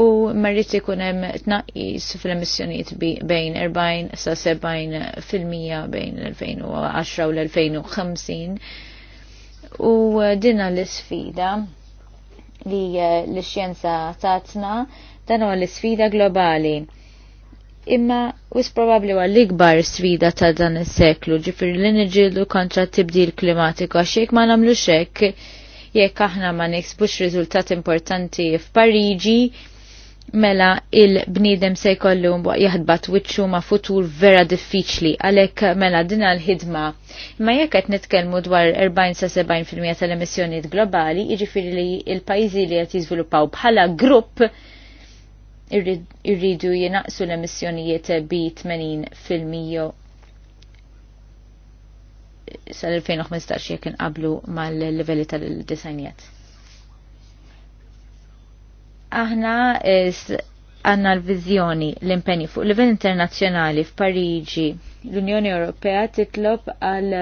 U marrit ikun hemm tnaqqis fl-emissjonijiet bejn 40 sa 70 fil-mija bejn l-2010 u l-2050. U dinna l-isfida li eh, l-xjenza tatna dan huwa l-isfida globali imma wis probabli għal ikbar sfida ta' dan is-seklu ġifir li inġildu kontra tibdil klimatiku għaxiek ma namlu xek jekk aħna ma niksbux riżultat importanti f'Pariġi mela il-bniedem se jkollu jahdbat wiċċu ma' futur vera diffiċli għalhekk mela dina l-ħidma. Ma jekk qed nitkellmu dwar 40 sa 70% tal-emissjonijiet globali, jiġifieri li l-pajjiżi li qed jiżviluppaw bħala grupp irridu jinaqsu l-emissjonijiet bi 80% sal-2015 jek inqablu mal-livelli tal-disenjet. Aħna eh, għanna l-vizjoni l-impenju fuq livell internazzjonali f'Pariġi l-Unjoni Ewropea titlob għal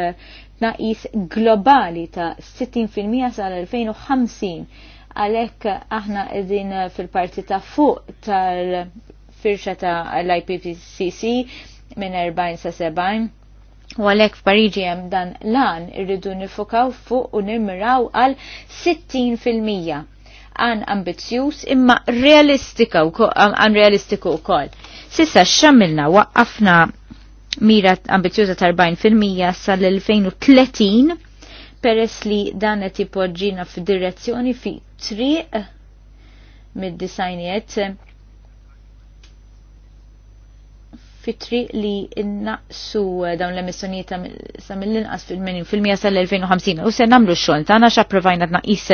naqis globali ta' 60% sal-2050 għalhekk aħna qegħdin fil-parti ta' fuq tal-firxa ta' l-IPCC minn 40 sa 70. U għalek f'Pariġi hemm dan lan irridu nifokaw fuq u nimmiraw għal 60% għan ambizzjuż imma realistika u għan realistiku u koll. Sissa xammilna waqqafna mira ambizjuża ta' 40% sal-2030 peress li dan qed ipoġġina f'direzzjoni fi triq mid-disajniet fi triq li innaqsu dawn l-emissjonijiet sa mill-inqas fil-menin fil-mija sal-2050 u se namlu x naxa provajna x'approvajna tnaqqis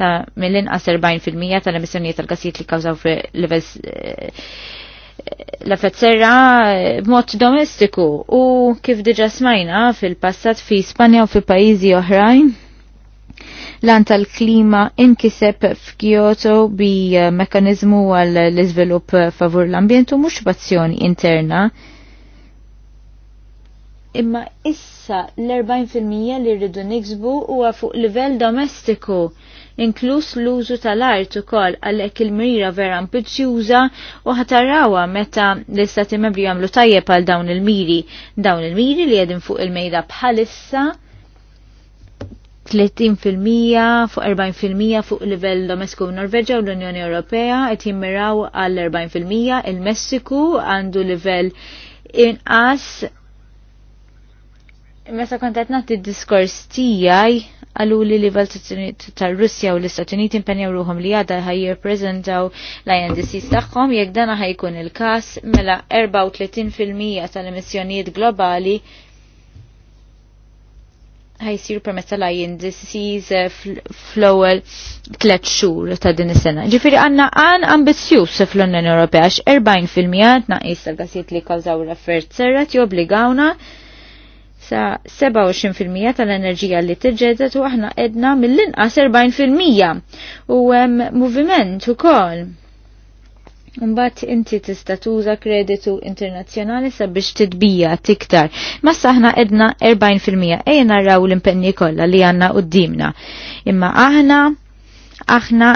ta' mill-inqas 40 fil-mija tal-emissjonijiet tal-gassijiet li kkawżaw fil-levels eh, l-effett serra eh, b'mod domestiku u kif diġa smajna fil-passat fi Spanja u fi pajjiżi oħrajn Lan tal-klima inkiseb f'Kyoto bi eh, mekanizmu għal l-izvilup favur l ambientu mhux b'azzjoni interna. Imma issa l-40% li rridu niksbu huwa fuq livell domestiku inkluż l-użu tal-art ukoll għalhekk il-mira vera ambizzjuża u ħatarawha meta l-istati membri jagħmlu tajjeb għal dawn il-miri, dawn il-miri li qegħdin fuq il-mejda bħalissa 30% fuq 40% fuq livell domestiku Norveġa u l-Unjoni Ewropea qed jimmiraw għal 40%, il-Messiku għandu livell inqas Meta kont qed nagħti diskors tiegħi għallu li livell tar-Russja u l-Istati Uniti impenjaw ruhom li għadha ħaj jirpreżentaw l-INDCs tagħhom jekk dana ħajkun il-każ mela 34% tal-emissjonijiet globali ħajsiru permessa la indcs eh, fl-ewwel tlet xur ta' din is-sena. Ġifieri għandna għan ambizzjuż fl-Unjoni Ewropea għax 40% tnaqqis tal-gassijiet li kawżaw l-affarijiet serret jobbligawna sa 27% tal-enerġija li tiġġedet u aħna edna mill-inqas 40% u hemm moviment ukoll Mbatt inti tista' tuża kreditu internazzjonali sabiex titbija tiktar. Ma saħna edna 40% ejja raw l-impenni kollha li għandna dimna Imma aħna aħna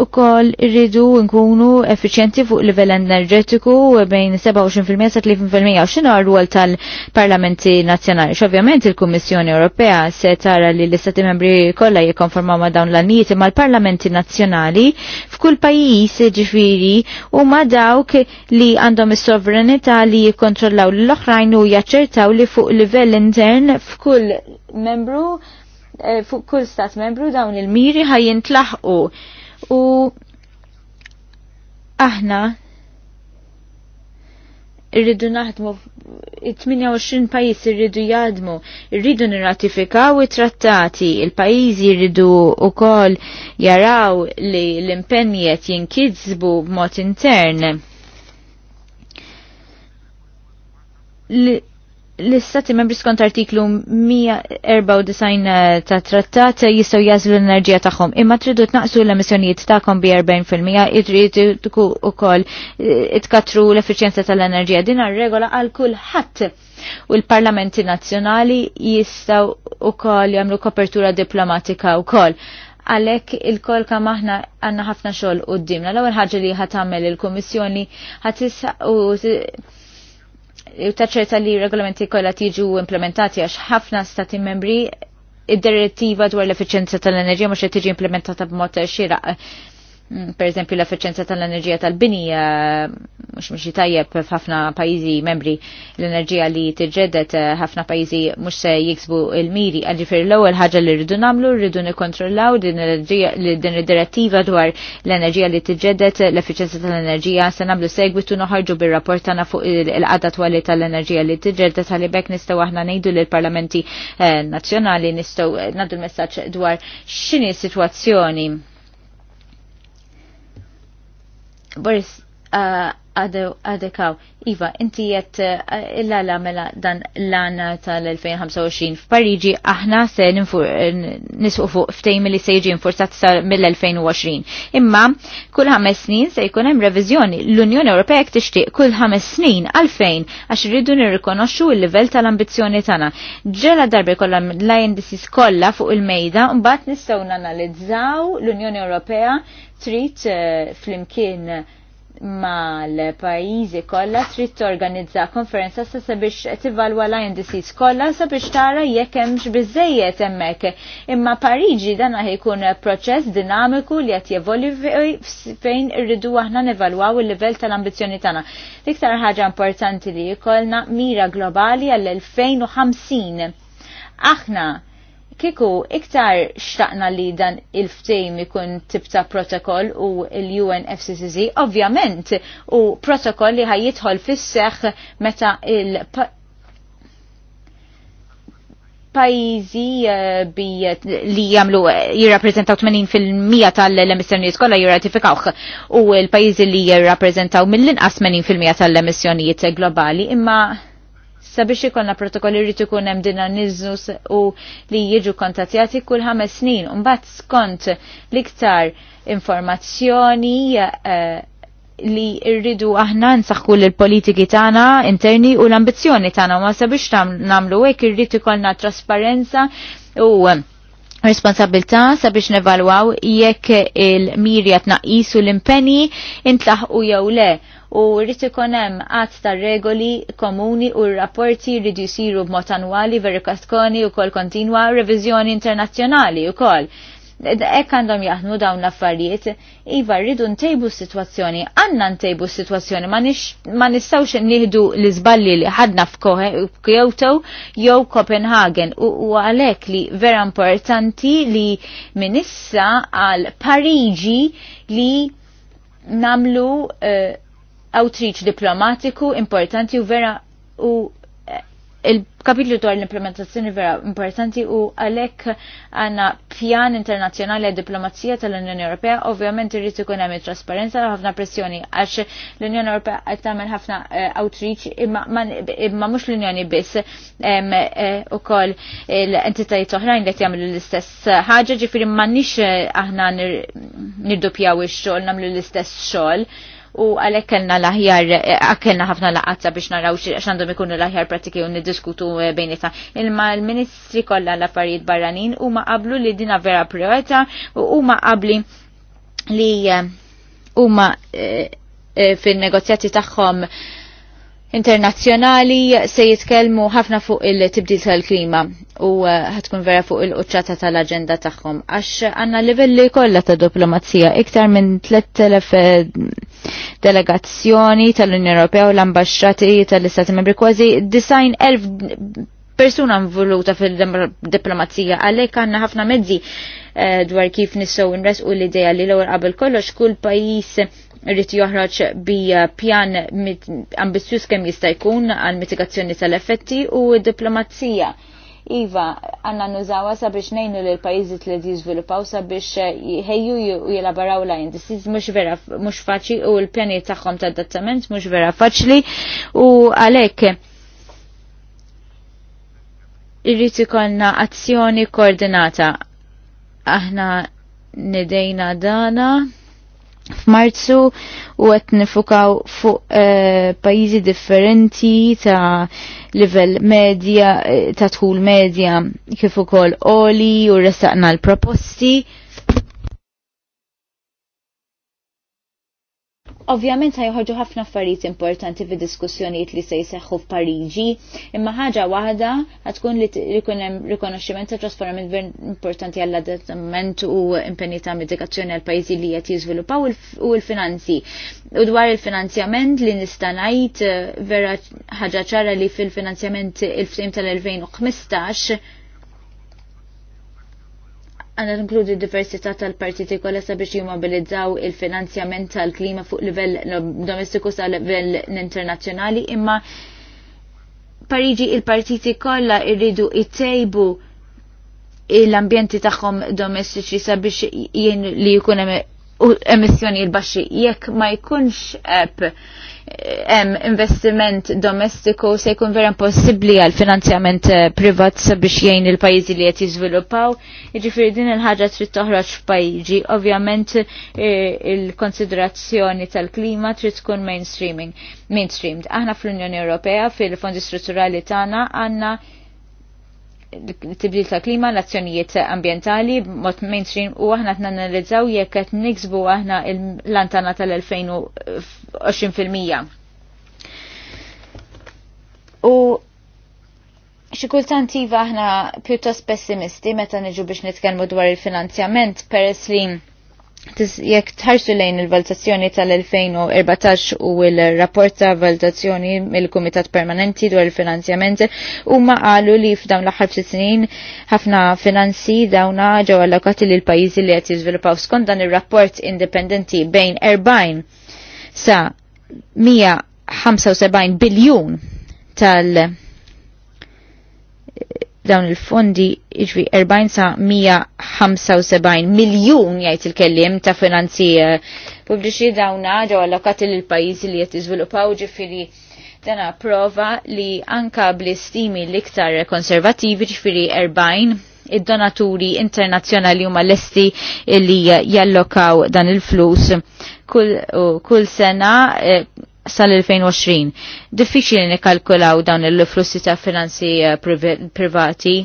u kol irridu nkunu effiċjenti fuq livell enerġetiku bejn 27% sa 30% u xinu għal tal-parlamenti nazjonali. Xovjament il-Kummissjoni Ewropea se tara li l-istati membri kollha jikkonformaw ma dawn l-anijiet ma l-parlamenti nazjonali f'kull pajjiż ġifiri u ma dawk li għandhom is-sovranità li jikkontrollaw l-oħrajn u jaċċertaw li fuq livell intern f'kull membru eh, fuq kull stat membru dawn il-miri ħajjintlaħqu u aħna irridu naħdmu 28 pajis irridu jadmu, irridu nirratifikaw it-trattati, il-pajizi irridu u kol jaraw li l-impenjiet jinkidzbu b'mod intern l-istati membri skont artiklu 194 eh, ta' trattat eh, jistaw jazlu l-enerġija tagħhom. Imma tridu tnaqsu l-emissjonijiet tagħkom bi 40% irrid it itkatru l-effiċjenza tal-enerġija. Din regola għal kulħadd u l-parlamenti nazzjonali jistaw ukoll jagħmlu kopertura diplomatika wkoll għalek il-kol kam aħna għanna ħafna xogħol dimna L-ewwel ħaġa li ħatamel il-Kummissjoni ħatisaq u taċċerta li regolamenti kollha tiġu implementati għax ħafna stati membri id-direttiva dwar l-efficienza tal-enerġija mhux qed tiġi implementata b'mod xira Mm, per eżempju l-efficienza tal-enerġija tal-binija eh, mux mux jitajjeb f'ħafna pajizi membri l-enerġija li tiġġedet eh, ħafna pajizi mux se jiksbu il-miri Għadġifir l ewwel ħagġa li rridu namlu rridu nikontrollaw din il-direttiva dwar l-enerġija li tiġġedet l-efficienza tal-enerġija se namlu segwitu noħarġu bil-rapport tana fuq il-qada twali tal-enerġija li tiġġedet għalli bek nistaw aħna nejdu l-parlamenti eh, nazjonali nistaw naddu l-messagġ dwar xini situazzjoni Boris għadekaw, uh, Iva, inti jett uh, l-għala mela dan l-għana tal-2025 f'Parigi, aħna se nisqu fuq ftejmi li se jiġi sa' mill-2020. Imma, kull ħames snin se jkun hemm reviżjoni. L-Unjoni Ewropea jek tixtieq kull ħames snin għalfejn għax irridu nirrikonoxxu l-livell tal-ambizzjoni tagħna. Ġela darbi kollha l-indices kollha fuq il-mejda, mbagħad nistgħu nanalizzaw l-Unjoni Ewropea trid eh, flimkien mal-pajizi kollha trid torganizza konferenza sa sabiex tivalwa l-indices kollha sabiex tara jekk hemmx emmek hemmhekk. Imma Pariġi dan jkun proċess dinamiku li qed jevoli fejn irridu aħna nevalwaw il-livell tal-ambizzjoni tagħna. L-iktar ħaġa importanti li jkollna mira globali għall-2050. Aħna kiku iktar xtaqna li dan il-ftejm ikun tibta protokoll u l unfccc ovvjament, u protokoll li ħajjitħol fis-seħ meta il- pajzi eh, bi li jamlu eh, jirrapprezentaw 80% tal-emissjonijiet kollha jirratifikawx u l-pajjiżi li jirrapprezentaw mill-inqas 80% tal-emissjonijiet globali imma Sabiex ikollna protokolli rrid ikun hemm dinaniżmus u li jiġu kontattjati kull ħames snin. Mbagħad skont l-iktar informazzjoni eh, li rridu aħna kull il politiki tagħna interni u l-ambizzjoni tagħna ma sabiex nagħmlu hekk irrid ikollna trasparenza u uh, responsabilta sabiex nevalwaw jekk il-mirja tnaqisu l-impenni intlaħ jew le u rrit ikun hemm qatt ta' regoli komuni u r-rapporti rridu jsiru b'mod annwali verikaskoni u kol kontinwa reviżjoni internazzjonali u kol Ek għandhom jaħdmu dawn l-affarijiet, iva rridu ntejbu s-situazzjoni, għanna ntejbu s-situazzjoni, ma nistawx nihdu l-izballi li ħadna f'Kohe f'Kyoto jew Copenhagen u għalek li vera importanti li minissa għal Parigi li namlu eh, outreach diplomatiku importanti u vera u il-kapitlu dwar l-implementazzjoni vera importanti u għalek għanna pjan internazjonali għad diplomazija tal-Unjoni Ewropea, ovvjament irrid ikun hemm trasparenza ħafna pressjoni għax l-Unjoni Ewropea qed tagħmel ħafna eh, outreach imma mhux l-Unjoni biss eh, ukoll l-entitajiet oħrajn li jagħmlu l-istess ħaġa ġifieri m'għandniex eh, aħna nirdupjaw ix-xogħol nagħmlu l-istess xogħol u għalek kellna l-aħjar, eh, kellna ħafna laqazza biex naraw xandu ikunu l-aħjar pratiki u niddiskutu eh, bejnieta. Ilma l-ministri kollha l-affarijiet barranin u ma qablu li dina vera priorità u ma qabli li eh, huma fin-negozjati tagħhom internazzjonali se jitkellmu ħafna fuq il-tibdil tal-klima u eh, ħatkun vera fuq il qċata tal agenda tagħhom għax għandna livelli kollha ta' diplomazija iktar minn 3000 eh, delegazzjoni tal-Unjoni Ewropea u l ambasċati tal-Istati Membri kważi 9000 elf persuna involuta fil-diplomazija għalek għandna ħafna mezzi eh, dwar kif nres nresqu l-idea li l-ewwel qabel kollox kull pajjiż rrit joħroġ bi pjan ambizzjuż kemm jista' jkun għal mitigazzjoni tal-effetti u diplomazija. Iva, għanna nużawa sabiex nejnu li l-pajizi li jizvilupaw sabiex jħeju u jelabaraw la indices mux vera mux faċi u l-pjani taħħom ta' adattament mux vera faċli u għalek irrit ikolna azzjoni koordinata. Aħna nidejna dana f'Marzu u qed nifukaw fuq uh, pajjiżi differenti ta' livell medja eh, ta' tħul medja kif ukoll oli u ressaqna l-proposti Ovvjament ħajħorġu ħafna affarijiet importanti fi diskussjonijiet li se jseħħu f'Pariġi, imma ħaġa waħda tkun li jkun hemm rikonoxximent ta' trasformament ver importanti għall adattament u impenni ta' medikazzjoni għal pajjiżi li qed jiżviluppaw u l-finanzi. U dwar il-finanzjament li nista' ngħid eh, vera ħaġa ċara li fil-finanzjament il-ftim tal-2015 għanna inkludi diversità tal-partiti kollha sabiex jimmobilizzaw il-finanzjament tal-klima fuq livell domestiku sa livell internazzjonali imma Pariġi il-partiti kollha irridu it-tejbu l-ambjenti tagħhom domestiċi sabiex jien li jkun hemm u emissjoni l-baxxi jekk ma jkunx eb eh, hemm investiment domestiku se jkun vera impossibbli għal finanzjament eh, privat sabiex jgħin il-pajjiżi li qed jiżviluppaw. Jiġifieri din il-ħaġa trid toħroġ f'pajjiġi. Ovvjament eh, il-konsiderazzjoni tal-klima trid tkun mainstreaming, mainstreamed. Aħna fl-Unjoni Ewropea fil-Fondi Strutturali tagħna għandna tibdil ta' klima, l-azzjonijiet ambientali, mod mainstream, u aħna t-nanalizzaw jekk qed niksbu aħna l-antana tal-2020%. U xikultant iva aħna pjuttost pessimisti meta niġu biex nitkellmu dwar il-finanzjament peress li jekk tħarsu lejn il-valutazzjoni tal-2014 u il-rapport ta' valutazzjoni mill-Kumitat Permanenti dwar il u huma qalu li f'dawn l-aħħar snin ħafna finanzi dawna ġew allokati lil pajjiżi li qed jiżviluppaw skont dan ir-rapport indipendenti bejn 40 sa 175 biljun tal dawn il-fondi iġvi 475 sa 175 miljun jgħid il-kellim ta' finanzi pubbliċi dawna ġew allokati lil pajjiżi li qed iżviluppaw ġifieri dana prova li anka bl-istimi l-iktar konservativi ġifieri 40 id-donaturi internazzjonali huma lesti li jallokaw dan il-flus kull, kull sena eh, sal-2020. Diffiċli nikalkulaw dawn il-flussi ta' finanzi eh, privati,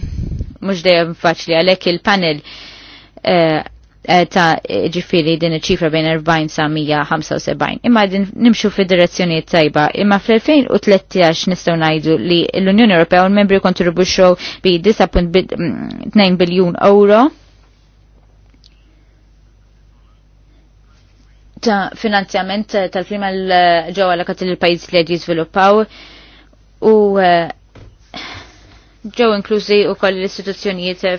mux dejjem faċli għalek il-panel eh, eh, ta' ġifiri din iċ-ċifra bejn 40 sa' 175. Imma din nimxu fi direzzjoni tajba. Imma fl-2013 nistgħu ngħidu li l-Unjoni Ewropea u l-membri kontribuxxew bi 10.2 mm, biljun euro ta' finanzjament eh, tal-klima prima l il-pajjiż li qed jiżviluppaw u eh, ġew inklużi u koll l-istituzzjonijiet eh,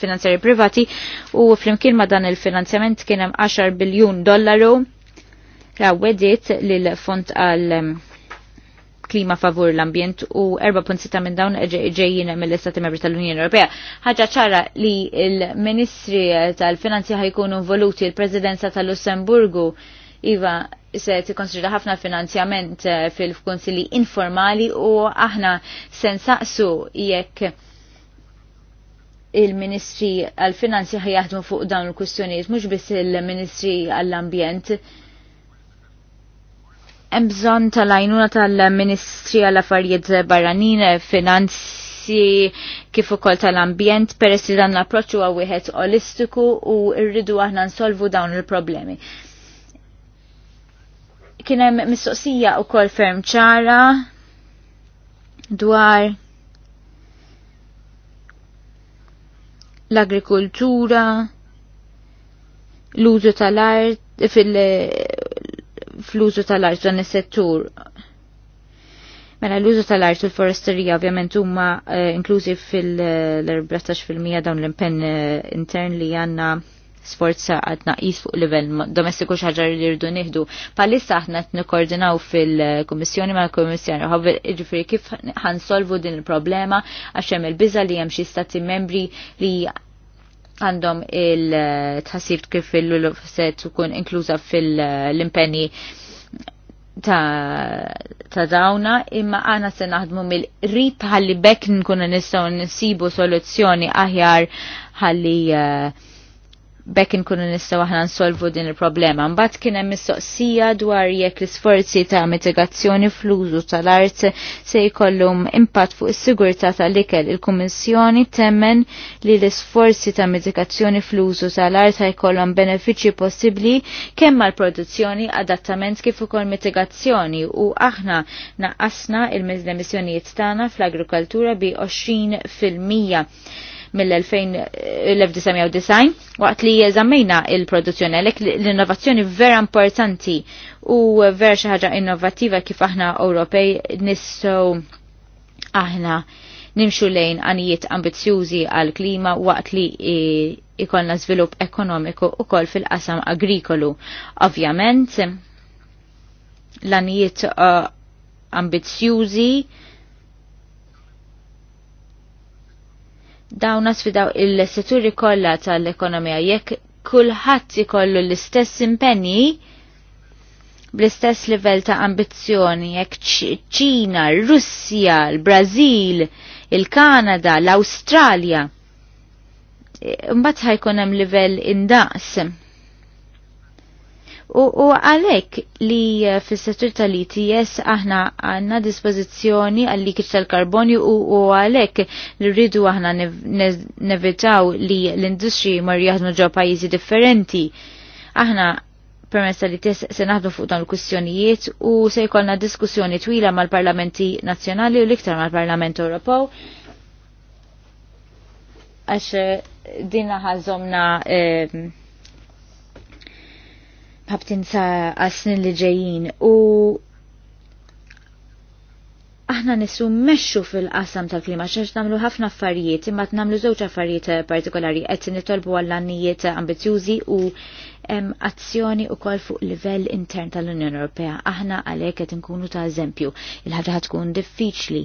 finanzjari privati u flimkien ma dan il-finanzjament kien hemm 10 biljun dollaru ra' wedit font fond għal klima favur l-ambjent u 4.6 minn dawn ġejjin mill-Istati Membri tal-Unjoni Ewropea. Ħaġa ċara li l-Ministri tal-Finanzi ħajkunu voluti l-Presidenza tal-Lussemburgu iva se tikkonsidra ħafna finanzjament eh, fil-konsili informali u aħna se nsaqsu jekk il-Ministri għal-Finanzi ħajjaħdmu fuq dawn il kustjoniet mhux biss il-Ministri għall-Ambjent, il ministri għall ambjent Hemm bżonn tal-għajnuna tal-Ministri għall-Affarijiet Barranin, eh, Finanzi, kif ukoll tal-ambjent peress li dan l-approċċ huwa wieħed olistiku u rridu aħna nsolvu dawn il-problemi. Kien hemm mistoqsija wkoll ferm ċara dwar l-agrikultura, l-użu tal-art, fil fl-użu tal-art dan is-settur. Mela l-użu tal-art u l-foresterija ovvjament huma eh, inklużi fil-14% dawn l-impenn eh, intern li għandna sforza għadna jis fuq livell domestiku xaġar li rridu nieħdu. Palissa aħna qed nikkoordinaw fil-Kummissjoni mal kummissjoni ħobber jiġifieri kif ħansolvu din il-problema għax hemm il-biża li hemm xi stati membri li għandhom il-tħassib kif il-luluf se tkun inkluża fil impenni ta', ta dawna imma għana se naħdmu mill rip ħalli bekk nkunu nistgħu nsibu soluzzjoni aħjar ħalli uh, bekk inkunu nistgħu aħna nsolvu din il-problema. Mbagħad kien hemm mistoqsija dwar jekk l-isforzi ta' mitigazzjoni fl-użu tal-art se jkollhom impatt fuq is-sigurtà tal-ikel. Il-Kummissjoni temmen li l-isforzi ta' mitigazzjoni fl-użu tal-art jkollhom benefiċċji possibbli kemm għall-produzzjoni, adattament kif ukoll mitigazzjoni u aħna naqqasna il-emissjonijiet tagħna fl-agrikoltura bi 20 fil-mija mill-1990 waqt li jeżammejna il-produzzjoni għalek l-innovazzjoni vera importanti u vera xi ħaġa innovattiva kif aħna Ewropej nistgħu aħna nimxu lejn għanijiet ambizjużi għal klima waqt li ikollna żvilupp ekonomiku u kol fil-qasam agrikolu. Ovvjament, l-għanijiet uh, ambizjużi Dawna sfidaw il-setturi kollha tal-ekonomija jekk kulħadd ikollu l-istess impenji bl-istess livell ta' ambizzjoni jekk ċina, Russja, l-Brażil, il-Kanada, l-Awstralja. E, mbagħad ħajkun hemm livell indaqs U għalek li eh, fis settur tal-ITS aħna għanna dispozizjoni għalli kif tal-karbonju u għalek li rridu aħna nevitaw li l-industri mar jaħdmu ġo pajizi differenti. Aħna permess li tes se naħdu fuq dawn l kwistjonijiet u se jkollna diskussjoni twila mal-parlamenti nazzjonali u liktar mal-parlament Ewropew għax eh, din ħażomna eh, sa għasnin li ġejjin u aħna nissu meċu fil-qasam tal-klima xax namlu ħafna affarijiet imma namlu żewġ affarijiet partikolari qed nitolbu għall-annijiet ambizjużi u azzjoni u kol fuq livell intern tal-Unjoni Ewropea. Aħna għalhekk qed nkunu ta' eżempju. Il-ħaġa ħatkun diffiċli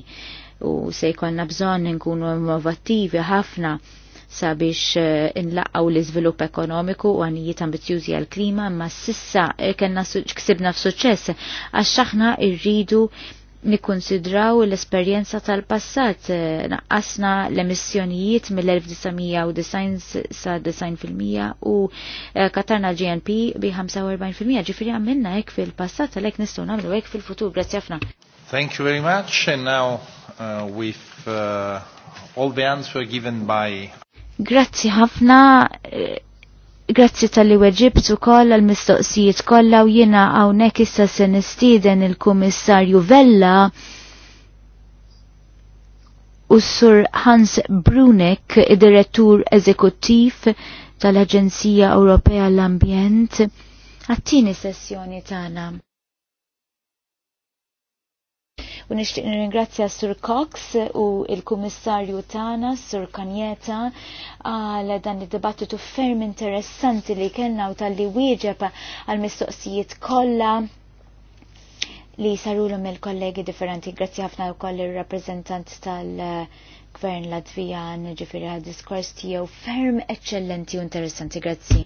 u se jkollna bżonn nkunu innovattivi ħafna sabiex eh, inlaqgħu l-iżvilupp ekonomiku u għanijiet ambizjużi għal-klima, imma sissa eh, kellna ksibna f'suċċess għax aħna rridu nikkonsidraw l-esperjenza tal-passat eh, naqqasna l-emissjonijiet mill-1990 sa 90% u katarna l-GNP bi 45% ġifiri għamilna hekk fil-passat għalhekk nistgħu nagħmlu hekk fil-futur. Grazie ħafna. Thank you very much and now uh, with uh, all the answer given by Grazzi ħafna, eh, grazzi tal-li weġibtu koll għal-mistoqsijiet kollha u jiena hawnhekk issa se nistieden il-Kummissarju Vella u Sur Hans Brunek, direttur eżekuttiv tal-Aġenzija Ewropea l-Ambjent, għattini sessjoni tagħna u nixtieq nirringrazzja Sur Cox u il-Kummissarju tagħna Sur Kanjeta għal dan id-dibattitu ferm interessanti li kellna u tal-li wieġeb għal mistoqsijiet kollha li sarulhom il-kollegi differenti. Grazzi ħafna wkoll ir-rappreżentant tal- Gvern Latvijan ġifiri għad diskors tiegħu ferm eċċellenti u interessanti. Grazzi.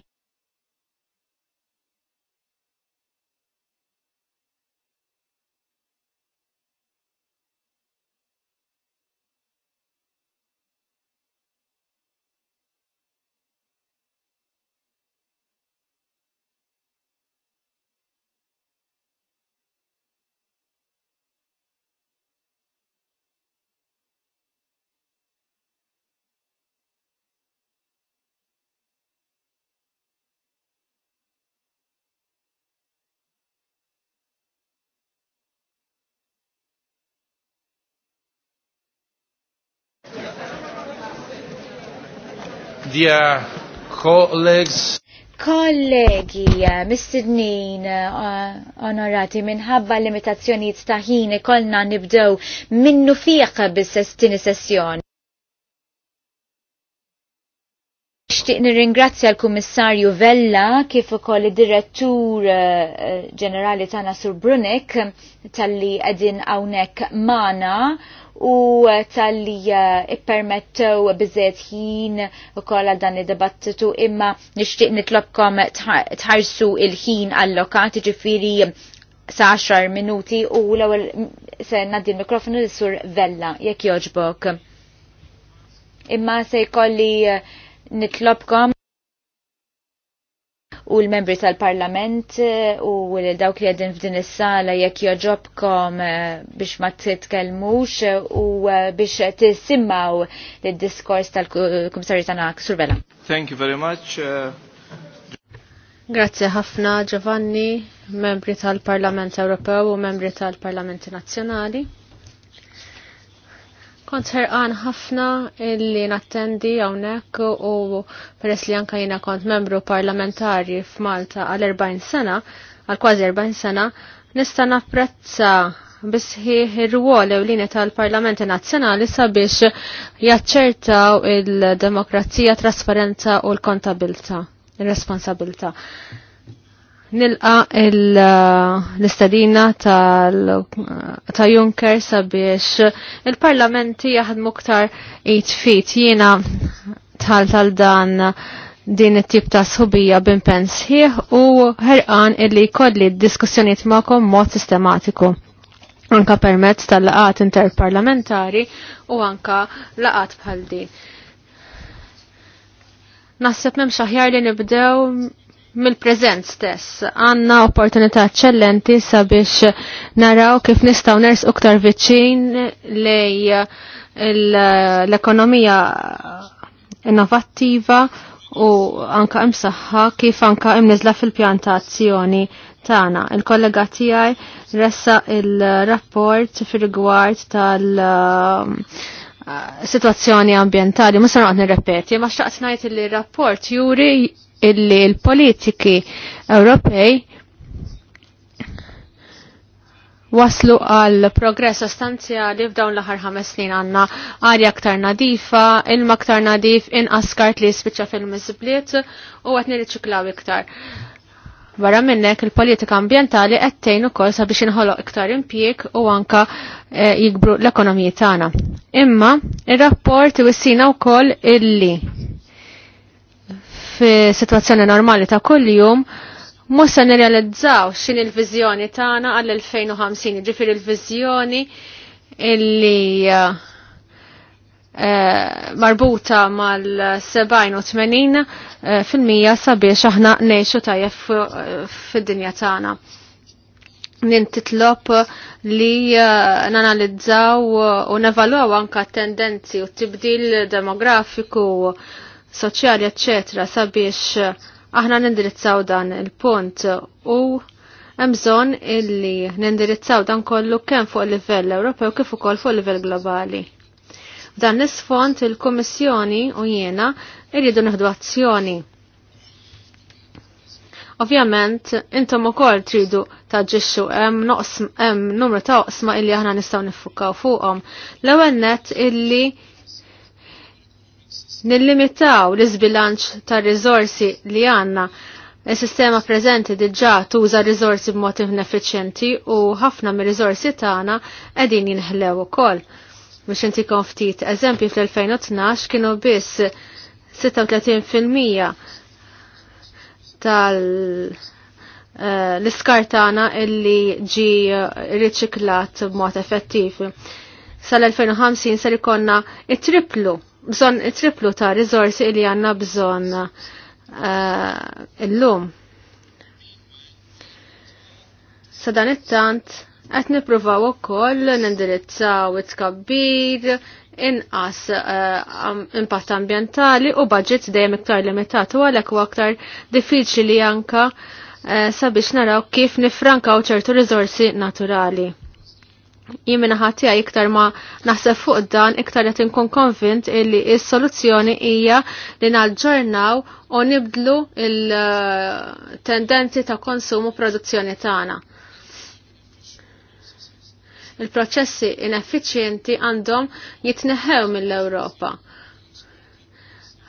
dear colleagues. Kollegi, eh, mistednin eh, onorati, minħabba limitazzjoniet ta' ħin ikolna nibdew minnu fieq bis-sestini sessjon. Nixtieq nirringrazzja l-Kummissarju Vella kif ukoll id-Direttur eh, Ġenerali tana Sur Brunek talli qegħdin hawnhekk mana u tal-li eh, ippermettew bizzet ħin u kolla dan id-debattitu imma nishtiq nitlobkom tħarsu il-ħin allokat ġifiri sa' 10 minuti u l-ewel se naddi l-mikrofonu l-sur Vella, jekk joġbok. Imma se jkolli eh, nitlobkom u l-membri tal-parlament eh, u l-dawk li għedin f'din is-sala jekk joġobkom eh, biex ma titkellmux eh, u biex tisimmaw l-diskors tal-Kummissarju tagħna Survela. Thank you very much. Grazie ħafna Giovanni, membri tal-Parlament Ewropew u membri tal-Parlamenti Nazzjonali. Kont ħerqan ħafna illi nattendi hawnhekk u peress li anka jiena kont membru parlamentari f'Malta għal 40 sena, għal kważi 40 sena, nista' napprezza bisħiħ ir-rwol ewlieni tal-Parlament Nazzjonali sabiex jaċċertaw il-demokrazija, trasparenza u l-kontabilta, ir-responsabilta. Nilqa uh, l-istadina uh, ta' Juncker sabiex il-parlamenti jaħdmu ktar it fit jiena tal tal dan din it-tip ta' subija bin sħiħ u ħerqan illi kolli diskussjoniet ma'kom mod sistematiku anka permezz tal-laqat interparlamentari u anka laqat bħal din. Naħseb memx aħjar li nibdew mill-preżent stess għanna opportunità ċellenti sabiex naraw kif nistaw ners uktar viċin lej eh, l-ekonomija innovattiva u anka imsaħħa kif anka imnizla fil-pjantazzjoni tagħna. Il-kollega tiegħi ressa il-rapport fir-rigward tal- eh, situazzjoni ambientali, musa noqgħod nirrepeti, ma xtaqt ngħid li rapport juri illi l-politiki Ewropej waslu għal progress sostanzjali f'dawn l-aħħar ħames snin għandna arja aktar nadifa, ilma aktar nadif, inqas kart li jispiċċa fil-miżbliet u qed nirriċiklaw iktar. Barra minnek il-politika ambientali qed tgħin ukoll sabiex inħoloq iktar impjieg u anka eh, jikbru l-ekonomiji tagħna. Imma ir-rapport wissina wkoll illi fi situazzjoni normali ta' kuljum mhux se nirrealizzaw x'in il vizjoni tagħna għall-2050, ġifir il vizjoni illi eh, eh, marbuta mal-70 u 80 eh, fil-mija sabiex aħna ngħixu tajjeb fid-dinja tagħna nintitlop li nanalizzaw u nevaluaw anka tendenzi u tibdil demografiku soċjali, eccetera, sabiex eh, aħna nindirizzaw dan il-punt u bżonn illi nindirizzaw dan kollu kemm fuq il-livell Ewropew kif ukoll fuq il-livell globali. Dan nisfont isfond il-Kummissjoni u jiena irridu neħdu azzjoni. Ovvjament, intom ukoll tridu taġġixxu hemm noqsma hemm numru ta' oqsma illi aħna nistgħu niffukaw fuqhom. L-ewwel nett illi nillimitaw l-izbilanċ ta' rizorsi li għanna. Il-sistema preżenti diġà tuża rizorsi b'mod ineffiċjenti u ħafna mir rizorsi tagħna qegħdin jinħlew ukoll. Biex inti ftit eżempju fl-2012 kienu biss 36% tal eh, l-iskar tagħna illi ġi riċiklat b'mod effettiv. Sal-2050 ser ikonna it-triplu bżon triplu ta' rizorsi li għanna bżon eh, illum. Sadan it-tant qed nippruvaw ukoll nindirizzaw it-tkabbir, inqas eh, impatt ambjentali u budget dejjem iktar limitat u għalhekk u aktar diffiċli anka eh, sabiex naraw kif nifrankaw ċertu riżorsi naturali jimina ħatija iktar ma naħseb fuq dan iktar qed inkun konvint illi s-soluzzjoni hija li naġġornaw u nibdlu il-tendenzi ta' konsumu u produzzjoni tagħna. Il-proċessi ineffiċjenti għandhom jitneħew mill-Ewropa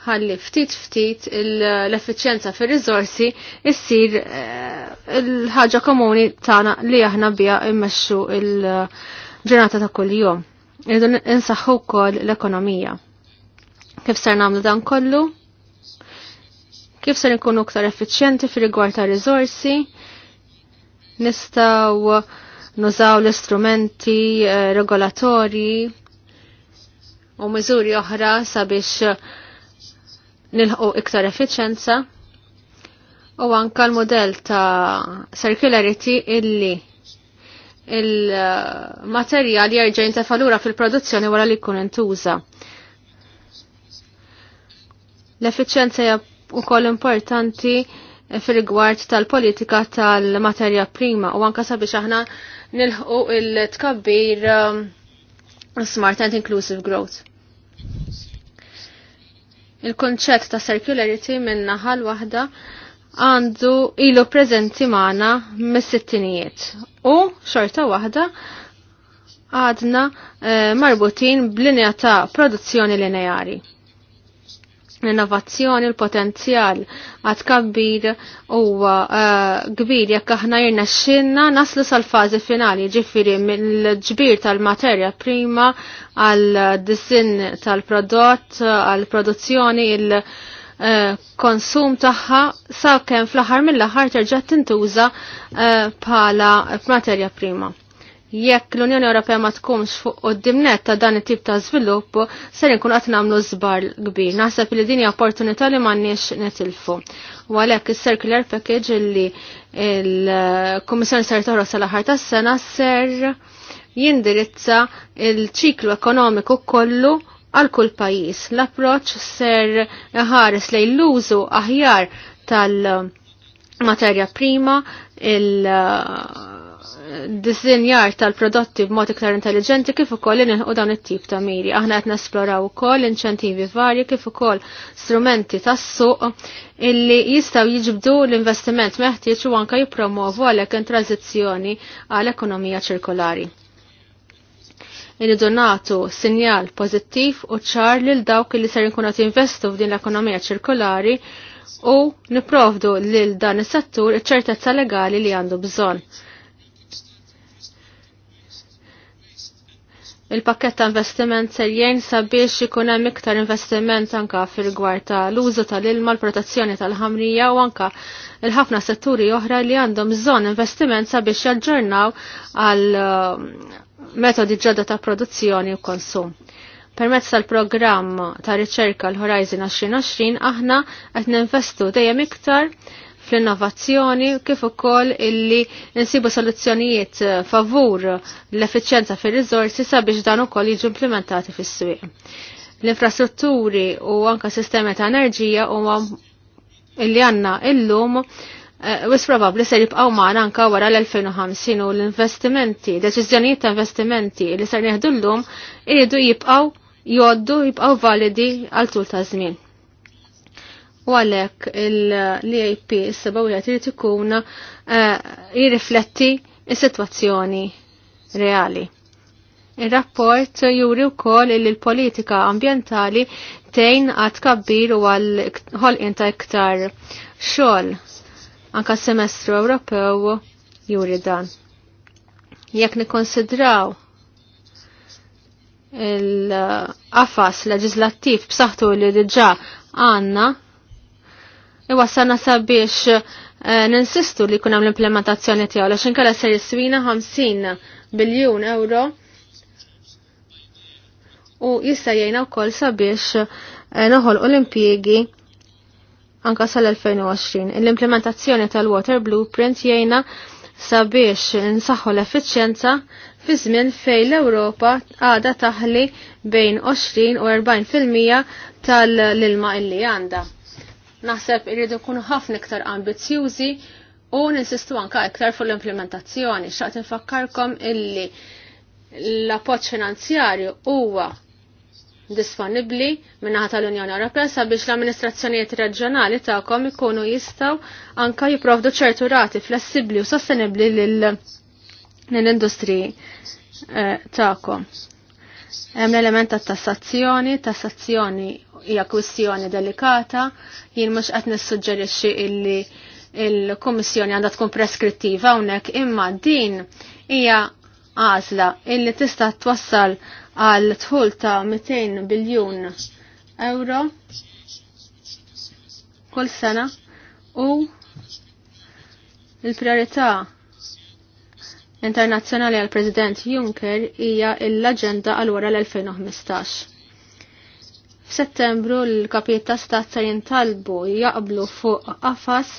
ħalli ftit ftit l-effiċenza fir rizorsi jissir eh, l-ħaġa komuni tagħna li aħna biha immexxu il-ġurnata ta' kuljum. Irridu insaħħu wkoll l-ekonomija. Kif ser nagħmlu dan kollu? Kif ser nkunu aktar effiċjenti fir rigward ta' rizorsi? Nistgħu nużaw l-istrumenti eh, regolatorji u miżuri oħra sabiex nilħu iktar effiċenza u anka l model ta' circularity illi il-materjal jerġa' jintefalura fil-produzzjoni wara li kun intuża. l efficienza hija wkoll importanti fil-rigward tal-politika tal-materja prima u anka sabiex aħna nilħu il-tkabbir um, smart and inclusive growth. Il-konċett ta' circularity minn naħal waħda għandu ilu prezenti maħna mis-sittinijiet u xorta waħda għadna e, marbutin b'linja ta' produzzjoni lineari l-innovazzjoni l-potenzjal għad kabbir u eh, kbir jekk aħna jirna xinna naslu sal-fazi finali ġifiri mill-ġbir tal-materja prima għal disin tal-prodott għal produzzjoni il- eh, konsum taħħa sa' kem fl-ħar mill-ħar terġa tintuża pala eh, materja prima. Jekk l-Unjoni Ewropea ma tkunx fuq qoddimnet ta' dan it-tip ta' żvilupp, ser inkun qed nagħmlu żbar kbir. Naħseb li din hija opportunità li m'għandniex netilfu. U għalhekk is-circular package illi l-Kummissjoni ser toħroq sal-aħħar tas-sena ser jindirizza l ċiklu ekonomiku kollu għal kull pajjiż. l approċċ ser ħares lejn l-użu aħjar tal- materja prima, il- disinjar tal-prodotti b'mod iktar intelligenti kif ukoll li nieħu dawn it-tip ta' miri. Aħna qed nesploraw ukoll inċentivi varji kif ukoll strumenti tas-suq illi jistgħu jiġbdu l-investiment meħtieġ u anke jippromovu għalhekk intranzizzjoni għal ekonomija ċirkolari. Irridu nagħtu sinjal pożittiv u ċar lil dawk li ser inkunu investu f'din l-ekonomija ċirkolari u niprovdu lil dan is-settur iċ-ċertezza legali li għandu bżonn il-pakket ta' investiment serjen sabiex ikun hemm iktar investiment anka fil-gwar ta' l-użu tal-ilma, l-protezzjoni tal-ħamrija u anka il-ħafna setturi oħra li għandhom bżonn investiment sabiex jaġġornaw għal uh, metodi ġodda ta' produzzjoni u konsum. Permezz tal-programm ta' riċerka l-Horizon 2020 aħna qed ninvestu dejjem iktar fl-innovazzjoni kif ukoll illi nsibu soluzzjonijiet eh, favur l-effiċjenza fir rizorsi sabiex dan ukoll jiġu implementati fis-swieq. L-infrastrutturi u anka sistemi ta' enerġija huma illi għandna illum eh, Wis probabli se jibqaw maħna anka wara l-2050 u l-investimenti, deċiżjonijiet ta' investimenti li ser neħdu l-lum iridu jibqaw joddu jibqaw validi għal tul ta' żmien u għalhekk l-EIP s-seba u jgħat ikuna jirrifletti is-sitwazzjoni reali. Il-rapport juri wkoll li l-politika ambjentali tejn għad kabbir u għal ħolqien ta' iktar xogħol anka semestru Ewropew juri dan. Jekk nikkonsidraw il-qafas leġislattiv b'saħħtu li diġà għandna iwassana sabiex eh, ninsistu li kunem l-implementazzjoni tiegħu għax inkella ser jiswina 50 biljun euro u jista' jgħinna wkoll sabiex eh, noħol l-impjiegi anka sal-2020. L-implementazzjoni tal-Water Blueprint jgħinna sabiex nsaħħu l-effiċjenza fi żmien fejn l-Ewropa għada taħli bejn 20 u 40% tal-ilma illi għandha. Naħseb irridu nkunu ħafna iktar ambizzjużi u ninsistu anka iktar fuq l-implementazzjoni. Xaqt infakkarkom illi l-appoġġ finanzjarju huwa disponibbli minnaħat tal-Unjoni Ewropea sabiex l-amministrazzjonijiet reġjonali tagħkom ikunu jistgħu anka jipprovdu ċertu rati flessibbli u sostenibbli lill-industriji eh, tagħkom. Hemm l-element tat-tassazzjoni, tassazzjoni, tassazzjoni hija kwistjoni delikata, jien mhux qed nissuġġerixxi illi il-Kummissjoni għandha tkun preskrittiva hawnhekk imma din hija għażla illi tista' twassal għal tħul ta' 200 biljun euro kull sena u il-priorità internazzjonali għal President Juncker hija l-aġenda għal wara l-2015. F'Settembru l-kapijiet ta' stat se jintalbu jaqblu fuq qafas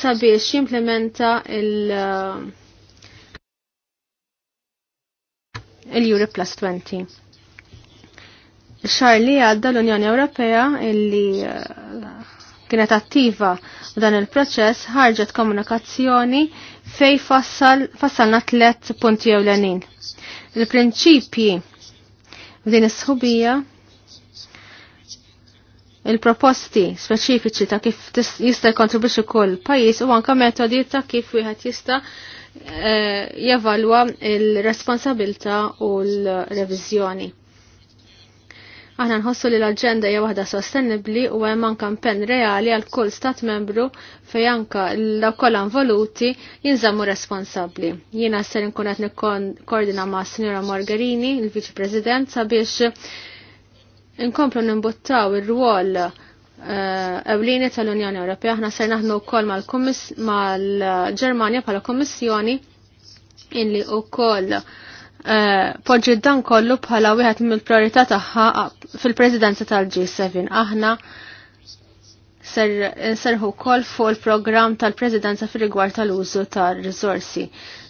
sabiex jimplementa il- uh, il-Europe Plus 20. xar li għadda l-Unjoni Ewropea illi uh, kienet attiva dan il-proċess ħarġet komunikazzjoni fej fassal, fassalna tlet punti ewlenin. Il-prinċipji din is-sħubija il-proposti speċifiċi ta' kif jista' jkontribwixxi kull pajjiż u anke metodi ta' kif wieħed jista' eh, jevalwa il-responsabilta u l-reviżjoni. Aħna nħossu li l-agenda hija waħda sostenibbli u hemm anke impenn reali għal kull stat membru fejn anke l-kollha involuti jinżammu responsabbli. Jiena ser inkun qed nikkoordina ma' Sinjora Margarini, il-Viċi President, sabiex inkomplu nimbuttaw ir-rwol eh, ewlieni tal-Unjoni Ewropea, aħna ser naħdmu wkoll mal-Ġermanja bħala Kommissjoni illi wkoll eh, poġġi dan kollu bħala wieħed mill-priorità tagħha fil-Presidenza tal-G7. Aħna ser nserħu wkoll fuq il-programm tal-Presidenza fir-rigward tal-użu tar rizorsi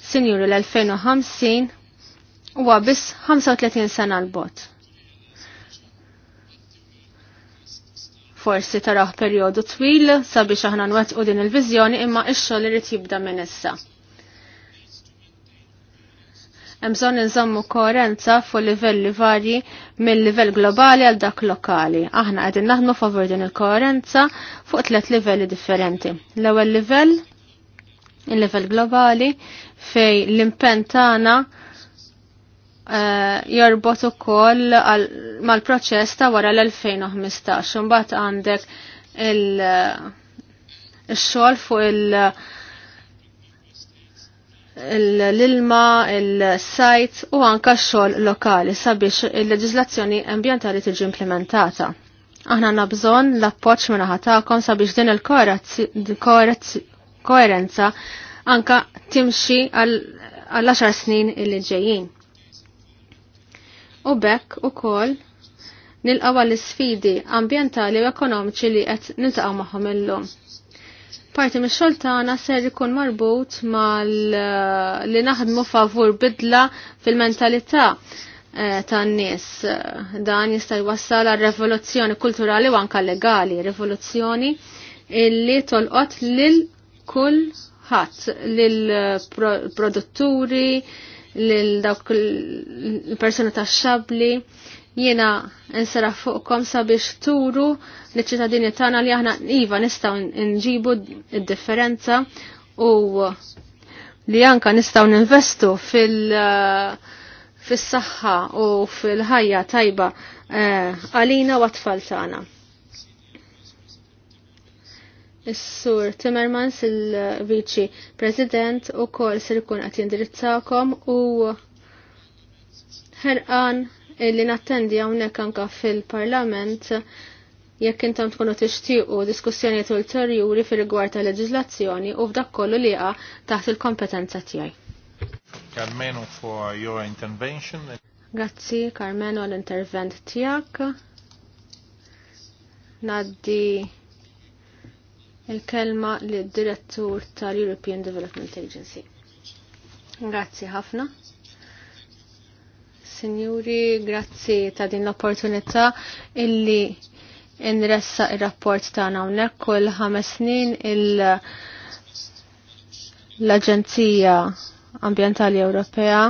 Sinjuri l-2050 huwa biss 35 sena l-bot forsi taraħ perjodu twil sabiex aħna nwettqu din il-viżjoni imma x-xogħol irid jibda minn issa. Hemm bżonn inżommu koerenza fuq livelli varji mill-livell globali għal dak lokali. Aħna qegħdin naħdmu favur din il-koerenza fuq tliet livelli differenti. L-ewwel livell il-livell globali fej l-impenn tagħna Eh, jorbot ukoll mal-proċess ta' wara l-2015. Imbagħad għandek il-xogħol fuq il- l-ilma, il-sajt u anka xogħol lokali sabiex il-leġiżlazzjoni ambjentali tiġi implementata. Aħna nabżon l-appoġġ minna ħatakom sabiex din il-koerenza anka timxi għall 10 snin illi ġejjin u bekk ukoll nilqawa l-sfidi ambjentali u ekonomiċi li qed niltaqgħu magħhom illum. Parti mix xogħol tagħna ser ikun marbut mal eh, li naħdmu favur bidla fil-mentalità eh, tan-nies. Eh, dan jista' jwassal għal revoluzzjoni kulturali u anka legali, rivoluzzjoni illi tolqot lil kull ħadd lil produtturi, lil dawk l persuna ta' xabli jiena nsara fuqkom sabiex turu l-ċittadini tagħna li aħna iva nistgħu nġibu id-differenza u li anka nistgħu ninvestu fil- fis-saħħa u fil-ħajja tajba eh, għalina u għatfall tagħna. Is-sur Timmermans il-Viċi President u kol sir ikun qed jindirizzakom u ħerqan li nattendi hawnhekk anke fil-Parlament jekk intom tkunu tixtiequ diskussjonijiet ulterjuri fir-rigward ta' leġiżlazzjoni u f'dak kollu liqa taħt il-kompetenza tiegħi. Carmenu for your intervention. Grazzi Carmenu l-intervent tiegħek. Naddi il-kelma li direttur tal-European Development Agency. Grazzi ħafna. Signori, grazzi ta' din l-opportunità illi inressa il-rapport tagħna hawnhekk kull ħames snin l-Aġenzija Ambientali Ewropea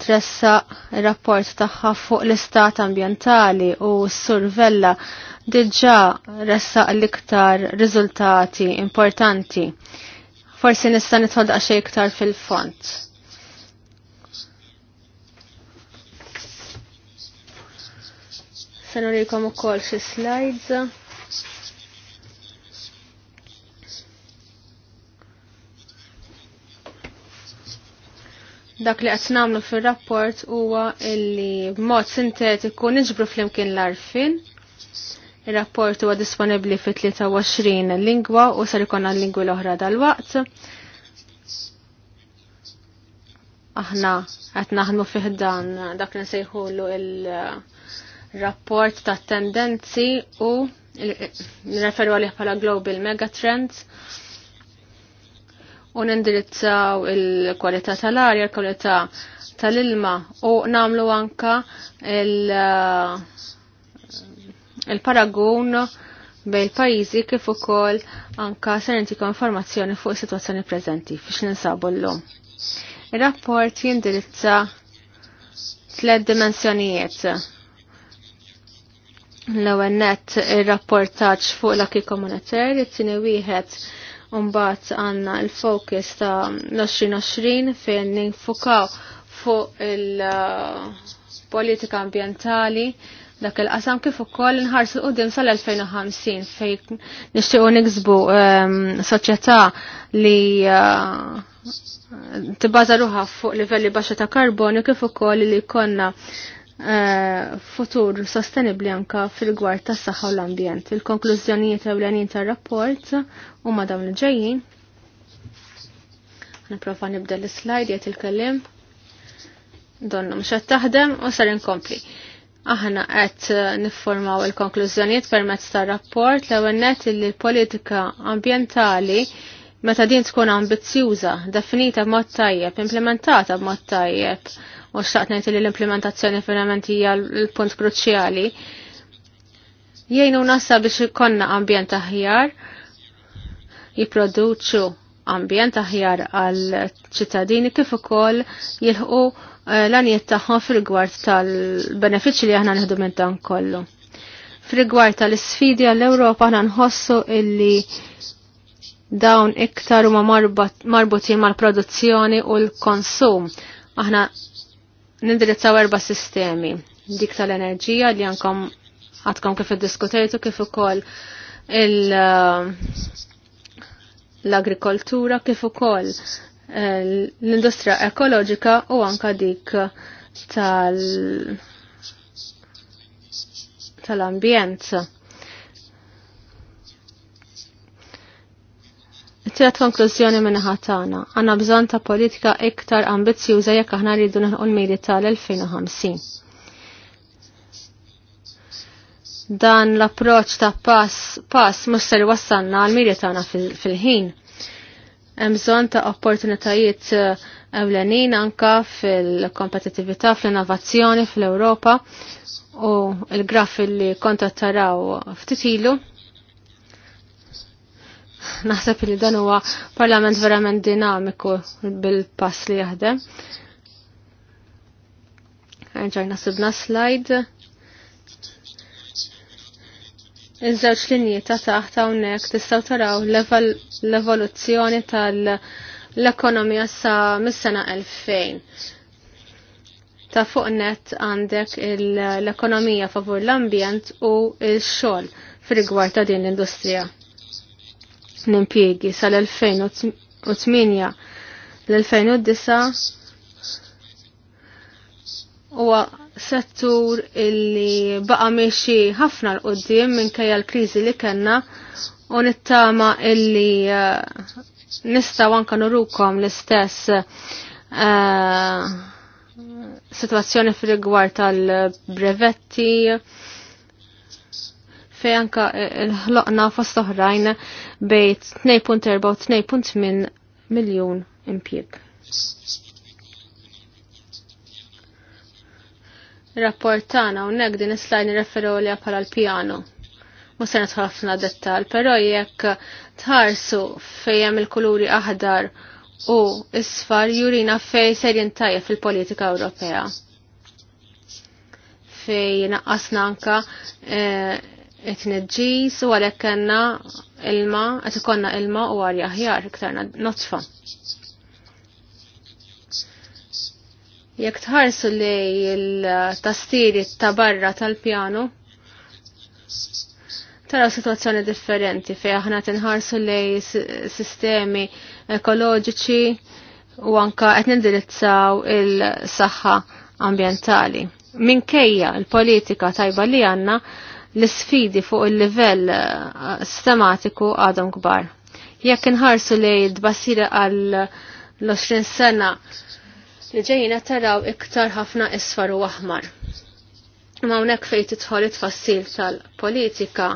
tressa il-rapport tagħha fuq l-istat ambjentali u s-survella diġà ressaq l-iktar riżultati importanti. Forsi nista' nidħol xejn iktar fil-font. Se nurikom ukoll xi slides. dak li qed nagħmlu fir-rapport huwa illi b'mod sintetiku niġbru flimkien l-arfin Il-rapport huwa disponibbli fi 23 lingwa u ser ikun lingwi l-oħra dal-waqt. Aħna qed naħdmu fih dan dak li nsejħulu il-rapport ta' tendenzi u nirreferu għalih bħala Global Megatrends u nindirizzaw il-kwalità tal-arja, il-kwalità tal-ilma u namlu anka il- il-paragun bej il-pajizi kif ukoll anka se nagħtikom informazzjoni fuq is-sitwazzjoni preżenti fiex ninsabu llum. Ir-rapport jindirizza tliet dimensjonijiet. L-ewwel nett ir-rapportaġġ fuq l-akki komunitarj, it-tieni wieħed mbagħad għandna l-focus ta' 2020 fejn ninfukaw fuq il-politika ambientali dak il-qasam kif ukoll inħarsu qudiem sal-2050 fejn nixtiequ niksbu ehm, soċjetà li eh, tibbaża ruħha fuq livelli baxxa ta' karbonju kif ukoll li jkollna eh, futur sostenibli anka fil-gwar tas saħħa u l-ambjent. Il-konklużjonijiet ewlenin tar-rapport huma dawn il-ġejjin. Niprofa nibda l-slide jgħid il-kellim. Donnum xa taħdem u sar inkompli. Aħna qed eh, niffurmaw il-konklużjonijiet permezz tar-rapport l-ewwel nett li l-politika ambjentali meta din tkun ambizzjuża, definita b'mod tajjeb, implementata b'mod tajjeb, u xtaqt ngħid li l-implementazzjoni verament hija l-punt kruċjali. Jgħinu nasa biex ikonna ambjent aħjar, jipproduċu ambjent aħjar għal ċittadini kif ukoll jilħu Eh, l-għaniet taħħa fil-gwart tal-benefiċi li aħna nħedu minn dan kollu. Fil-gwart tal-sfidi għall-Europa aħna nħossu illi dawn iktar huma marbutin mal-produzzjoni u l-konsum. Aħna nindirizzaw erba' sistemi. Dik tal-enerġija li għankom għadkom kif iddiskutejtu kif ukoll eh, l-agrikoltura kif ukoll Eh, l-industrija ekoloġika u anka dik tal ambjent Tiet konklużjoni minn ħatana, għanna bżon ta' politika iktar ambizzjuża jekk aħna rridu naħu l mili tal-2050. Dan l-approċ ta' pass pass mhux ser wassalna għal mili tagħna fil-ħin. Fil Hemm bżonn ta' opportunitajiet eh, ewlenin anka fil kompetitività fl-innovazzjoni fl-Ewropa u l-graf li konta taraw ftit ilu naħseb li dan huwa parlament verament dinamiku bil-pass li jaħdem. Ġajna sibna slide. Iż-żewġ linji ta' taħt hawnhekk tistgħu taraw l-evoluzzjoni tal-ekonomija sa mis-sena 2000. Ta' fuq net għandek l-ekonomija favur l-ambjent u l-xogħol fir-rigward ta' din l-industrija. L-impjiegi sal-2008 l-2009 huwa settur illi baqa meċi ħafna l-qoddim minn kajja l-krizi li kena u nittama illi eh, nistaw anka nurukom l-istess uh, situazzjoni fil-rigwar tal-brevetti fej anka l-ħloqna fost oħrajn bejt 2.4 u 2.8 miljon impjeg. rapportana nek din is-slajni li pala l-pjano. Musen ħafna dettal, pero jekk tħarsu fejjem il-kuluri aħdar u isfar jurina fej serjen tajja fil-politika Ewropea. Fej naqqasna anka eh, it-nġis u għalek kena ilma, għet ikonna ilma u għarja ħjar iktar notfa. Jekk tħarsu li l tastiri ta' barra tal-pjano, taraw situazzjoni differenti fej aħna tinħarsu li sistemi ekoloġiċi u anka qed nindirizzaw il-saħħa ambjentali. Minkejja l-politika tajba li għandna l-sfidi fuq il-livell eh, sistematiku għadhom kbar. Jekk inħarsu li d-basira għal l-20 sena li ġejjina taraw iktar ħafna isfar u aħmar. Ma hawnhekk fejn tidħol it-tfassil tal-politika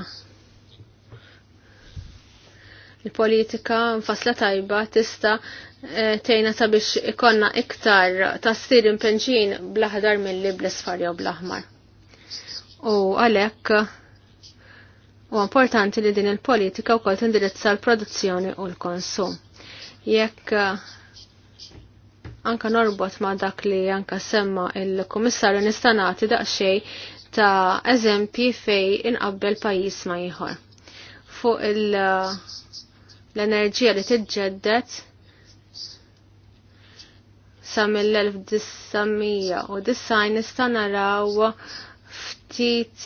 il-politika mfasla tajba tista eh, tejna sabiex ikonna iktar tassir impenġin blaħdar mill-li bl-isfar jew bl-aħmar. U għalek u importanti li din il-politika u kol tindirizza l-produzzjoni u l-konsum. Jekk anka norbot ma dak li anka semma il-komissarju nistanati daqxej ta' eżempji fej inqabbel pajis ma jħor. Fuq uh, l-enerġija li tiġġeddet sa mill-1990 nista' naraw ftit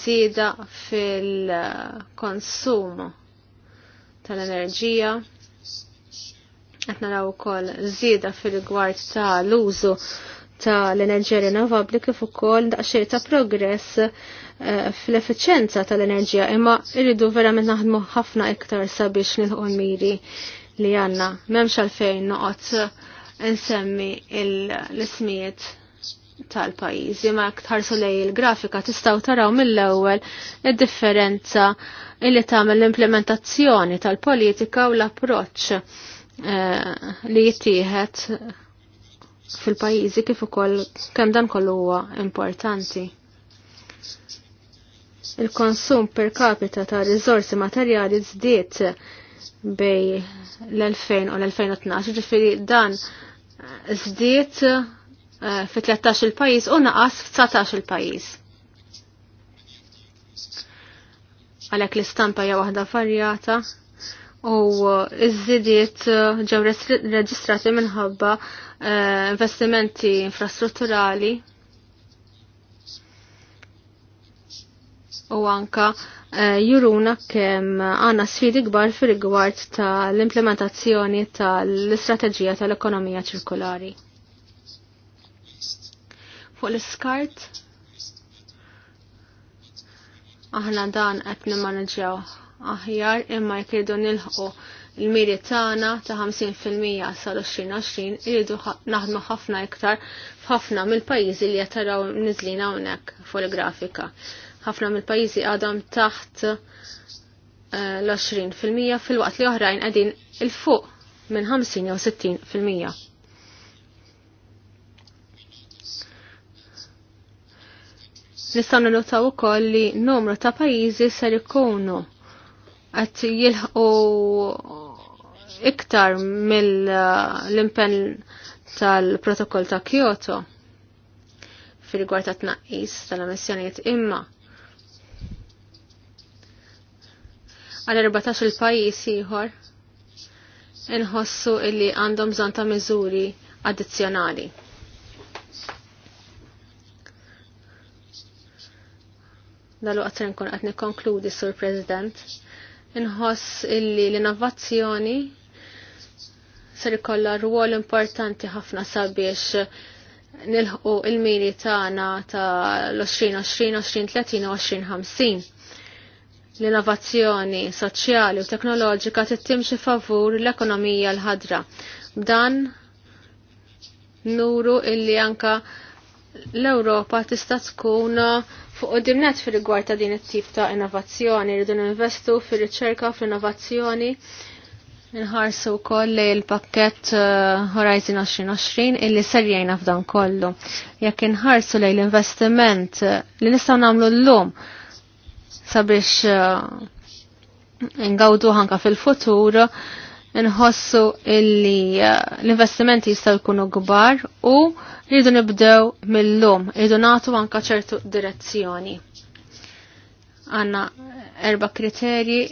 żieda fil uh, konsumu tal-enerġija qed naraw ukoll żieda fil-rigward ta' l-użu ta' l-enerġija rinnovabbli kif ukoll daqsxejn ta' progress eh, fl-effiċenza tal-enerġija imma vera verament naħdmu ħafna iktar sabiex nilħu l-miri li għandna. M'hemmx għalfejn noqgħod insemmi l-ismijiet tal-pajjiżi ma tħarsu lej il-grafika tistgħu taraw mill-ewwel id-differenza illi tagħmel l-implementazzjoni tal-politika u l-approċċ Eh, li jittieħed fil-pajjiżi kif ukoll kemm dan kollu huwa importanti. Il-konsum per capita ta' riżorsi materjali żdied bej l-2000 u l-2012, ġifiri dan zdiet eh, fi 13 il-pajis u naqas fi 19 il-pajis. Għalek l-istampa hija waħda varjata, u uh, iż-żidiet uh, ġew reġistrati minħabba uh, investimenti infrastrutturali u anka juruna kemm għandna sfidi kbar fir-rigward tal-implementazzjoni tal-istrateġija tal-ekonomija ċirkolari. Fuq l-iskart aħna dan qed nimmaneġġjaw aħjar imma jkridu nilħu nilħqu il-miri tagħna ta' 50% sal-2020 jridu naħdmu ħafna iktar f'ħafna mill-pajjiżi li qed taraw niżlin hawnhekk fuq il-grafika. Ħafna mill-pajjiżi għadhom taħt eh, l-20% fil-waqt li oħrajn qegħdin il-fuq minn 50 jew 60%. Nistgħu nilutaw ukoll li numru ta' pajjiżi ser ikunu għat jilħu iktar mill-impen tal-protokoll ta' Kyoto fil-gwar ta' tnaqqis tal-emissjonijiet imma għal 14 il-pajis ieħor inħossu illi għandhom bżonn ta' miżuri addizzjonali. Dalu qatt nkun qed nikkonkludi sur President Inħoss illi l-innovazzjoni ser ikollha rwol importanti ħafna sabiex nilħqu il-miri tagħna ta' l-2020, 2030 u 2050. L-innovazzjoni soċjali u teknoloġika xi favur l-ekonomija l-ħadra. B'dan nuru illi anka l-Ewropa tista' tkun fuq dimnet fil-rigward ta' din it-tip ta' innovazzjoni, rridu investu fil-riċerka fil-innovazzjoni, nħarsu koll il-pakket uh, Horizon 2020 illi ser f'dan kollu. Jekk inħarsu lej l-investiment uh, li nistgħu nagħmlu llum sabiex uh, ngawdu ħanka fil-futur, nħossu illi eh, l-investimenti jistaw jkunu gbar u rridu nibdew mill-lum, rridu natu anka ċertu direzzjoni. Għanna erba kriterji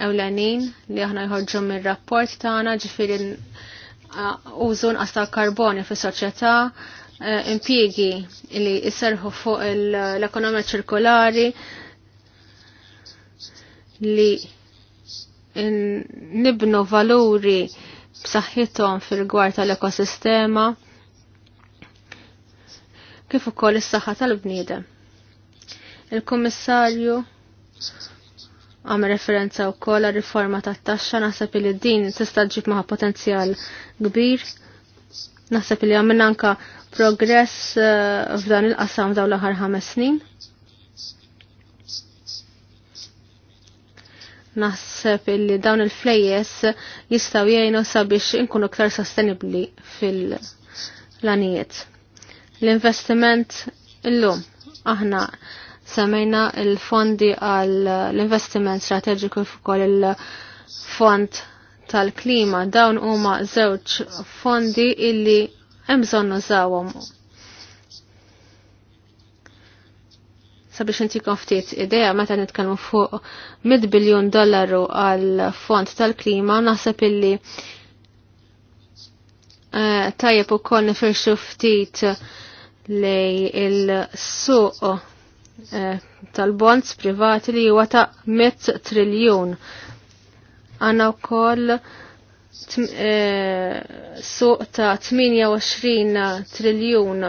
ewlenin li aħna jħorġu mir rapport tagħna ġifieri eh, użu nqas tal karboni fis-soċjetà, eh, impjiegi li jserħu fuq l-ekonomija ċirkolari li nibnu valuri b'saħħithom fil-gwar tal-ekosistema kif ukoll is-saħħa tal-bniedem. Il-Kummissarju għam referenza u koll riforma tat taxxa naħseb li din tista' ġib magħha potenzjal kbir. Naħseb li għamilna anka progress eh, f'dan il-qasam daw l-aħħar ħames snin. naħseb illi dawn il-flejjes jistaw jgħinu sabiex inkunu ktar sostenibli fil-lanijiet. L-investiment illum aħna semmejna il-fondi għal l-investiment strateġiku fuq il-fond tal-klima dawn huma żewġ fondi illi hemm bżonn nużawhom sabiex intikom ftit idea meta nitkellmu fuq 100 biljun dollaru għal fond tal-klima naħseb illi eh, tajjeb ukoll nifirxu ftit lej il-suq eh, tal-bonds privati li huwa ta' 100 triljun. Għandna wkoll eh, suq ta' 28 triljun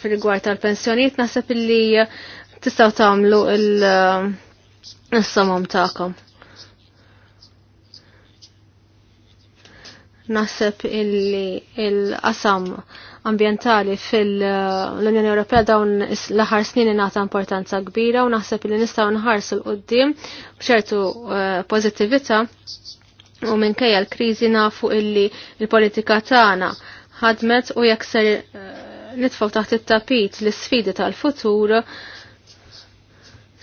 fil-gwar tal-pensjoniet nasab illi tistaw tamlu il-samom eh, ta'kom. Nasab illi il-qasam ambientali fil-Unjoni Ewropea dawn l-aħħar snin ingħata importanza kbira u naħseb li nistgħu nħarsu l-qudiem b'ċertu eh, pożittività u minkejja l-kriżi nafu illi l-politika tagħna ħadmet u jekser ser eh, nitfaw taħt it-tapit l-sfidi tal-futur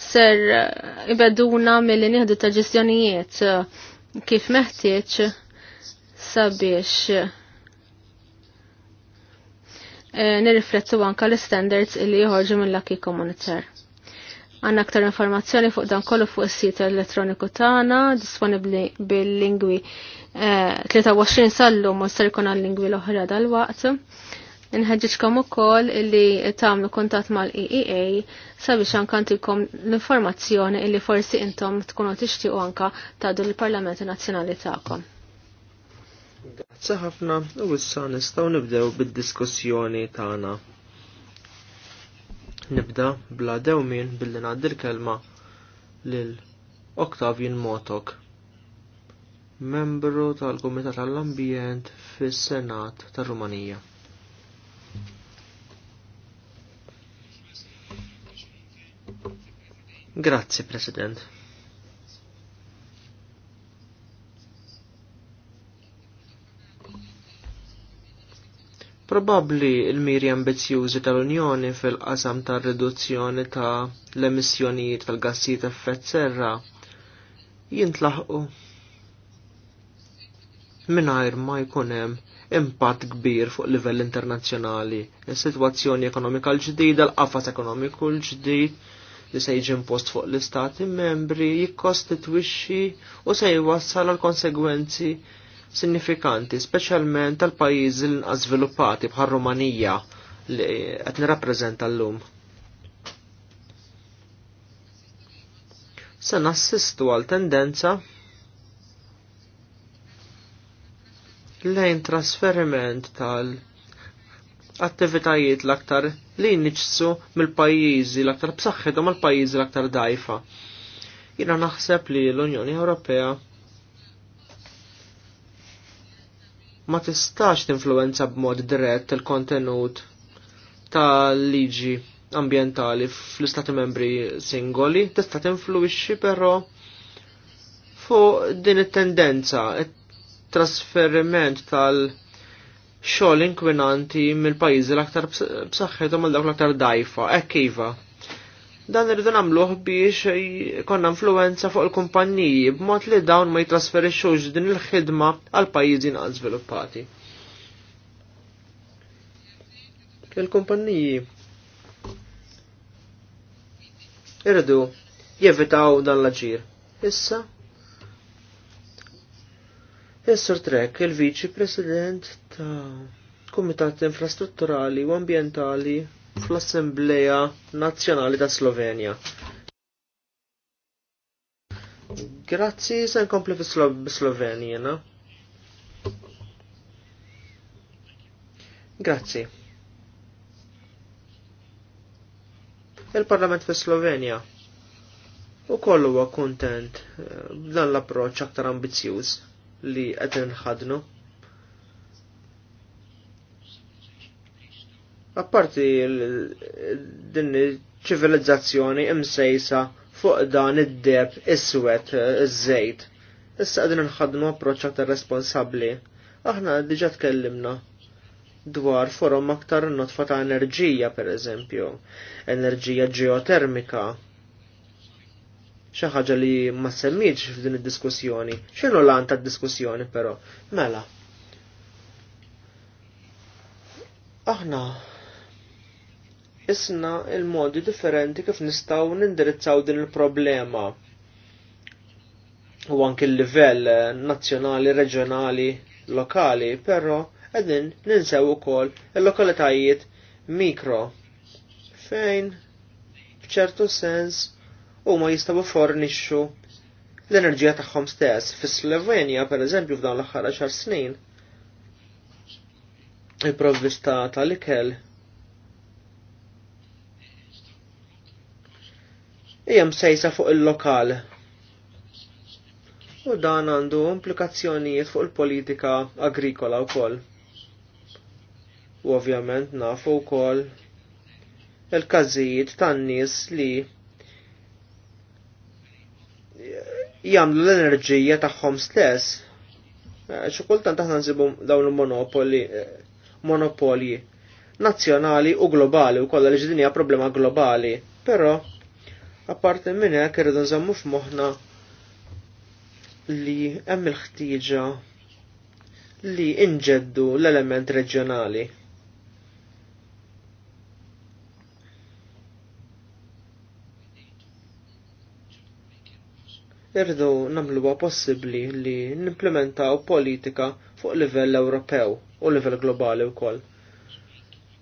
ser ibeduna mill-li nieħdu ta' ġestjonijiet kif meħtieġ sabiex eh, nirriflettu anka l-standards illi joħorġu mill-laki komunitar. Għanna aktar informazzjoni fuq dan kollu fuq is-sit elettroniku tagħna disponibbli bil-lingwi 23 eh, sallum u ser ikun għal-lingwi l-oħra dal-waqt u ukoll li tagħmlu kuntatt mal-EEA sabiex anke l-informazzjoni li forsi intom tkunu tixtiequ anka tagħdu il parlamenti Nazzjonali tagħkom. Grazzi ħafna u issa nistgħu nibdew bid-diskussjoni tagħna. Nibda bla dewmin billi ngħaddi l-kelma lil Octavian Motok membru tal-Kumitat tal-Ambjent fis-Senat tar-Rumanija. Grazzi, President. Probabli il-miri ambizjużi tal-Unjoni fil-qasam ta' riduzzjoni ta' l-emissjonijiet tal-gassijiet effett serra jintlaħqu minnajr ma jkun hemm impatt kbir fuq livell internazzjonali. il sitwazzjoni ekonomika l-ġdida, l-qafas ekonomiku l-ġdid, li se jiġi impost fuq l-istati membri jikkostitwixxi u se jwassal għal konsegwenzi sinifikanti, speċjalment tal-pajjiżi l żviluppati bħal Rumanija li qed nirrappreżenta llum. Se nassistu għal tendenza lejn trasferiment tal-attivitajiet l-aktar li jinniċsu mill-pajjiżi l-aktar u mal pajjiżi l-aktar dajfa. Jiena naħseb li l-Unjoni Ewropea ma tistax tinfluenza b'mod dirett il-kontenut tal-liġi ambientali fl-istati membri singoli, tista' tinfluwixxi però fuq din it-tendenza, it-trasferiment tal- xogħol inkwinanti mill-pajjiżi l-aktar b'saħħithom mal dawk l-aktar dajfa, hekk iva. Dan irridu nagħmluh biex konna influenza fuq il-kumpanniji b'mod li dawn ma jitrasferixxux din il-ħidma għal pajjiżi inqas żviluppati. Il-kumpanniji irridu jevitaw dan l-aġir. Issa, is Trek, il-Viċi President ta' Kumitat Infrastrutturali u Ambientali fl-Assembleja Nazzjonali ta' Slovenja. Grazzi, se nkompli fis-Slovenjena. Grazzi. Il-Parlament fis Slovenja u kollu huwa kontent eh, dan l-approċċ aktar ambizjuż li qed inħadnu. Apparti din ċivilizzazzjoni imsejsa fuq dan id-deb iswed iż-żejt. Issa qegħdin nħadnu approċċ aktar responsabbli. Aħna diġà tkellimna dwar forom aktar notfa ta' enerġija pereżempju, enerġija ġeotermika. Xi ħaġa li ma semmitx f'din id-diskussjoni. X'inhu lan tad-diskussjoni però? Mela. Aħna isna il-modi differenti kif nistaw nindirizzaw din il-problema. U anki l-livell nazzjonali, reġjonali, lokali, però qegħdin ninsew ukoll il-lokalitajiet mikro fejn f'ċertu sens huma jistgħu fornixxu l-enerġija tagħhom stess. Fis-Slovenja pereżempju f'dan l-aħħar 10 snin il-provvista tal-ikel hija msejsa fuq il-lokal. U dan għandu implikazzjonijiet fuq il-politika agrikola wkoll. U ovvjament nafu wkoll il-każijiet tan-nies li jagħmlu l-enerġija tagħhom stess. Eh, xi kultant aħna nsibu dawn il-monopoli eh, monopoli nazzjonali u globali u kollha li ġdinja problema globali, però Apparti minn hekk irridu nżammu f'moħħna li hemm il-ħtieġa li inġeddu l-element reġjonali. Irdu nagħmluha possibbli li nimplementaw politika fuq livell Ewropew u livell globali wkoll.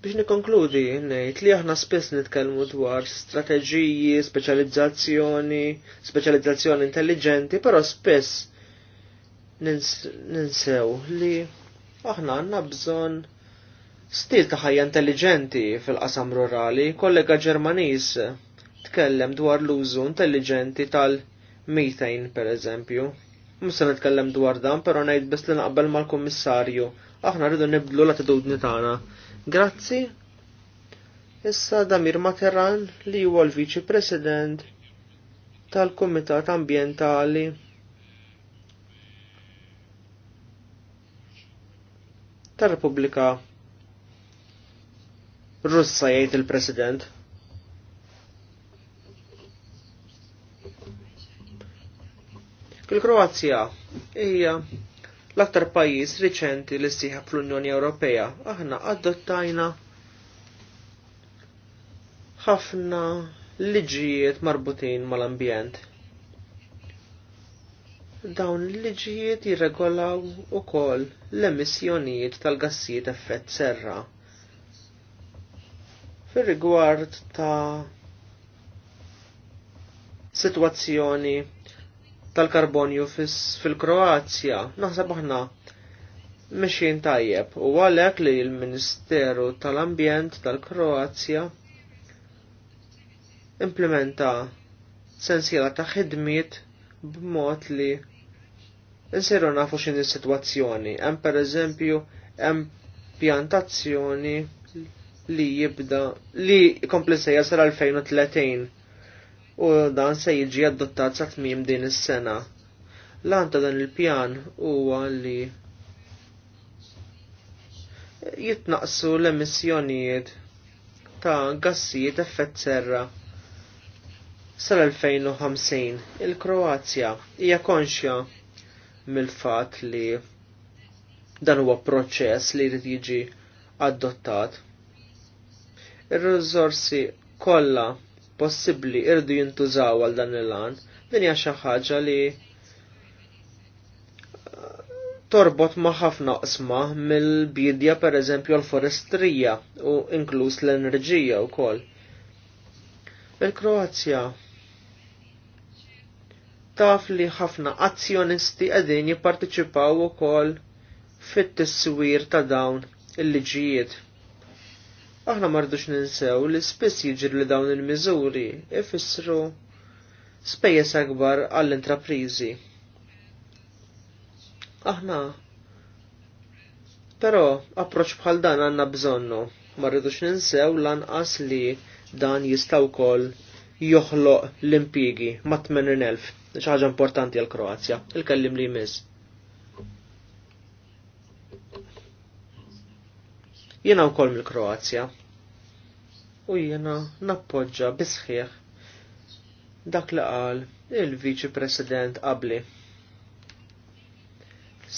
Biex nikonkludi, ngħid li aħna spiss nitkellmu dwar strateġiji, speċjalizzazzjoni, speċjalizzazzjoni intelligenti, però spiss ninsew li aħna għandna bżonn stil ta' ħajja intelligenti fil-qasam rurali, kollega Ġermaniż tkellem dwar l-użu intelligenti tal-methane per eżempju. Musa nitkellem dwar dan, però ngħid biss li naqbel mal-kummissarju. Aħna rridu nibdlu l-attitudni tagħna Grazzi. Issa Damir Materan li huwa l-Viċi President tal-Kumitat Ambientali. Tar-Repubblika Russa jgħid il-President. Il-Kroazja hija l-aktar pajjiż riċenti li sieħab fl-Unjoni Ewropea. Aħna adottajna ħafna liġijiet marbutin mal-ambjent. Dawn il-liġijiet jirregolaw ukoll l-emissjonijiet tal-gassijiet effett serra. Fir-rigward ta' situazzjoni tal-karbonju fil-Kroazja. Naħseb aħna mexin tajjeb u għalek li l-Ministeru tal-Ambjent tal-Kroazja implementa sensiela ta' ħidmiet b'mod li insiru nafu xin is-sitwazzjoni. Hemm pereżempju hemm pjantazzjoni li jibda li kompli sejja sar 2030 u dan se jiġi adottat sa tmiem din is-sena. l ta' dan il-pjan huwa li jitnaqsu l-emissjonijiet ta' gassijiet effett serra sal-2050 il-Kroazja hija konxja mill-fatt li dan huwa proċess li jrid jiġi adottat. Ir-riżorsi kollha possibbli irdu jintużaw għal dan il-lan, din hija xi ħaġa li eh, torbot ma' ħafna qisma mill-bidja per eżempju l-forestrija u inkluż l-enerġija u Il-Kroazja taf li ħafna azzjonisti qegħdin jipparteċipaw ukoll fit-tiswir ta' dawn il-liġijiet aħna mardux ninsew li spiss jiġri li dawn il-miżuri ifissru spejjeż akbar għall-intraprizi. Aħna però approċ bħal dan għandna bżonnu, ma rridux ninsew lanqas li dan jista' wkoll joħloq l-impigi ma' 80,000, ħaġa importanti għal Kroazja, il-kellim li jmiss. Jiena wkoll mill-Kroazja, u jiena nappoġġa bisħieħ dak li qal il-Viċi President qabli.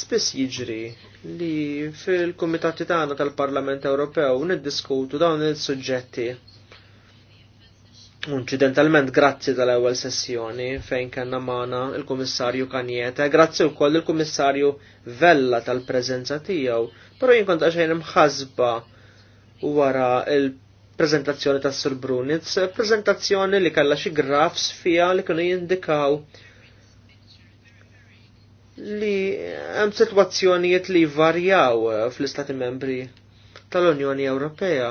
Spiss jiġri li fil-Kumitati tagħna tal-Parlament Ewropew niddiskutu dawn il-suġġetti. Unċidentalment grazzi tal-ewwel sessjoni fejn kellna magħna il-Kummissarju Kanjeta, grazzi wkoll il-Kummissarju Vella tal-preżenza tiegħu, però jien kont xejn imħasba wara il prezentazzjoni ta' Sir Brunitz, prezentazzjoni li kalla xi grafs fija li kienu jindikaw li hemm sitwazzjonijiet li varjaw fl-Istati Membri tal-Unjoni Ewropea.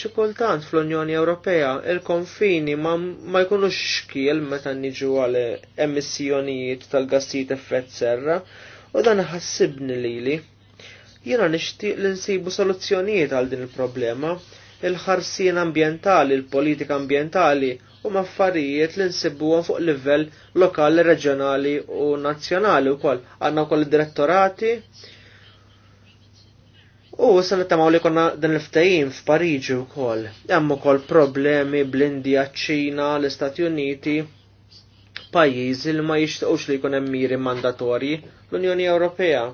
Xi kultant fl-Unjoni Ewropea il-konfini ma, ma jkunux xkiel meta niġu għal emissjonijiet tal-gassijiet effett serra u dan ħassibni lili. Jiena nixtieq li nsibu soluzzjonijiet għal din il-problema il-ħarsien ambjentali, il-politika ambjentali u maffarijiet li nsibbu fuq livell lokali, reġjonali u nazzjonali wkoll. Għandna wkoll direttorati U se nittamaw li konna dan l-ftajim f'Pariġi wkoll. Hemm ukoll problemi bl-Indija, ċina, l-Istati Uniti, pajjiżi li ma jishtuqx li jkun hemm miri mandatorji l-Unjoni Ewropea.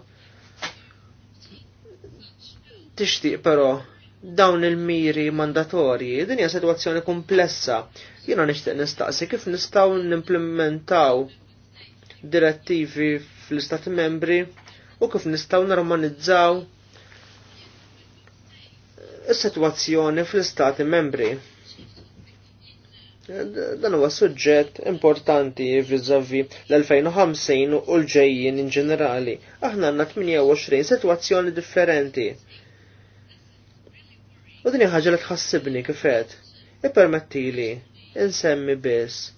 Tixtieq però dawn il-miri mandatorji, din hija sitwazzjoni komplessa. Jiena nixtieq nistaqsi kif nistgħu nimplementaw direttivi fl-Istati membri u kif nistgħu normalizzaw is-sitwazzjoni fl-Istati membri. Dan huwa suġġett importanti viżavi l-2050 u l-ġejjin in ġenerali. Aħna għandna 28 sitwazzjoni differenti U din ħaġa li tħassibni kifet. Ippermettili, insemmi biss.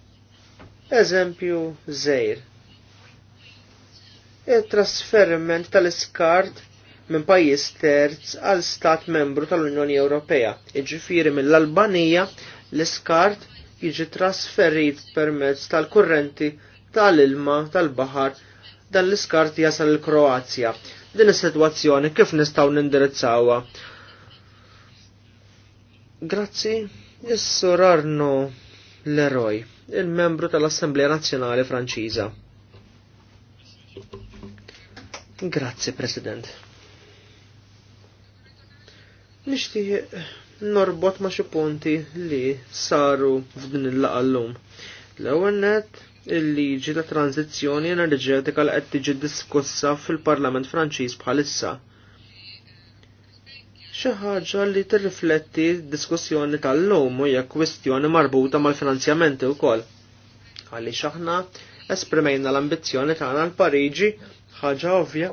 Eżempju żejr. Il-trasferiment tal-iskart minn pajjiż terz għal stat membru tal-Unjoni Ewropea. Iġifiri mill-Albanija l-iskart jiġi trasferit permezz tal-kurrenti tal-ilma tal-baħar dan l-iskart jasal il-Kroazja. Din is-sitwazzjoni kif nistgħu nindirizzawha? Grazzi, jessur Arno Leroy, il-membru tal-Assemblea Nazzjonali Franċiża. Grazzi, President. Nixtieq norbot ma' xi punti li saru f'din il-laqgħa llum. L-ewwel net il-liġi ta' tranzizzjoni enerġetika li qed tiġi diskussa fil-Parlament Franċiż bħalissa xi ħaġa li tirrifletti d-diskussjoni tal-lum u hija kwistjoni marbuta mal-finanzjamenti wkoll. Għaliex aħna esprimejna l-ambizzjoni tagħna l-Pariġi ħaġa ovvja.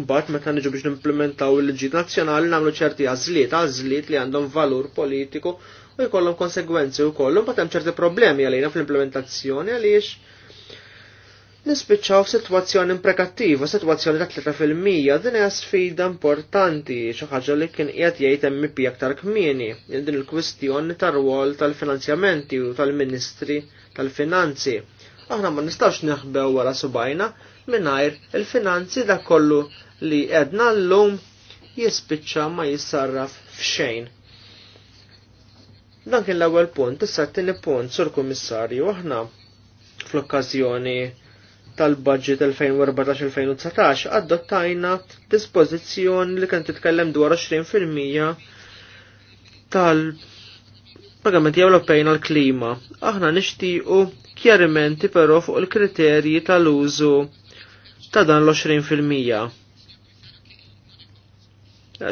Mbagħad meta niġu biex nimplementaw il-liġi nazzjonali nagħmlu ċerti għażliet, għażliet li għandhom valur politiku u jkollhom konsegwenzi wkoll. Imbagħad hemm ċerti problemi għalina fl-implementazzjoni għaliex nispiċċaw f'sitwazzjoni imprekattiva, sitwazzjoni ta' 3% din hija sfida importanti xi ħaġa li kien qiegħed jgħid MP aktar kmieni din il-kwistjoni tar-rwol tal-finanzjamenti u tal-Ministri tal-Finanzi. Aħna ma nistax neħbew wara subajna mingħajr il-finanzi da kollu li edna l-lum jispiċċa ma jissarraf f'xejn. Dan kien l-ewwel punt, issa t-tieni punt sur kummissarju aħna fl-okkażjoni tal-budget 2014-2019 adottajna dispożizzjoni li kan titkellem dwar 20% tal-pagamenti Ewropejn l klima Aħna nixtiequ kjarimenti però fuq il-kriterji tal-użu ta' dan l-20%.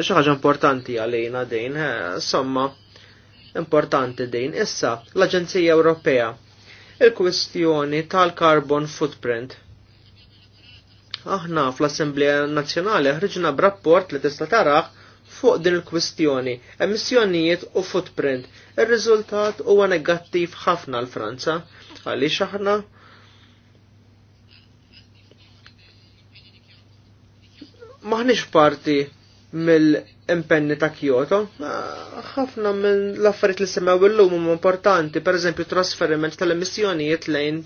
Xi ħaġa importanti għalina din, somma importanti din. Issa, l-Aġenzija Ewropea il-kwestjoni tal-carbon footprint. Aħna fl-Assemblea Nazzjonali ħriġna b'rapport li tista' taraħ fuq din il-kwistjoni, emissjonijiet u footprint. Ir-riżultat huwa negattiv ħafna l franza Għaliex aħna maħniex parti mill impenni ta' Kyoto, ħafna minn l-affarijiet li semmew illum huma importanti, pereżempju trasferiment tal-emissjonijiet lejn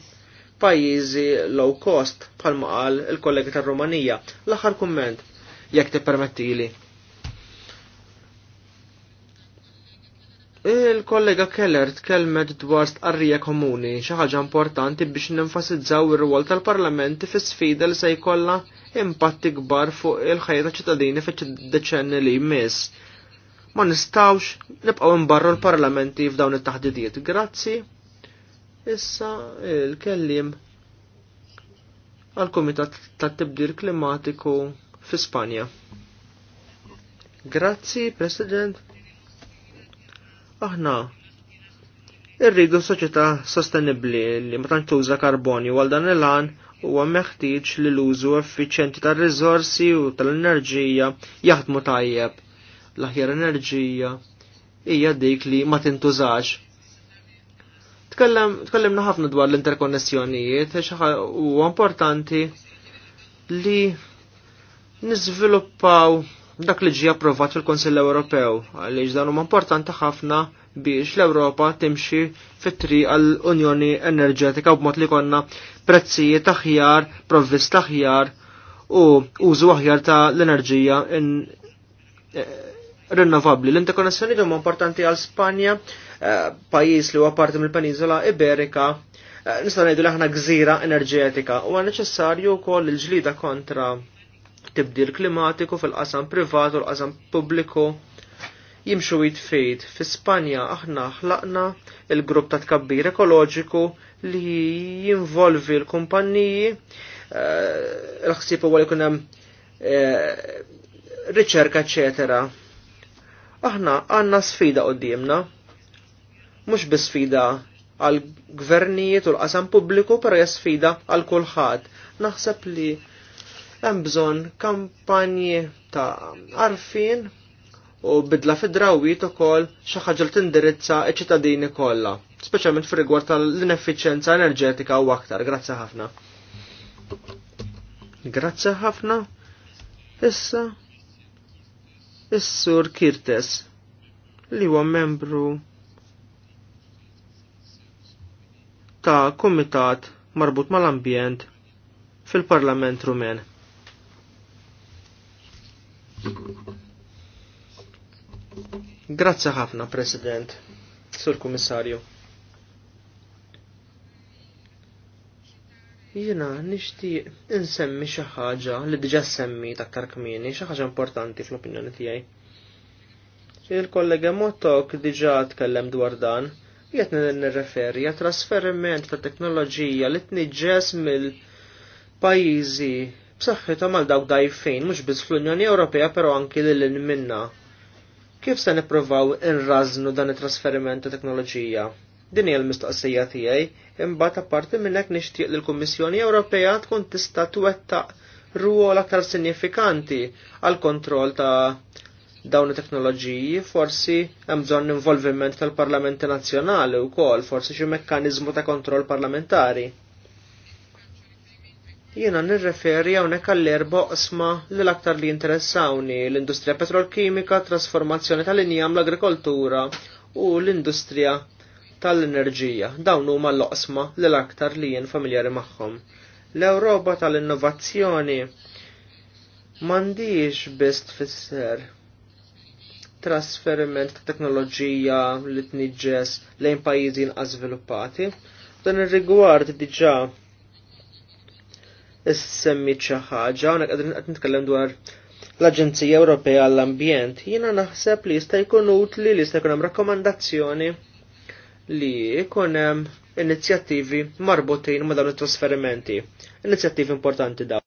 pajjiżi low cost bħalma qal il-kollegi tar-Rumanija. L-aħħar kumment, jekk tippermettili. Il-kollega Keller tkellmet dwar stqarrija komuni, xi ħaġa importanti biex nenfasizzaw ir-rwol tal-Parlamenti fis sfida li se jkollha impatti kbar fuq il-ħajja ċittadini fiċ deċenni li jmiss. Ma nistawx nibqgħu imbarru l-parlamenti f'dawn it-taħdidiet. Grazzi. Issa il-kellim għal-Kumitat tat tibdir Klimatiku fi Spanja. Grazzi, President aħna irridu soċjetà sostenibbli li ma tantx tuża karbonju għal dan il-għan huwa meħtieġ li l-użu effiċenti tar-riżorsi u tal-enerġija jaħdmu tajjeb. L-aħjar enerġija hija dik li ma tintużax. Tkellimna ħafna dwar l-interkonnessjonijiet u importanti li niżviluppaw dak li ġi approvat fil-Konsill Ewropew għaliex dan huma importanti ħafna biex l-Ewropa timxi fit-tri għall-Unjoni Enerġetika b'mod li konna prezzijiet aħjar, provvist aħjar u użu aħjar ta' l-enerġija eh, rinnovabli. L-interkonnessjoni huma importanti għal Spanja, eh, pajjiż li huwa parti mill-Peniżola Iberika, eh, nista' ngħidu li aħna gżira enerġetika u neċessarju wkoll il-ġlida kontra tibdil klimatiku fil-qasam privatu u l-qasam pubbliku jimxu jitfejt. Fi Spanja aħna ħlaqna il-grupp ta' tkabbir ekoloġiku li jinvolvi l-kumpanniji, l-ħsib u għal hemm eh, riċerka, ecc. Aħna għanna sfida qoddimna, mux bi sfida għal gvernijiet u l-qasam pubbliku, pero sfida għal kulħadd. Naħseb li hemm bżonn kampanji ta' arfin u bidla fid-drawwiet ukoll xi ħaġa li tindirizza ċ-ċittadini kollha, speċjalment fir-rigward tal-ineffiċjenza enerġetika u aktar. Grazzi ħafna. Grazzi ħafna. Issa is-sur Kirtes li huwa membru ta' Kumitat marbut mal-ambjent fil-Parlament Rumen. Grazzi ħafna, President, Sur Kummissarju. Jena, nixtieq insemmi xi ħaġa li diġà semmi aktar kmieni, xi ħaġa importanti fl-opinjoni tiegħi. Il-kollega Motok diġà tkellem dwar dan, Qed nirreferi għat trasferiment ta' teknoloġija li tniġġes mill-pajizi b'saħħitha mal dawk dajfin mhux biss fl-Unjoni Ewropea però anki lil minna. Kif se nippruvaw inrażnu dan it-trasferiment ta' teknoloġija? Din hija l-mistoqsija tiegħi, imbagħad apparti minn hekk nixtieq li l-Kummissjoni Ewropea tkun tista' twettaq ruol aktar sinifikanti għal kontroll ta' dawn it-teknoloġiji, forsi hemm bżonn involviment tal-Parlamenti Nazzjonali wkoll, forsi xi mekkaniżmu ta' kontroll parlamentari. Jiena nirreferi hawnhekk għall erba qosma li l-aktar li interessawni l-industrija petrolkimika, trasformazzjoni tal-injam l-agrikoltura u l-industrija tal-enerġija. Dawn huma l-oqsma li l-aktar li jien familjari magħhom. L-Ewropa tal-innovazzjoni m'għandix biss tfisser trasferiment ta' teknoloġija li tniġġes lejn pajjiżi inqas żviluppati. Dan ir-rigward diġà semmi xi ħaġa, hawnhekk qegħdin qed nitkellem dwar l-Aġenzija Ewropea għall-Ambjent. Jiena naħseb li jista' jkun utli li jista' jkun hemm rakkomandazzjoni li jkun hemm inizjattivi marbutin ma' dawn it-trasferimenti. Inizjattivi importanti dawn.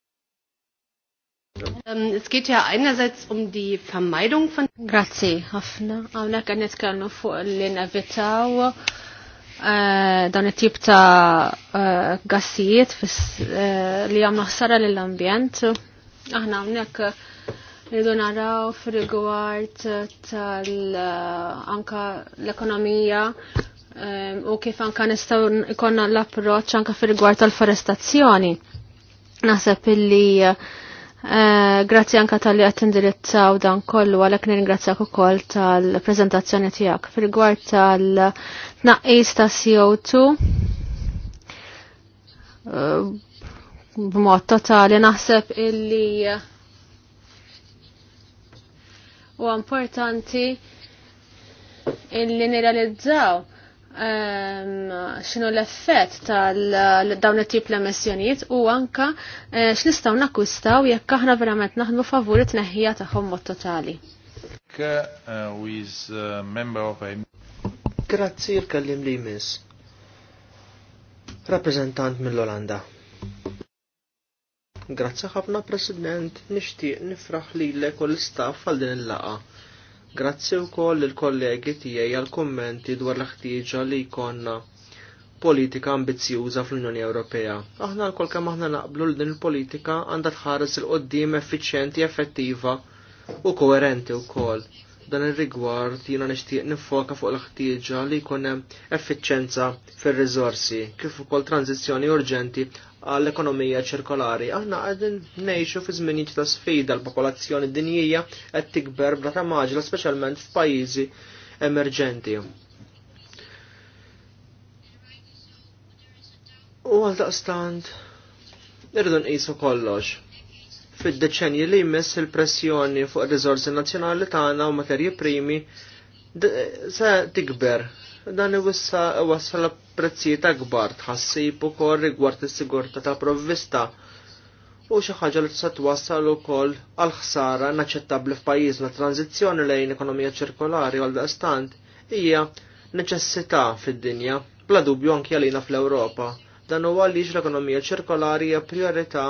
Um, es geht ja einerseits um die Vermeidung von Grazie, ħafna. Għawna kan nitkellmu fuq l-inevitaw Eh, dan it-tip ta' eh, gassijiet eh, li għamna ħsara lill-ambjent. Aħna hawnhekk rridu naraw f'rigward rigward tal-anka l-ekonomija u kif anka nistgħu ikonna l-approċċ anka fir-rigward tal-forestazzjoni. Naħseb illi Eh, grazzi anka tal-li għattindirizzaw dan kollu għalek nirringrazzjak ukoll tal-prezentazzjoni tiegħek fil gwart tal-naqis ta' CO2 eh, b'mod totali naħseb illi u importanti illi nirrealizzaw Ehm, xinu l-effett tal-dawn it-tip l-emissjonijiet u anka eh, x'nistgħu nakkwistaw jekk aħna verament naħdmu favur tneħħija tagħhom mod totali. Eh, eh, Grazzi l-kellim li jmiss. Rappresentant mill-Olanda. Grazzi ħafna President, nixtieq nifraħ li u l-istaff għal din il-laqa Grazzi wkoll il-kollegi tiegħi għal kummenti dwar l-ħtieġa li jkollna politika ambizjuża fl-Unjoni Ewropea. Aħna l-kol kemm aħna naqblu l din il-politika għandha tħares il qoddim effiċjenti, effettiva u koerenti wkoll. Dan ir-rigward jiena nixtieq nifoka fuq l-ħtieġa li jkun hemm effiċenza fir-riżorsi kif ukoll tranzizzjoni urġenti għall-ekonomija ċirkolari. Aħna qegħdin ngħixu fi żminijiet ta' sfida l-popolazzjoni dinjija qed tikber b'rata maġla speċjalment f'pajjiżi emerġenti. U għal daqstant irridu nqisu kollox fid-deċenji li jmiss il-pressjoni fuq ir rizorsi nazzjonali tagħna u materji primi se tikber. Dan iwissa wassal prezzijiet akbar tħassib ukoll rigward is-sigurtà ta' provvista u xi ħaġa li tista' twassal ukoll għal ħsara naċċettabbli f'pajjiżna tranzizzjoni lejn ekonomija ċirkolari għal daqstant hija neċessità fid-dinja, bla dubju anki għalina fl-Ewropa. Dan huwa għaliex l-ekonomija ċirkolari hija priorità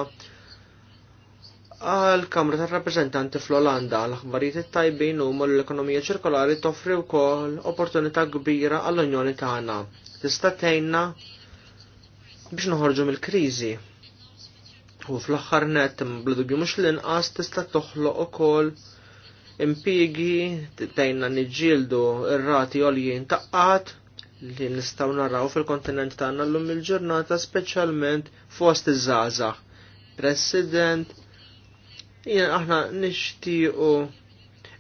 għal Kamra tar rappresentanti fl-Olanda l-aħbarijiet tajbin huma l-ekonomija ċirkolari toffri wkoll opportunità kbira għall-Unjoni tagħna. Tista' tgħinna biex noħorġu mill-kriżi. U fl-aħħar nett bla dubju mhux l-inqas tista' toħloq ukoll impigi tgħinna niġġieldu r-rati għoljien taqqat li nistgħu naraw fil-kontinent tagħna llum il-ġurnata speċjalment fost iż-żgħażagħ. President Jien aħna nixtiequ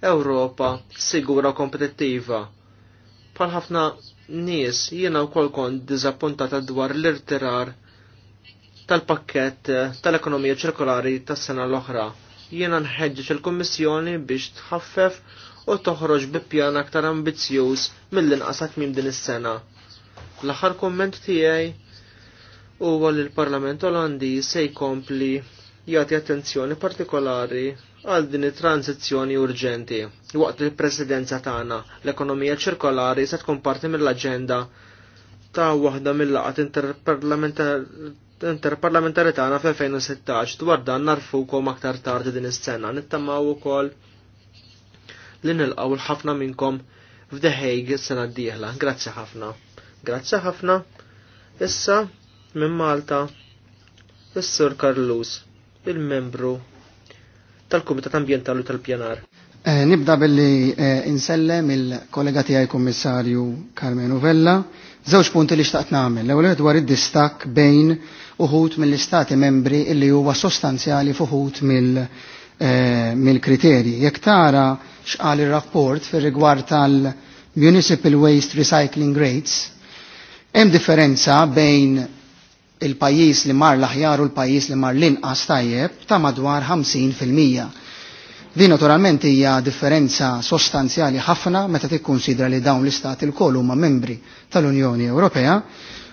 Ewropa sigura kompetittiva. Pal ħafna nies jiena wkoll kont diżappuntata dwar l-irtirar tal-pakket tal-ekonomija ċirkolari tas-sena l-oħra. Jiena nħeġġeġ il-Kummissjoni biex tħaffef u toħroġ bi pjan aktar ambizzjuż mill-inqas tmiem din is-sena. L-aħħar komment tiegħi huwa li l-Parlament Olandi se jkompli Jati attenzjoni partikolari għal din it-tranzizzjoni urġenti. Waqt il-presidenza tagħna, l-ekonomija ċirkolari se tkun parti mill-aġenda ta' waħda mill-laqat interparlamentari tagħna fl-2016 dwar dan narfukom aktar tardi din is-sena. Nittamaw ukoll li nilqgħu l-ħafna minnkom f'deħejg is-sena d-dieħla. Grazzi ħafna. Grazzi ħafna. Issa minn Malta is-Sur Karlus il-membru tal-Kumitat Ambientali tal-Pjanar. Eh, nibda billi eh, insellem il-kollega tiegħi Kommissarju Carmen Uvella. Żewġ punti li xtaqt nagħmel. L-ewwel dwar id-distak bejn uħut mill-istati membri illi huwa sostanzjali fuħut mill- eh, mill-kriterji. Jekk tara xqal ir-rapport fir-rigward tal-Municipal Waste Recycling Rates, hemm differenza bejn il-pajis li mar l-aħjar u l-pajis li mar l-inqas tajjeb ta' madwar 50%. Din naturalment hija differenza sostanzjali ħafna meta tikkunsidra li dawn l-istati il kol huma membri tal-Unjoni Ewropea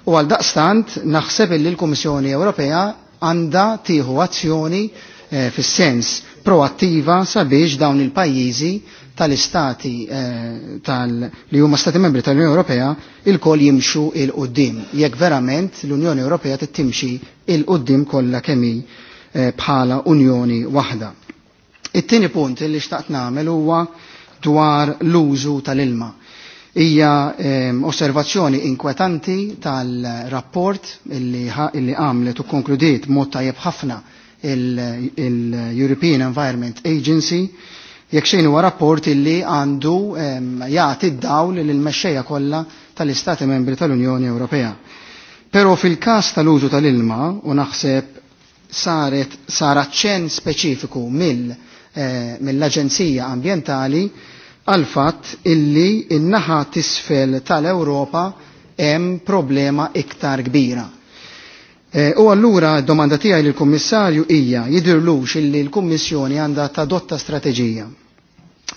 u għal daqstant naħseb li l-Kummissjoni Ewropea għandha tieħu azzjoni eh, fis-sens proattiva sabiex dawn il-pajjiżi tal-istati eh, tal li huma stati membri tal-Unjoni Ewropea il-kol jimxu il-qoddim. Jekk verament l-Unjoni Ewropea tittimxi il-qoddim kollha kemmi eh, bħala Unjoni waħda. It-tieni punt li xtaqt nagħmel huwa dwar l-użu tal-ilma. Ija ehm, osservazzjoni inkwetanti tal-rapport illi għamlet u konkludiet mod tajjeb ħafna il-European Environment Agency jekk xejn huwa rapport illi għandu jagħti d-dawl lil mexxejja kollha tal-Istati Membri tal-Unjoni Ewropea. Però fil-każ tal-użu tal-ilma u naħseb saret sar ċen speċifiku eh, mill-Aġenzija Ambjentali Ambientali għal fatt illi in-naħa tisfel tal-Ewropa hemm problema iktar kbira. Eh, u allura d-domanda tiegħi lill-Kummissarju hija jidhirlux illi l-Kummissjoni għandha tadotta strateġija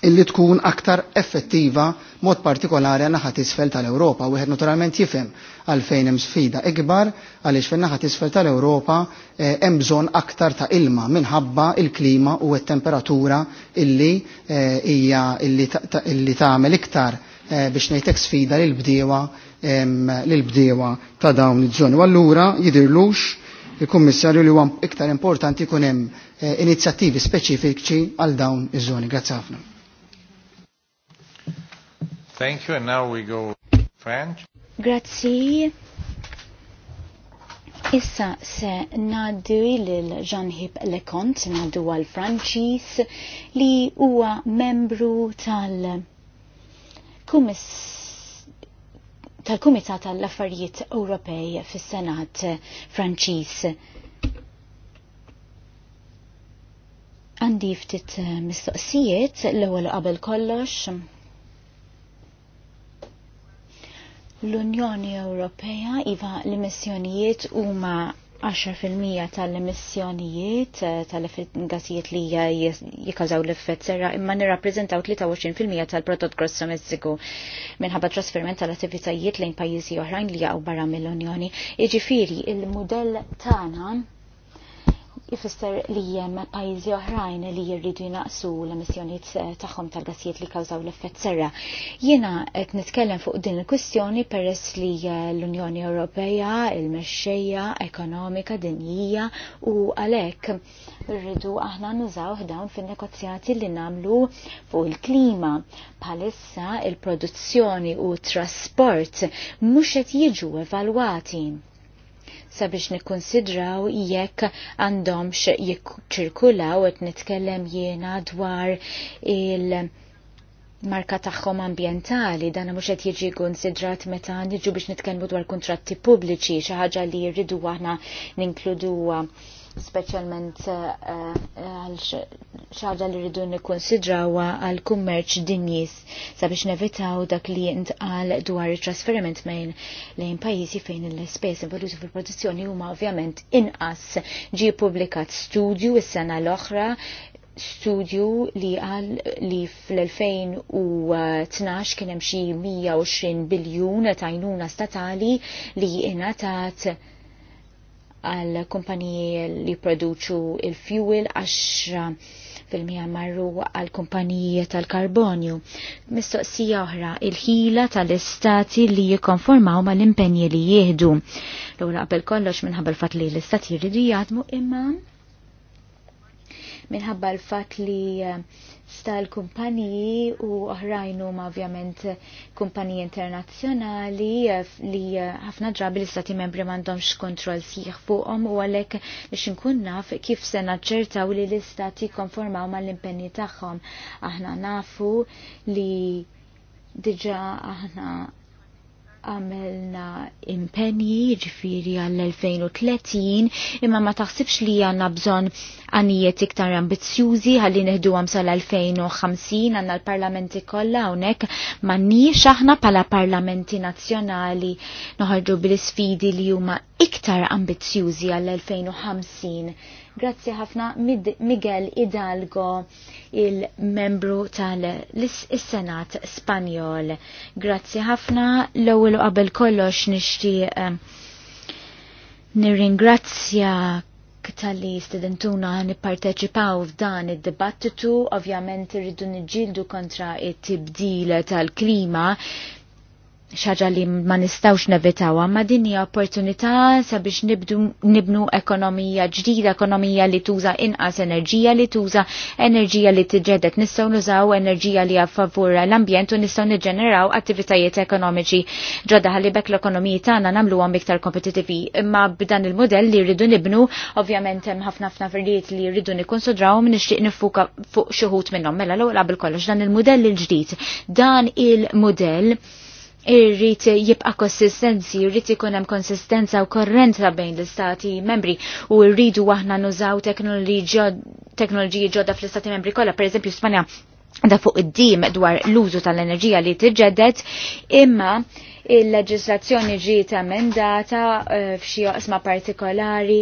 illi tkun aktar effettiva mod partikolari għal naħat isfel tal-Europa. Wieħed naturalment jifhem għalfejn hemm sfida ikbar għaliex fin naħat isfel tal-Europa eh, hemm bżonn aktar ta' ilma minħabba il-klima u t-temperatura illi eh, hija illi tagħmel iktar eh, biex ngħidlek sfida lil bdiewa lil bdiewa ta' dawn iż-żoni. U allura jidirlux il-Kummissarju li huwa iktar importanti jkun hemm inizjattivi speċifiċi għal dawn iż-żoni. Grazzi ħafna. Thank you, and now we go French. Grazzi. Issa se naddu lil ġanħib hib Lecont, naddu għal Franċis, li huwa membru tal- tal-Kumitat tal-Affarijiet Ewropej fis-Senat Franċiż. Għandi ftit mistoqsijiet l-ewwel qabel kollox L-Unjoni Ewropea iva l-emissjonijiet huma 10% tal-emissjonijiet eh, tal-gassijiet li jikazaw l-effett serra imma nirrappreżentaw 23% tal-prodott gross domestiku minħabba trasferment tal-attivitajiet lejn pajjiżi oħrajn li jaqgħu barra mill-Unjoni. Jiġifieri il-mudell tagħna jifisser li jem pajzi oħrajn li jirridu jinaqsu l-emissjoniet eh, tagħhom tal-gassijiet li kawżaw l-effett serra. Jiena qed nitkellem fuq din il-kwistjoni peress li eh, l-Unjoni Ewropea il-mexxejja ekonomika dinjija u għalhekk rridu aħna nużaw dawn fin-negozjati li nagħmlu fuq il-klima. Palissa il-produzzjoni u trasport mhux qed jiġu evalwati sabiex nikkonsidraw jekk għandhomx jikċirkulaw qed nitkellem jiena dwar il- marka tagħhom ambjentali dan mhux qed jiġi konsidrat meta niġu biex nitkellmu dwar kuntratti pubbliċi xi ħaġa li jridu aħna ninkluduha specialment eh, eh, għal xaġa li rridu nikkonsidrawa għal kummerċ dinjis sabiex nevitaw dak li jintqal dwar il-trasferiment mejn lejn pajjiżi fejn l-spes involuti fil-produzzjoni huma ovvjament inqas ġie publikat studju is-sena l-oħra studju li għal li fl-2012 kien hemm xi 120 biljun tajnuna statali li ingħatat għal kumpaniji li produċu il-fuel, 10 fil-mija marru għal kumpaniji tal-karbonju. Mistoqsija oħra, il-ħila tal-istati li jikonformaw ma l-impenji li jihdu. L-għura qabel kollox minħabba l-fat li l-istati jridu jadmu imma minħabba l-fat li eh, stal kumpaniji u oħrajn huma ovvjament kumpaniji internazzjonali eh, li eh, ħafna drabi l-istati membri m'għandhomx kontroll sieħ fuqhom u għalhekk biex inkun naf kif se naċċertaw li l-istati konformaw mal-impenni tagħhom. Aħna nafu li diġa aħna għamilna impenji ġifiri għall-2030 imma ma taħsibx li għanna bżon għanijiet iktar ambizjużi għalli neħdu għam sal-2050 għanna l-parlamenti kolla ma nix aħna pala parlamenti nazjonali noħarġu bil-sfidi li huma iktar ambizjużi għall-2050 Grazzi ħafna Miguel Hidalgo, il-membru tal-Senat Spanjol. Grazzi ħafna l-ewwel qabel kollox nixtieq eh, nirringrazzja tal-li studentuna nipparteċipaw f'dan id-dibattitu, ovvjament irridu niġġieldu kontra it-tibdil tal-klima xaġa li ma nistawx nevitawa, ma din hija opportunità sabiex nibnu ekonomija ġdida, ekonomija li tuża inqas enerġija li tuża enerġija li tiġedet. Nistgħu nużaw enerġija li għaffavur l-ambjent u nistgħu niġġeneraw attivitajiet ekonomiċi ġodda ħalli bekk l-ekonomiji tagħna nagħmluhom iktar kompetitivi, Imma b'dan il-modell li rridu nibnu, ovvjament hemm ħafna ħafna verdijiet li rridu minn nixtieq nifuka fuq xi ħut minnhom. Mela l-ewwel qabel kollox dan il-modell il-ġdid. Dan il-modell irrid jibqa' konsistenzi, irrit ikun hemm konsistenza u korrenza bejn l-istati membri u rridu aħna nużaw teknoloġiji ġodda fl-istati membri kollha, pereżempju Spanja da fuq id-dim dwar l-użu tal-enerġija li tiġġedet, imma il-leġislazzjoni ġiet emendata eh, f'xi oqsma partikolari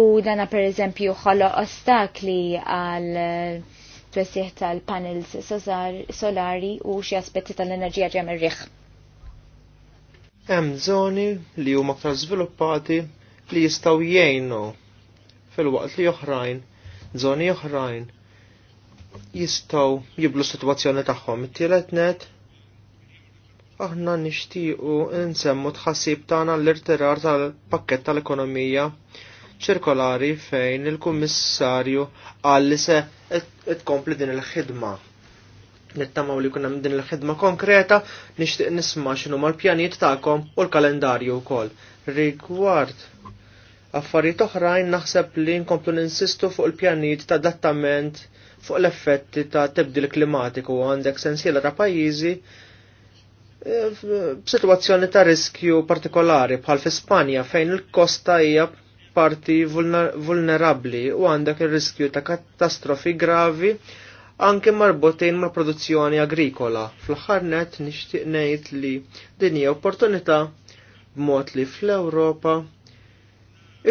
u dana per eżempju ħolo ostakli għal eh, twessieħ tal-panels solari u xi aspetti tal-enerġija ġemir riħ. Hemm żoni li huma aktar żviluppati li jistgħu jgħinu fil-waqt li oħrajn, żoni oħrajn jistgħu jiblu s-sitwazzjoni tagħhom. It-tielet net aħna nixtiequ nsemmu tħassib tagħna l-irtirar tal-pakket tal-ekonomija ċirkolari fejn il-kummissarju għalli se tkompli din il-ħidma Nittamaw li kunna din il-ħidma konkreta, nixtieq nisma' xinu mal-pjanijiet tagħkom u l-kalendarju wkoll. Rigward affarijiet oħrajn naħseb li nkomplu ninsistu fuq il-pjanijiet ta' adattament fuq l-effetti ta' tibdil klimatiku għandek sensiela ta' pajjiżi b'sitwazzjoni eh, ta' riskju partikolari bħal fi fejn il-kosta hija parti vulnerabbli u għandek ir-riskju ta' katastrofi gravi anke marbutin ma' produzzjoni agrikola. Fl-aħħar net nixtieq ngħid li din hija opportunità b'mod li fl-Ewropa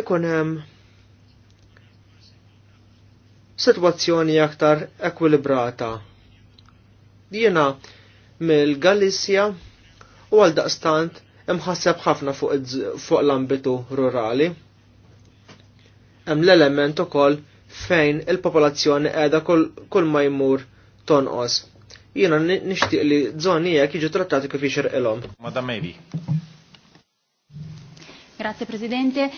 ikun hemm sitwazzjoni aktar ekwilibrata. Jiena mill-Galizja u għal daqstant imħasseb ħafna fuq, fuq l-ambitu rurali. Hemm l-element ukoll fejn il-popolazzjoni qiegħda kull ma jmur tonqos. Jiena nixtieq li żoni jekk jiġu trattati kif jixir ilhom. Madam Evi. Grazie Presidente.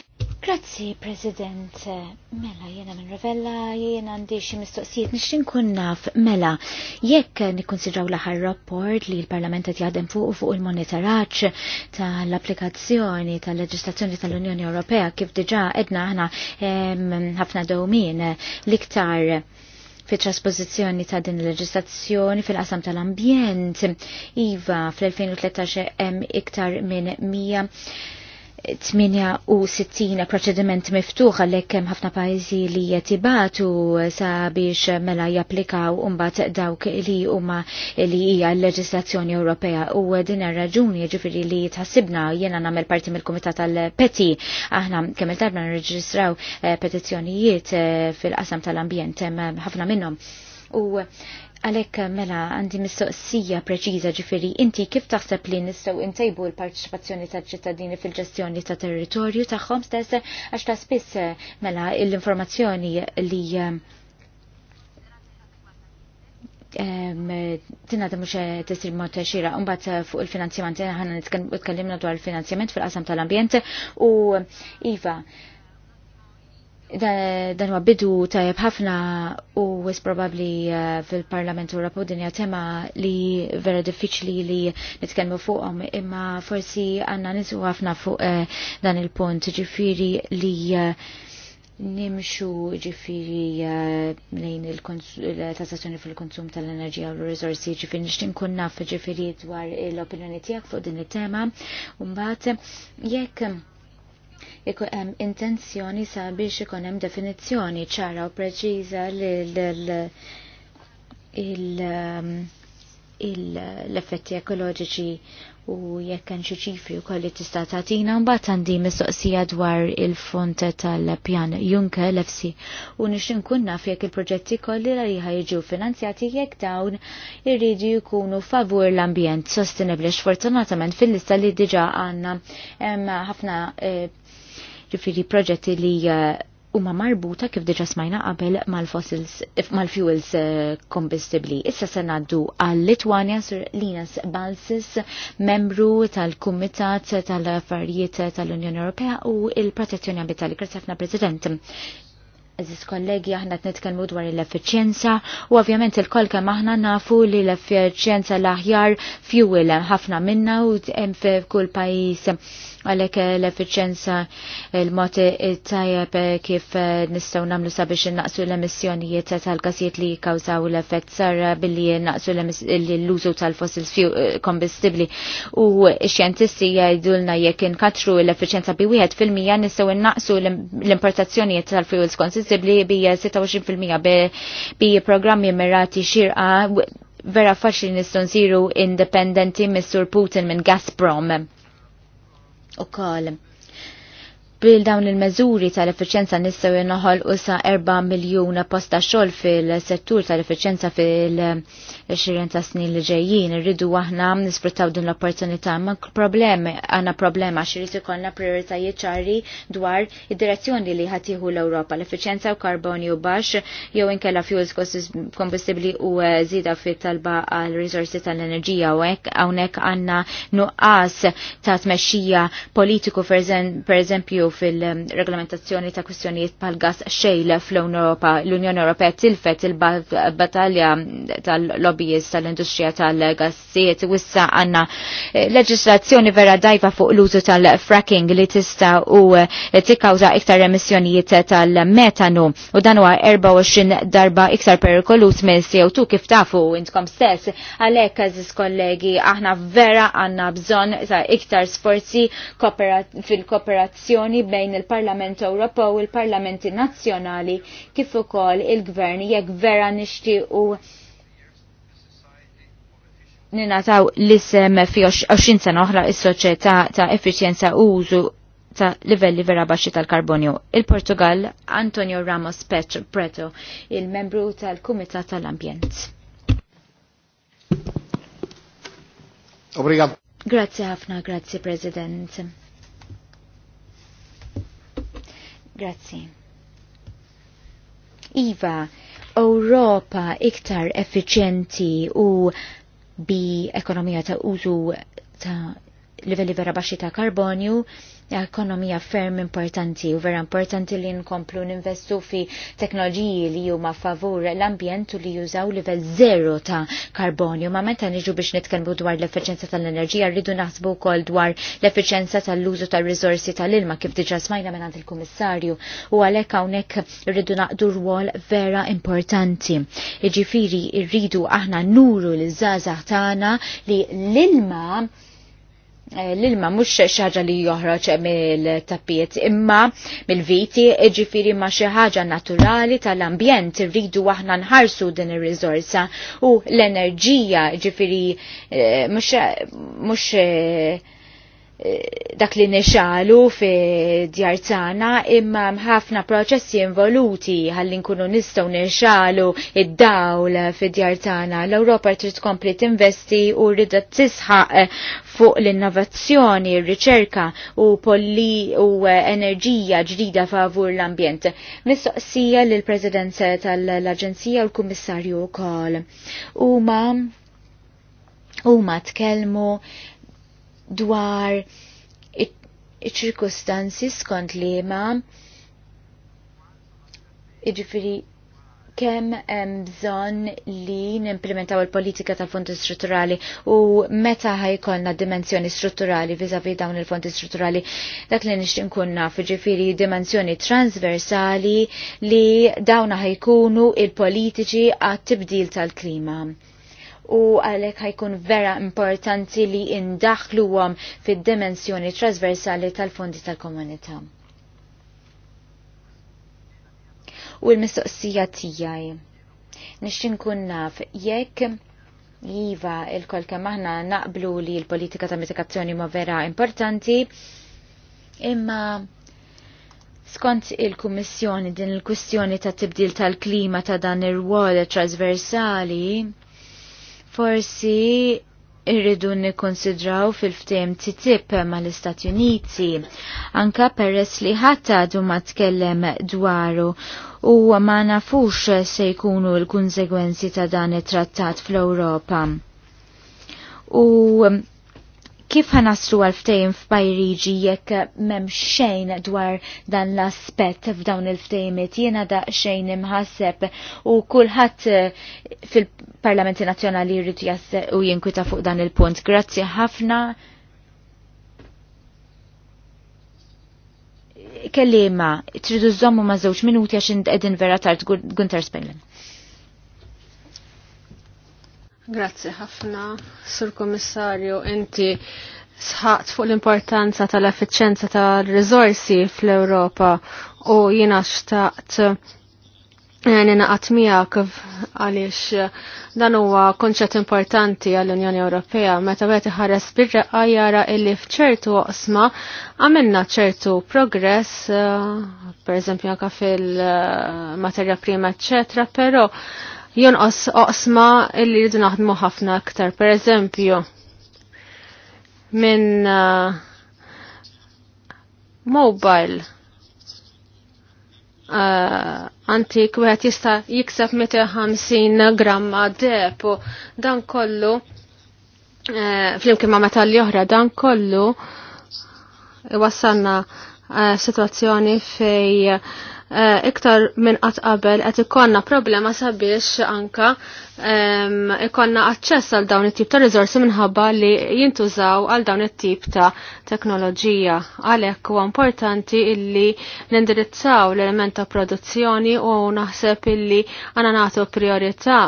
Grazzi, President. Mela, jena minn Ravella, jena għandi xie mistoqsijiet, nixin kun naf, mela, jekk nikkonsidraw laħar rapport li l-Parlament qed jadem fuq fuq il-monitoraġġ tal-applikazzjoni tal-leġislazzjoni tal-Unjoni Ewropea kif diġà edna ħana ħafna dowmin l-iktar fi trasposizjoni ta' din il-leġislazzjoni fil-qasam tal-ambjent. Iva, fl-2013 hemm iktar minn 100 68 proċediment miftuħ għalhekk hemm ħafna pajjiżi li jettibatu sabiex mela japplikaw imbagħad dawk li huma li hija l-leġislazzjoni Ewropea u din ir-raġuni jiġifieri li tħassibna jiena nagħmel parti mill komitat tal-Peti aħna kemm il-darba nirreġistraw eh, petizzjonijiet eh, fil-qasam tal-ambjent hemm ħafna minnhom u Għalek mela għandi mistoqsija preċiża ġifiri, inti kif taħseb li nistaw intajbu l-parċipazzjoni ta' ċittadini fil-ġestjoni ta' territorju tagħhom stess għax ta' spiss mela l-informazzjoni li tina da muxa tessir mot xira unbat fuq il-finanzjament ħana nitkallimna dwar il-finanzjament fil-qasam tal-ambjent u Iva dan huwa bidu tajjeb ħafna u wis probabbli uh, fil-Parlament Ewropew dinja tema li vera diffiċli li nitkellmu fuqhom imma forsi għandna nisu ħafna fuq uh, dan il-punt ġifiri li uh, nimxu ġifiri lejn il-tassazzjoni fil-konsum tal-enerġija u l-rizorsi ġifiri nixtin kun ġifiri dwar l-opinjoni tijak fuq din il-tema un jekk iku hemm intenzjoni sabiex ikun hemm definizzjoni ċara u preċiża l-effetti ekoloġiċi u jekk hemm xi ċifri wkoll li tista' tagħtina mbagħad għandi mistoqsija dwar il-font tal-pjan Juncker l Fsi u nixtieq nkun naf jekk il-proġetti kollha li jiġu finanzjati jekk dawn irridu jkunu favur l-ambjent sostenibbli xfortunatament fil-lista li diġà għandna hemm ħafna eh, ġifiri proġetti li eh, huma marbuta kif diġa smajna qabel mal-fossils mal-fuels kombustibli. Eh, Issa se ngħaddu għal litwania sur Linas Balsis, membru tal-Kumitat tal-Affarijiet tal-Unjoni Ewropea u il-Protezzjoni Ambitali. Grazie President. Eżis kollegi aħna t-netkelmu dwar l-effiċjenza u ovvjament il-koll kemm aħna nafu li l-effiċjenza l-aħjar fuel ħafna minna u kull f'kull pajjiż għalek eh, l-efficienza il-mod tajjeb eh, kif eh, nistaw namlu sabiex naqsu l-emissjonijiet tal-gazijiet li kawzaw l-effett sarra billi naqsu l-użu tal-fossil kombustibli u xjentisti jgħidulna jekk inkatru l-efficienza bi wieħed fil-mija nistaw naqsu l-importazzjonijiet tal-fuels konsistibli bi 26% bi programmi mirati xirqa vera faċli nistgħu nsiru independenti Mr. Putin minn Gazprom u koll. Bil dawn il-meżuri tal-efficienza nistgħu noħol usa 4 miljon posta xogħol fil-settur tal-efficienza fil-20 snin li ġejjin. Irridu aħna nisfruttaw din l-opportunità, ma problemi għandna problema xirritu konna ikollna prioritajiet ċari dwar id-direzzjoni li ħatiħu l europa l-efficienza u karboni u baxx jew inkella fuels kombustibbli u żieda eh, fit-talba għal rizorsi tal-enerġija u hekk hawnhekk għandna nuqqas ta' tmexxija politiku per eżempju fil-reglamentazzjoni ta' kwistjonijiet bħal gas xejl fl-Europa, l-Unjoni Ewropea tilfet il-battalja tal-lobbyist tal-industrija tal-gassiet wissa għanna eh, leġislazzjoni vera dajva fuq l-użu tal-fracking li tista u eh, tikkawża iktar emissjonijiet tal-metanu u dan huwa 24 darba iktar perikolus minn CO2 kif tafu intkom stess għalhekk każis kollegi aħna vera għandna bżonn ta' iktar sforzi fil-kooperazzjoni bejn il-Parlament Ewropew u il-Parlamenti Nazzjonali kif ukoll il-Gvern jekk vera nixtiequ ninataw l-isem fi 20 sena oħra is-soċjetà ta' effiċjenza u użu ta' livelli vera baxxi tal-karbonju. Il-Portugal, Antonio Ramos Petro Preto, il-membru tal-Kumitat tal-Ambjent. Obrigado. Grazie ħafna, grazie President. Grazzi. Iva, Europa iktar efficienti u bi ekonomija ta' użu ta' livelli vera baxxi ta' karbonju ekonomija ferm importanti u vera importanti li nkomplu ninvestu fi teknoloġiji li huma favur l-ambjent u li jużaw livell zero ta' karbonju. Ma meta niġu biex nitkellmu dwar l efficienza tal-enerġija rridu naħsbu wkoll dwar l efficienza tal-użu tal-riżorsi tal-ilma kif diġà smajna minn il-Kummissarju u għalhekk hawnhekk rridu naqdu rwol vera importanti. Jiġifieri rridu aħna nuru l-żgħażagħ tagħna li l-ilma Eh, l-ilma mux xaġa li joħroċ mill-tappiet imma mill-viti ġifiri ma xaħġa naturali tal-ambjent rridu aħna nħarsu din ir-rizorsa u l-enerġija ġifiri eh, mux Eh, dak li nexalu fi djartana imma ħafna proċessi involuti ħalli nkunu nistgħu nexalu id-dawl fi djar tagħna. L-Ewropa trid tkompli tinvesti u rida tisħaq eh, fuq l-innovazzjoni, r-riċerka u polli u eh, enerġija ġdida favur l-ambjent. Mistoqsija lill president tal-Aġenzija u l-Kummissarju wkoll. ma' huma tkellmu dwar iċ-ċirkustanzi skont li ma iġifiri kemm hemm bżonn li nimplementaw il-politika tal-fondi strutturali u meta ħajkolna dimensjoni strutturali viżavi dawn il-fondi strutturali dak li nixtieq nkun naf ġifieri dimensjoni transversali li dawna ħajkunu il-politiċi għat-tibdil tal-klima u għalek ħajkun vera importanti li indaħluwom fid-dimensjoni trasversali tal-fondi tal-komunità. U l-mistoqsija tijaj. Nixin kun naf, jekk Iva, il-kol kemm aħna naqblu li l-politika ta' mitigazzjoni ma' vera importanti, imma skont il-Kummissjoni din il-kwistjoni ta' tibdil tal-klima ta' dan ir-wol trasversali, Forsi irridu nikkonsidraw fil-ftehim titib mal-Istati Uniti, anka peress li ħatta għadu ma tkellem dwaru u ma nafux se jkunu l-konsegwenzi ta' dan it-trattat fl-Ewropa. U kif ħanaslu għal-ftejn f'Pajriġi jekk mem xejn dwar dan l-aspett f'dawn il-ftejmet jiena da xejn imħasseb u kulħadd eh, fil-Parlamenti Nazzjonali jrid u jinkwita fuq dan il-punt. Grazzi ħafna. Kellima, tridu żommu ma' żewġ minuti għax qegħdin vera tard Gunter Spellin. Grazzi ħafna, Sur Komissarju, inti sħaqt fuq l-importanza tal-effiċenza tal-rizorsi fl-Europa u jina xtaqt eh, nina naqat miegħek għaliex dan huwa konċett importanti għall-Unjoni Ewropea meta wieħed iħares bir-reqqa jara illi f'ċertu oqsma għamilna ċertu progress eh, pereżempju anke fil-materja prima eċċetra, però jonqos oqsma illi rridu naħdmu ħafna aktar. Per eżempju, minn uh, mobile uh, antik wieħed jista' jikseb 150 gramma dep u dan kollu uh, flimkien ma' metalli oħra dan kollu wassanna uh, situazzjoni fej uh, Eh, iktar minn qatt qabel qed ikonna problema sabiex anka ikonna aċċess għal dawn it-tip ta' riżorsi minħabba li jintużaw għal dawn it-tip ta' teknoloġija. Għalhekk huwa importanti illi nindirizzaw l-element ta' produzzjoni u naħseb illi għana nagħtu priorità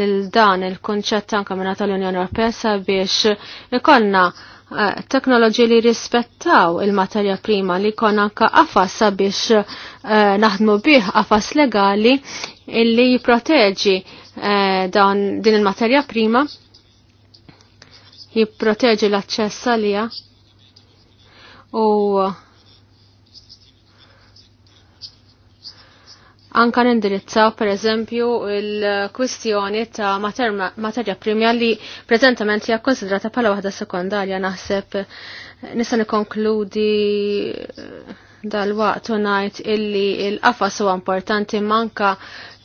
lil dan il-konċett anke minn tal-Unjoni Ewropea sabiex ikonna Eh, teknoloġi li rispettaw il-materja prima li kon anka qafas sabiex eh, naħdmu bih qafas legali illi jipproteġi eh, dan din il-materja prima jipproteġi l-aċċess għalija u Anka nindirizzaw per eżempju il-kwistjoni ta' materja primja li prezentament hija konsidrata bħala waħda sekondarja naħseb nista' nikkonkludi eh, dal-waqt u ngħid illi l-qafas huwa importanti manka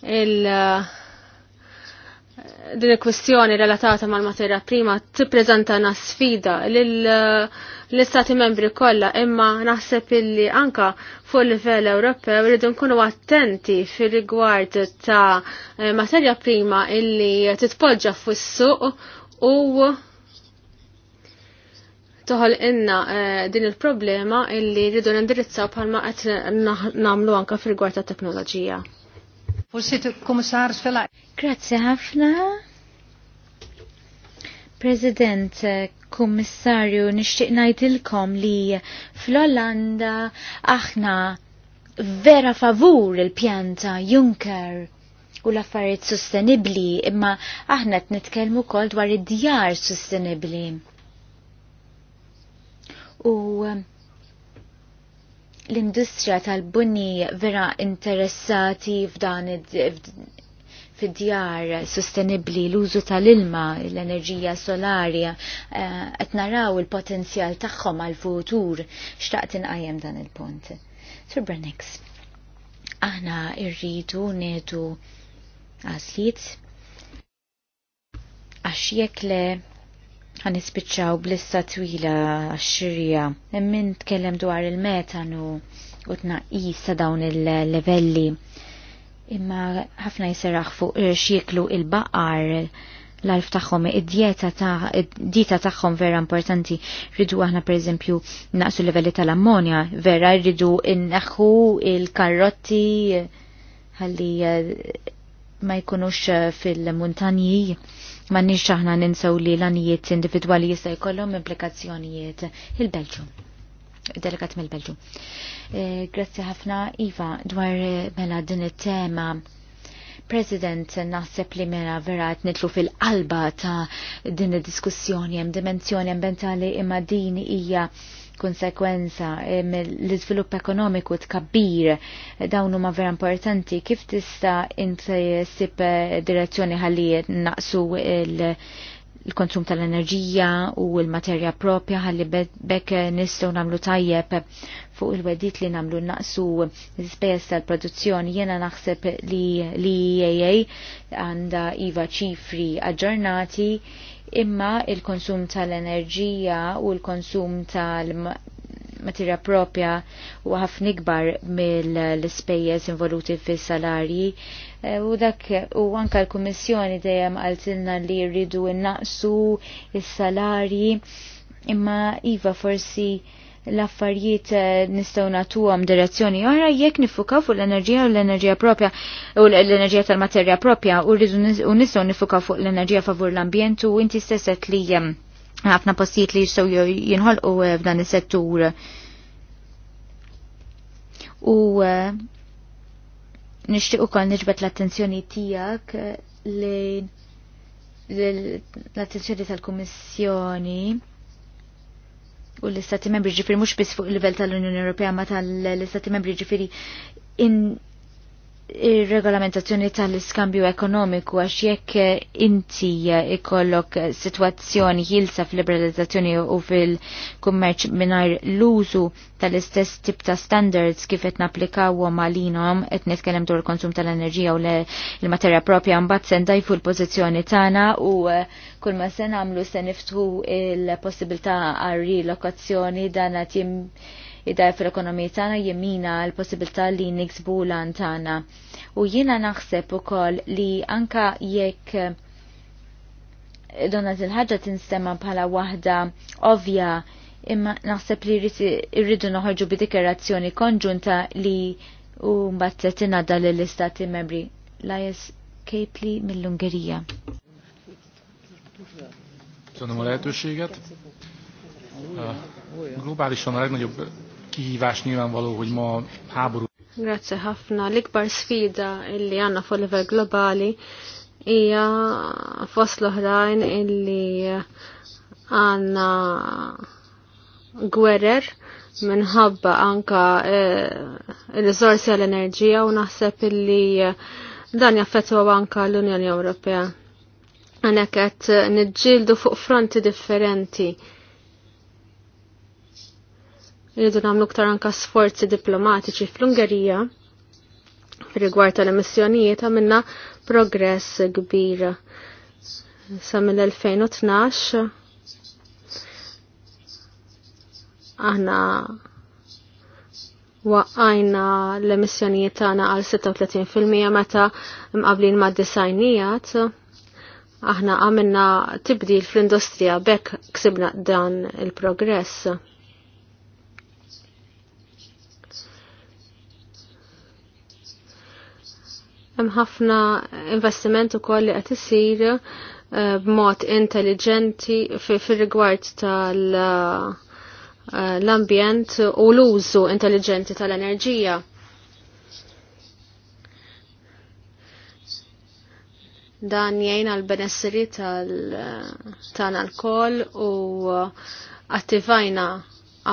il- eh, din il-kwistjoni relatata mal-materja prima tippreżentana sfida lil uh, l-istati membri kollha imma naħseb illi anka fuq livell Ewropew rridu nkunu attenti fir-rigward ta' eh, materja prima illi titpoġġa s suq u toħol inna eh, din il-problema illi rridu nindirizzaw bħalma qed nagħmlu anka fil rigward ta' teknoloġija. Forsi komissar Grazzi ħafna. President, eh, Kummissarju, nixtieq ngħidilkom li fl-Olanda aħna vera favur il-pjanta Juncker u l-affarijiet sostenibli, imma aħna qed nitkellmu wkoll dwar id-djar sostenibli. U um, l-industrija tal-bunni vera interessati f'dan fid-djar sostenibli, l-użu tal-ilma, l-enerġija solari, eh, qed naraw il-potenzjal tagħhom għal-futur xtaqt inqajjem dan il-punt. Sir Brenex, aħna irridu nedu għaslit għax jekk le ħanispiċċaw blissa twila għax-xirja, tkellem dwar il-metanu u tnaqqis ta' dawn il-levelli Imma ħafna jiseraħ fuq eh, xieklu il-baqar l-alf tagħhom id-dieta ta' id-dieta tagħhom vera importanti. Rridu aħna pereżempju naqsu l livelli tal-ammonja, vera rridu inneħħu il karotti ħalli eh, ma jkunux eh, fil-muntanji. Ma nix aħna ninsaw li l-anijiet individwali jista' jkollhom implikazzjonijiet il-Belġum delegat mill-Belġu. Eh, grazzi ħafna, Iva, dwar eh, mela din it-tema President, naħseb li mela vera nitlu fil-qalba ta' din id-diskussjoni hemm dimensjoni ambientali, imma din hija konsekwenza eh, l-iżvilupp ekonomiku tkabbir dawn huma vera importanti kif tista' inti sib direzzjoni ħalli naqsu il- il-konsum tal-enerġija u l-materja propja ħalli bekk nistgħu nagħmlu tajjeb fuq il-wedit li nagħmlu naqsu l-ispejjeż tal-produzzjoni jiena naħseb li EA eaa għandha iva ċifri aġġornati imma il-konsum tal-enerġija u l-konsum tal materja propja u ħafna ikbar mill-ispejjeż involuti fis-salarji Eh, u dak u anka l-Kummissjoni dejjem għaltilna li rridu innaqsu is-salarji imma iva forsi l-affarijiet eh, nistaw għam direzzjoni oħra jekk nifukaw fuq l-enerġija u l-enerġija propja u l-enerġija tal-materja propja u rridu nistgħu nifukaw fuq l-enerġija favur l-ambjent u inti stesset li eh, ħafna postijiet li jistgħu jinħolqu f'dan is-settur. U nishtiq ukoll niġbet l-attenzjoni tiegħek eh, li l-attenzjoni tal komissjoni u l-Istati Membri ġifiri mhux biss fuq il level tal-Unjoni Ewropea ma tal-Istati Membri ġifiri in ir-regolamentazzjoni tal-iskambju ekonomiku għax jekk inti ikollok situazzjoni jilsa fil-liberalizzazzjoni u fil-kummerċ minar l-użu tal-istess tip ta' standards kif qed napplikawhom għalinhom qed nitkellem dwar konsum tal-enerġija u l-materja propja mbagħad se ndajfu l-pożizzjoni tagħna u kull ma se nagħmlu se niftu il-possibilità għal rilokazzjoni dan qed id-dar fil-ekonomija tagħna jemina l-possibilità li niksbu lan tagħna. U jiena naħseb ukoll li anka jekk eh, donat il-ħagġa tinstema bħala waħda ovvja imma naħseb li rridu noħorġu bi dikerazzjoni konġunta li u mbagħad se tingħadda lill-istati membri. Lajes Kejpli mill-Ungerija. Sono lehetőséget. Globálisan a legnagyobb kihívás nyilvánvaló, hogy ma háború. Grazie ħafna. L-ikbar sfida illi għanna fuq livell globali hija fost l-oħrajn illi għanna gwerer minħabba anka eh, il-rizorsi għall enerġija u naħseb illi eh, dan jaffetwa anka l-Unjoni Ewropea. Għanek għet nġildu fuq fronti differenti. Rridu nagħmlu ktar anka sforzi diplomatiċi fl-Ungerija rigward tal-emissjonijiet għamilna progress kbir. Sa mill-2012 aħna waqqajna l-emissjonijiet tagħna għal 36% meta mqablin ma' disajnijat aħna għamilna tibdil fl-industrija bekk ksibna dan il-progress. Hemm ħafna investiment ukoll li qed isir eh, b'mod intelligenti fir-rigward tal eh, l-ambjent u l-użu intelligenti tal-enerġija. Dan jgħin għal benessiri eh, tal-alkohol u attivajna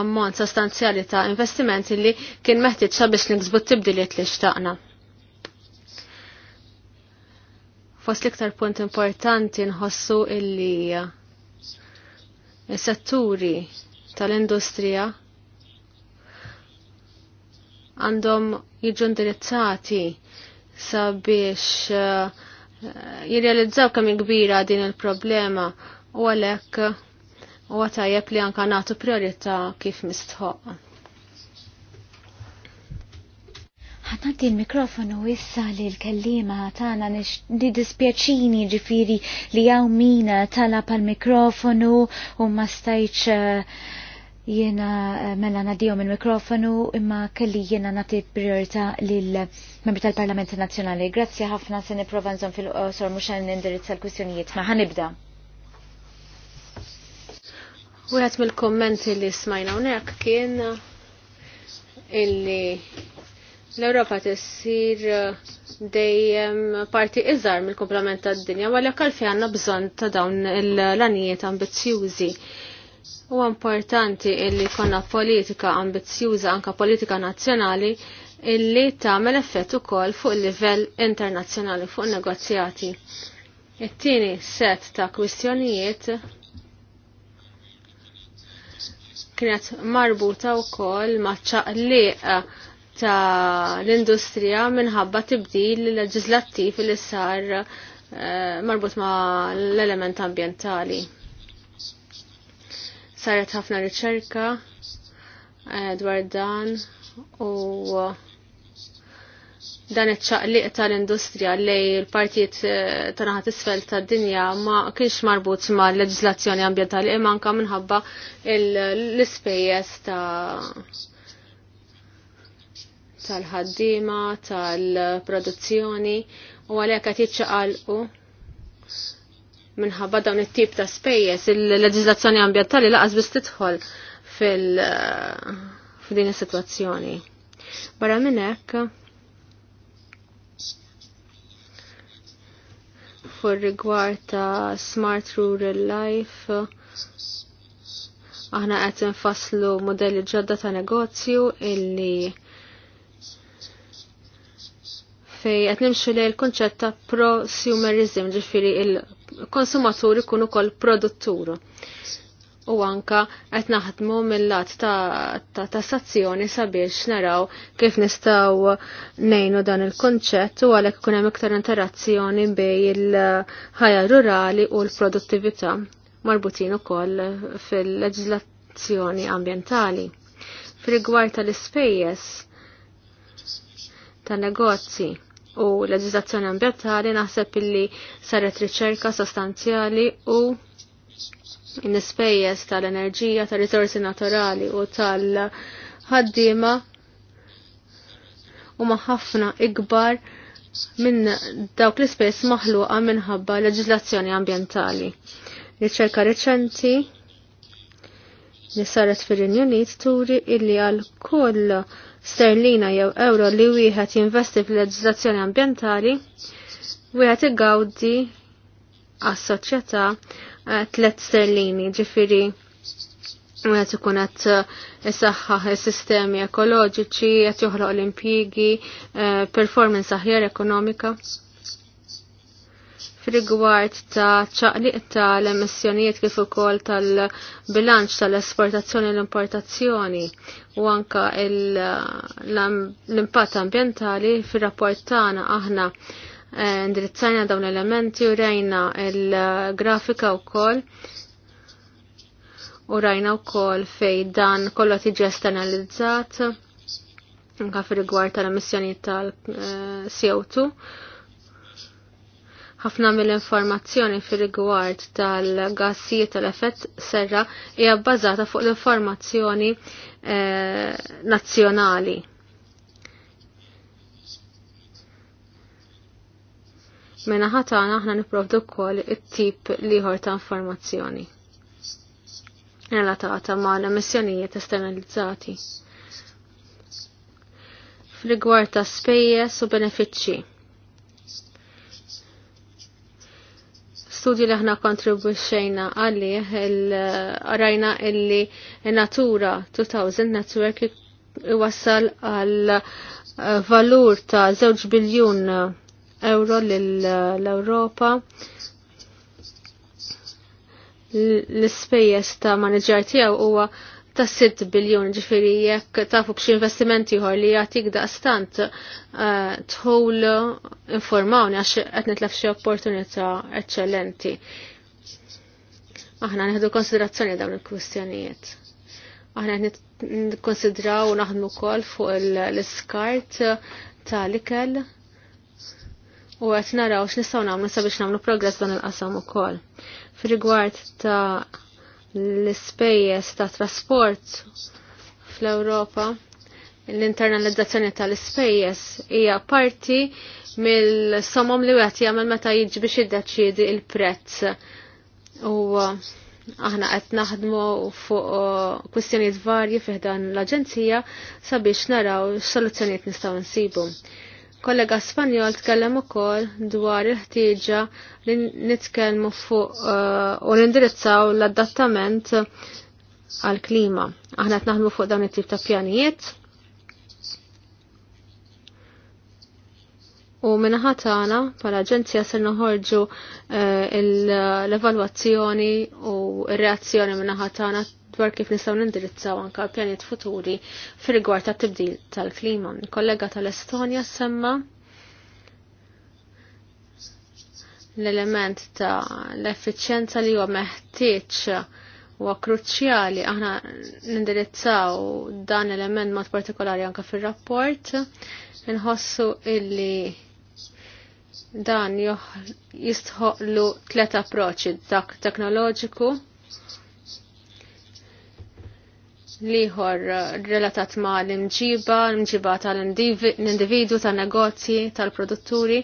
ammont sostanzjali ta' investimenti li kien meħtieġ sabiex niksbu t-tibdiliet li xtaqna. Fost liktar punt importanti nħossu illi setturi tal-industrija għandhom jiġu indirizzati sabiex eh, jirrealizzaw kemm kbira din il-problema u għalhekk huwa tajjeb li anka nagħtu priorità kif mistħoq. Għanti l-mikrofonu issa li l-kellima tana li dispjaċini ġifiri li jaw mina tala pal-mikrofonu u ma stajċ eh, jena eh, mela nadijom il-mikrofonu imma kelli jena nati priorita lil-membri tal-Parlament Nazjonali. Grazzi ħafna se niprofa nżom fil-qosor mux għan nindirizza l-kwistjonijiet ma ħanibda. Wieħed mill-kommenti li smajna hawnhekk kien illi l-Europa tessir eh, dejjem parti iżar mill-komplement tad-dinja, u għalhekk għalfejn għandna bżonn ta' dawn l-anijiet ambizzjużi. U importanti illi konna politika ambizzjuża anka politika nazzjonali illi tagħmel effett ukoll fuq il-livell internazzjonali fuq negozjati. It-tieni set ta' kwistjonijiet kienet marbuta wkoll ma' ċaqliq ta' l-industrija minħabba tibdil leġislattiv li sar eh, marbut ma' l-element ambientali. Saret ħafna riċerka eh, dwar dan u dan iċċaqliq ċaqliq tal-industrija li l-partijiet eh, ta' naħat isfel tad dinja ma kienx marbut ma' l-leġislazzjoni ambientali imman minħabba l-ispejjeż ta' tal-ħaddima, tal-produzzjoni u għalhekk qed jiċċaqalqu minħabba dawn it-tip ta' spejjeż il leġizlazzjoni ambjentali laqas biss tidħol fil f'din is-sitwazzjoni. Barra minn hekk fur rigward ta' Smart Rural Life aħna qed infaslu modelli ġodda ta' negozju illi fej qed nimxu li l konċett ta' prosumerism, ġifieri il-konsumatur ikun ukoll produttur. U anka qed naħdmu mill-lat ta' tassazzjoni sabiex naraw kif nistgħu nejnu dan il-konċett u għalhekk ikun hemm iktar interazzjoni bej il-ħajja rurali u l-produttività marbutin ukoll fil-leġislazzjoni ambientali. Fil-rigward tal-ispejjeż ta' negozji u l leġiżlazzjoni ambientali naħseb illi saret riċerka sostanzjali u nispejjeż tal-enerġija, tal-risorsi naturali u tal-ħaddiema u ħafna ikbar minn dawk l-ispess maħluqa minħabba leġiżlazzjoni ambientali. Riċerka reċenti li saret fir-Unit turi illi għal kull sterlina jew euro li wieħed jinvesti fil-leġiżlazzjoni ambjentali, wieħed igawdi għas-soċjetà eh, tliet sterlini, ġifiri għet ikun għet eh, saħħaħ sistemi ekoloġiċi, għet joħloq l-impjigi, eh, performance aħjar ekonomika fil gwart ta' ċaqliq ta' l-emissjonijiet kif ukoll tal-bilanċ tal-esportazzjoni u l-importazzjoni u anka l-impatt ambientali fil rapport tagħna aħna eh, indirizzajna dawn l-elementi u rajna l-grafika wkoll u rajna wkoll fej dan kollha tiġi esternalizzat anka fir-rigward tal-emissjonijiet tal-CO2 eh, ħafna mill-informazzjoni fir-rigward tal-gassijiet tal-effett serra hija bbażata fuq l-informazzjoni eh, nazzjonali. Mena ħatana aħna niprovdu wkoll it-tip liħor ta' informazzjoni relatata ma' l-emissjonijiet esternalizzati. Fir-rigward ta' spejjeż u benefiċċji studju li ħna kontribwixxejna għalih rajna illi Natura 2000 Network iwassal għal eh, valur ta' 2 biljun euro l-Europa l spejjes ta' manager tiegħu huwa ta' 6 biljon ġifiri jekk tafu b'xi investimenti għor li jagħtik daqstant eh, tħol informawni għax qed nitlef xi opportunità eċċellenti. Aħna nieħdu konsiderazzjoni dawn il-kwistjonijiet. Aħna qed nikkonsidraw naħdmu wkoll fuq l-iskart tal-ikel u qed naraw x'nistgħu nagħmlu sabiex nagħmlu progress dan il-qasam ukoll. Fir-rigward ta' l-ispejjeż ta' trasport fl-Ewropa l-internalizzazzjoni tal-ispejjeż hija parti mill-somom li wieħed jagħmel meta jiġi biex jiddeċiedi l-prezz. U uh, aħna qed naħdmu fuq uh, kwistjonijiet varji fih dan l-aġenzija sabiex naraw x'soluzzjonijiet nistgħu nsibu kollega Spanjol tkellem ukoll dwar il-ħtieġa li nitkellmu fuq uh, u nindirizzaw l-adattament għal-klima. Aħna qed naħdmu fuq dawn it-tip ta' pjanijiet. U minnaħa tagħna bħala aġenzija se noħorġu uh, l-evalwazzjoni u r-reazzjoni minnaħa tagħna dwar kif nistgħu nindirizzaw anke pjanijiet futuri fir-rigward tat-tibdil tal-klima. Kollega tal-Estonja semma l-element ta' l-effiċenza li huwa meħtieġ huwa kruċjali aħna nindirizzaw dan element mod partikolari anka fir-rapport nħossu illi dan jistħoqlu tlet approċċi dak teknoloġiku liħor eh, relatat ma l-imġiba, l-imġiba tal-individu, tal-negozji, tal-produtturi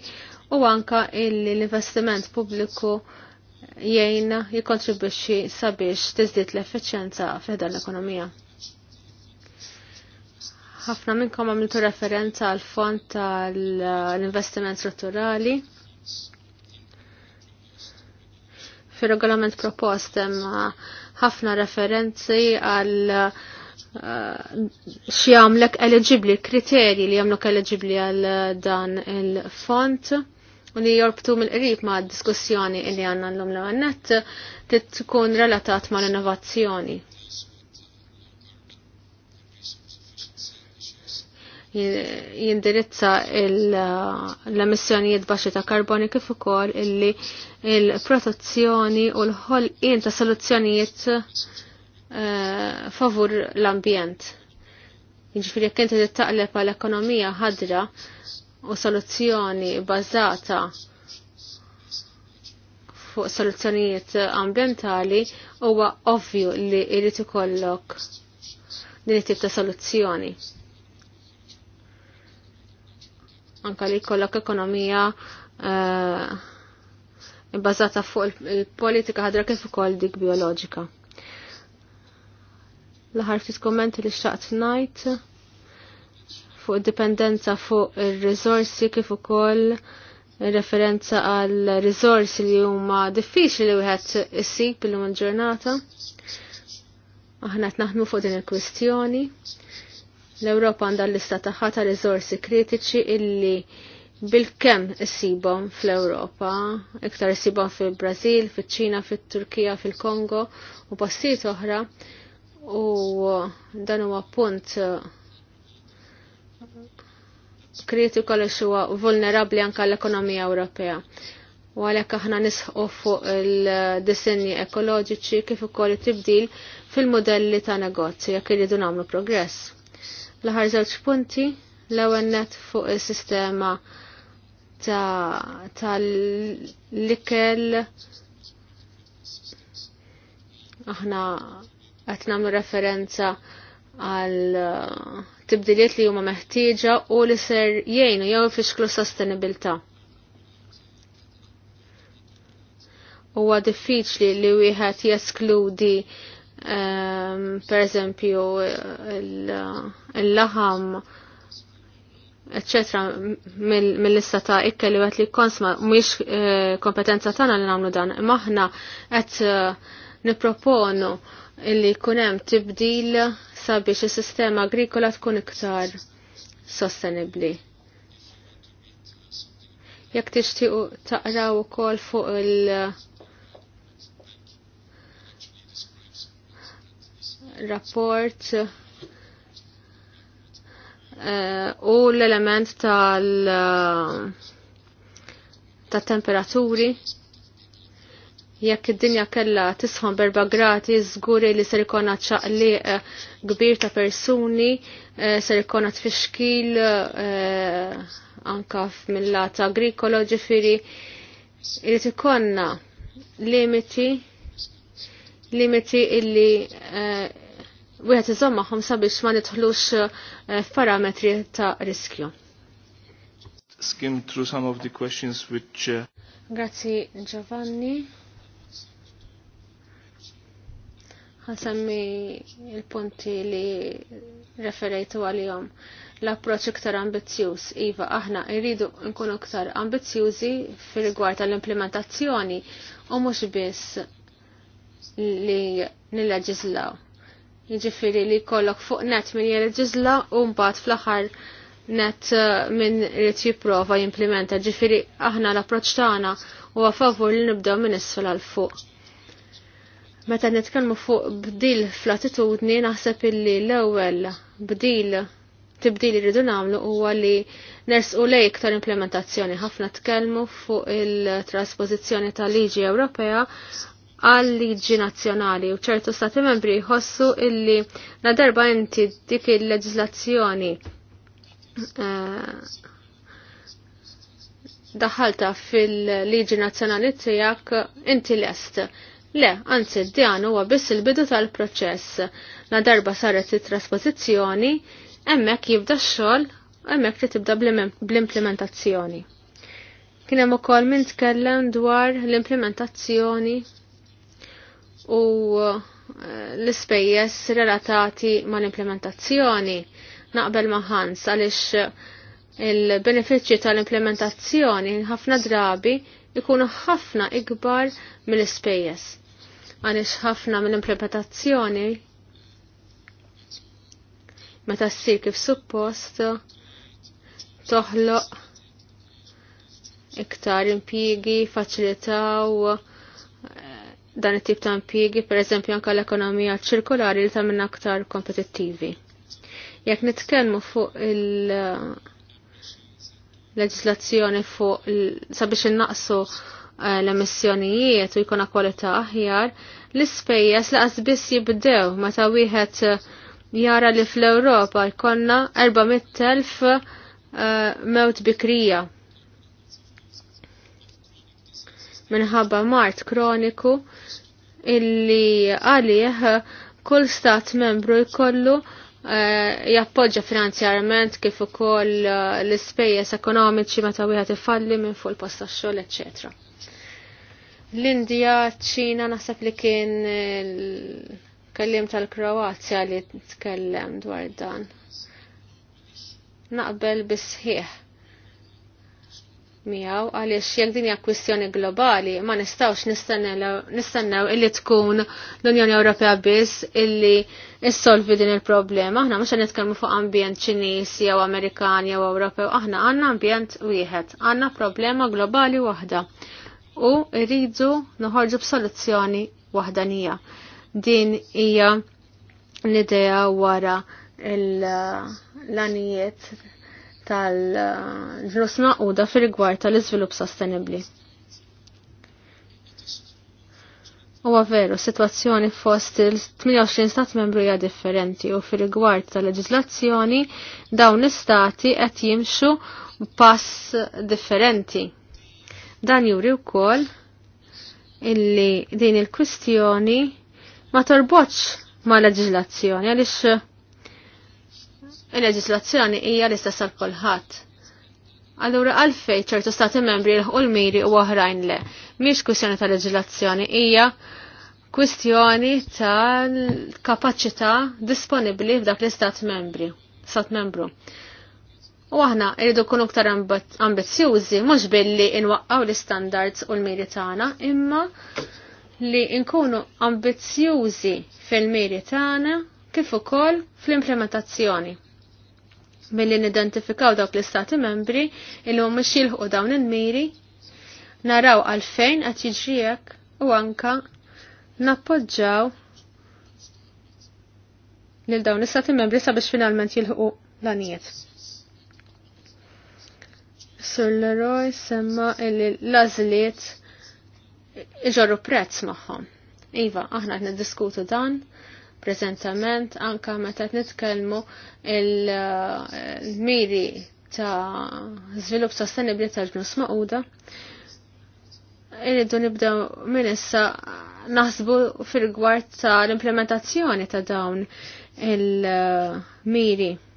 u anka l-investiment pubbliku jgħin jikontribuċi sabiex tizdit l-effiċjenza f'dan l-ekonomija. Ħafna minnkom għamiltu referenza għal fond tal-investiment strutturali. Fir-regolament propost hemm ħafna referenzi għal eh, għamlek eligibli, kriterji li jamluk eligibli għal eh, dan il-font u li jorbtu mill-qrib ma' diskussjoni li għanna l-lum l-għannet tkun relatat ma' l-innovazzjoni. jindirizza l-emissjonijiet baxxi ta' karboni kif ukoll illi il-protezzjoni u l-ħolqien ta' soluzzjonijiet eh, favur l-ambjent. Jiġifieri jekk inti tittaqleb għal ekonomija ħadra u soluzzjoni bażata fuq soluzzjonijiet ambjentali huwa ovvju li jrid ikollok din it-tip ta' soluzzjoni. anka li jkollok ekonomija eh, bazzata fuq il-politika ħadra kif ukoll dik bioloġika. l aħħar ftit kommenti li xtaqt ngħid fuq dipendenza fuq ir-riżorsi kif ukoll referenza għal riżorsi li huma diffiċli li wieħed issib illum il-ġurnata. Aħna qed naħdmu fuq din il-kwistjoni. il il kwistjoni L-Ewropa għandha l-lista tagħha ta' riżorsi kritiċi illi bil-kem issibhom fl-Ewropa, iktar issibhom fil-Brażil, fiċ-Ċina, fit-Turkija, fil-Kongo u postijiet oħra. U dan huwa punt uh, kritiku li huwa vulnerabbli anke l-ekonomija Ewropea u għalhekk aħna nisħu fuq il-disinni ekoloġiċi kif ukoll tibdil fil-modelli ta' negozju jekk iridu nagħmlu progress. L-ħar żewġ punti l-ewwel net fuq is-sistema ta' l likel aħna qed nagħmlu referenza għal uh, tibdiliet li huma meħtieġa u li ser jgħinu jew fixklu sostenibilità. Huwa diffiċli li wieħed jeskludi Ehm, per esempio il laham eccetera mill-lista ta' ikke li eh, għet li konsma mux kompetenza tana li namlu dan maħna għet eh, niproponu illi kunem tibdil sabiex il-sistema agrikola tkun iktar sostenibli. Jek tixtiqu taqraw ukoll fuq il- rapport eh, u l-element tal eh, ta' temperaturi jekk id-dinja kella tisħon berba grati żguri li ser ikona ċaqliq eh, kbir ta' persuni ser ikona tfixkil anka mill ta' agrikolo ġifiri irid ikonna limiti limiti illi wieħed iżomm magħhom sabiex ma nidħlux f'parametri eh, ta' riskju. Skim through some of the questions which eh, Grazzi Giovanni. Ħasemmi il-punti li referejtu għalihom. L-approċċ iktar ambizzjuż, iva aħna jridu nkunu iktar ambizzjużi fir-rigward tal-implementazzjoni u mhux biss li nilleġislaw Ġifiri li kollok fuq net minn jirreġizla u mbagħad fl-aħħar net uh, minn irid jipprova jimplementa. Ġifiri aħna l-approċċ tagħna huwa favur li nibdew minn isfel għal fuq. Meta nitkellmu fuq bdil fl-attitudni naħseb illi l-ewwel bdil tibdil irridu nagħmlu huwa li nersqu lej iktar implementazzjoni. Ħafna tkellmu fuq il traspożizzjoni tal-liġi Ewropea għal liġi nazzjonali u ċertu stati membri jħossu illi la darba inti dik il-leġislazzjoni eh, daħalta fil-liġi nazzjonali tijak inti lest. Le, anzi, dan huwa biss il-bidu tal-proċess. La darba saret it-trasposizzjoni, emmek jibda x-xogħol, emmek li tibda bl-implementazzjoni. Kien hemm ukoll min tkellem dwar l-implementazzjoni u eh, l-ispejjeż relatati mal-implementazzjoni. Naqbel ma' Hans għaliex eh, il-benefiċċji tal-implementazzjoni ħafna drabi ikunu ħafna ikbar mill-ispejjeż. Għaliex ħafna mill-implementazzjoni meta ssir kif suppost toħloq iktar impjigi faċilitaw dan it-tip ta' impjiegi, pereżempju anke l-ekonomija ċirkolari li tagħmilna aktar kompetittivi. Jekk nitkellmu fuq il- leġislazzjoni fuq sabiex innaqsu eh, l-emissjonijiet u jkun kwalità aħjar, l-ispejjeż laqas biss jibdew meta wieħed eh, jara li fl-Ewropa jkollna 400,000 eh, mewt bikrija minħabba mart kroniku illi għalih kull stat membru jkollu eh, jappoġġa finanzjarment kif ukoll eh, l-ispejjeż ekonomiċi meta wieħed ifalli minn fuq il-post tax-xogħol, eċetera. L-Indja, ċina naħseb li kien kellim tal-Kroazja li tkellem dwar dan. Naqbel bisħieħ miegħu għaliex jekk din hija kwistjoni globali ma nistgħux nistennew illi tkun l-Unjoni Ewropea biss illi issolvi din il-problema. Aħna mhux qed nitkellmu fuq ambjent Ċiniż jew Amerikan jew Ewropew, aħna għandna ambjent wieħed, għandna problema globali waħda u rridu noħorġu b'soluzzjoni waħdanija. Din hija l-idea wara l-anijiet tal-ġlus maquda fil-gwar tal-izvilup sostenibli. Huwa veru, situazzjoni fost il-28 stat membru hija differenti u fil-gwar tal-leġislazzjoni dawn l-istati qed jimxu pass differenti. Dan juri wkoll illi din il-kwistjoni ma torbotx ma leġislazzjoni għaliex il-leġislazzjoni hija l-istess għal kulħadd. Allura għalfej ċertu stati membri l miri u oħrajn le. Miex kwistjoni ta' leġislazzjoni, hija kwistjoni tal-kapaċità disponibbli f'dak l-istat membri, stat membru. U aħna irridu kunu ktar ambizjużi mhux billi inwaqqaw l-istandards u l-miri tagħna, imma li nkunu ambizzjużi fil-miri tagħna kif ukoll fl-implementazzjoni milli nidentifikaw dawk l-istati membri illi huma xilħu dawn il-miri, naraw għalfejn qed jiġrijek u anka nappoġġaw lil dawn l-istati membri sabiex finalment jilħu l-anijiet. Sur Leroy semma illi l-azliet iġorru prezz magħhom. Iva, aħna qed diskutu dan preżentament anka meta nitkellmu eh, il-miri ta' żvilupp sostenibbli tal-ġnus maquda. Irridu nibdew minn issa naħsbu fil-gwart ta' l-implementazzjoni ta' dawn il-miri. Eh,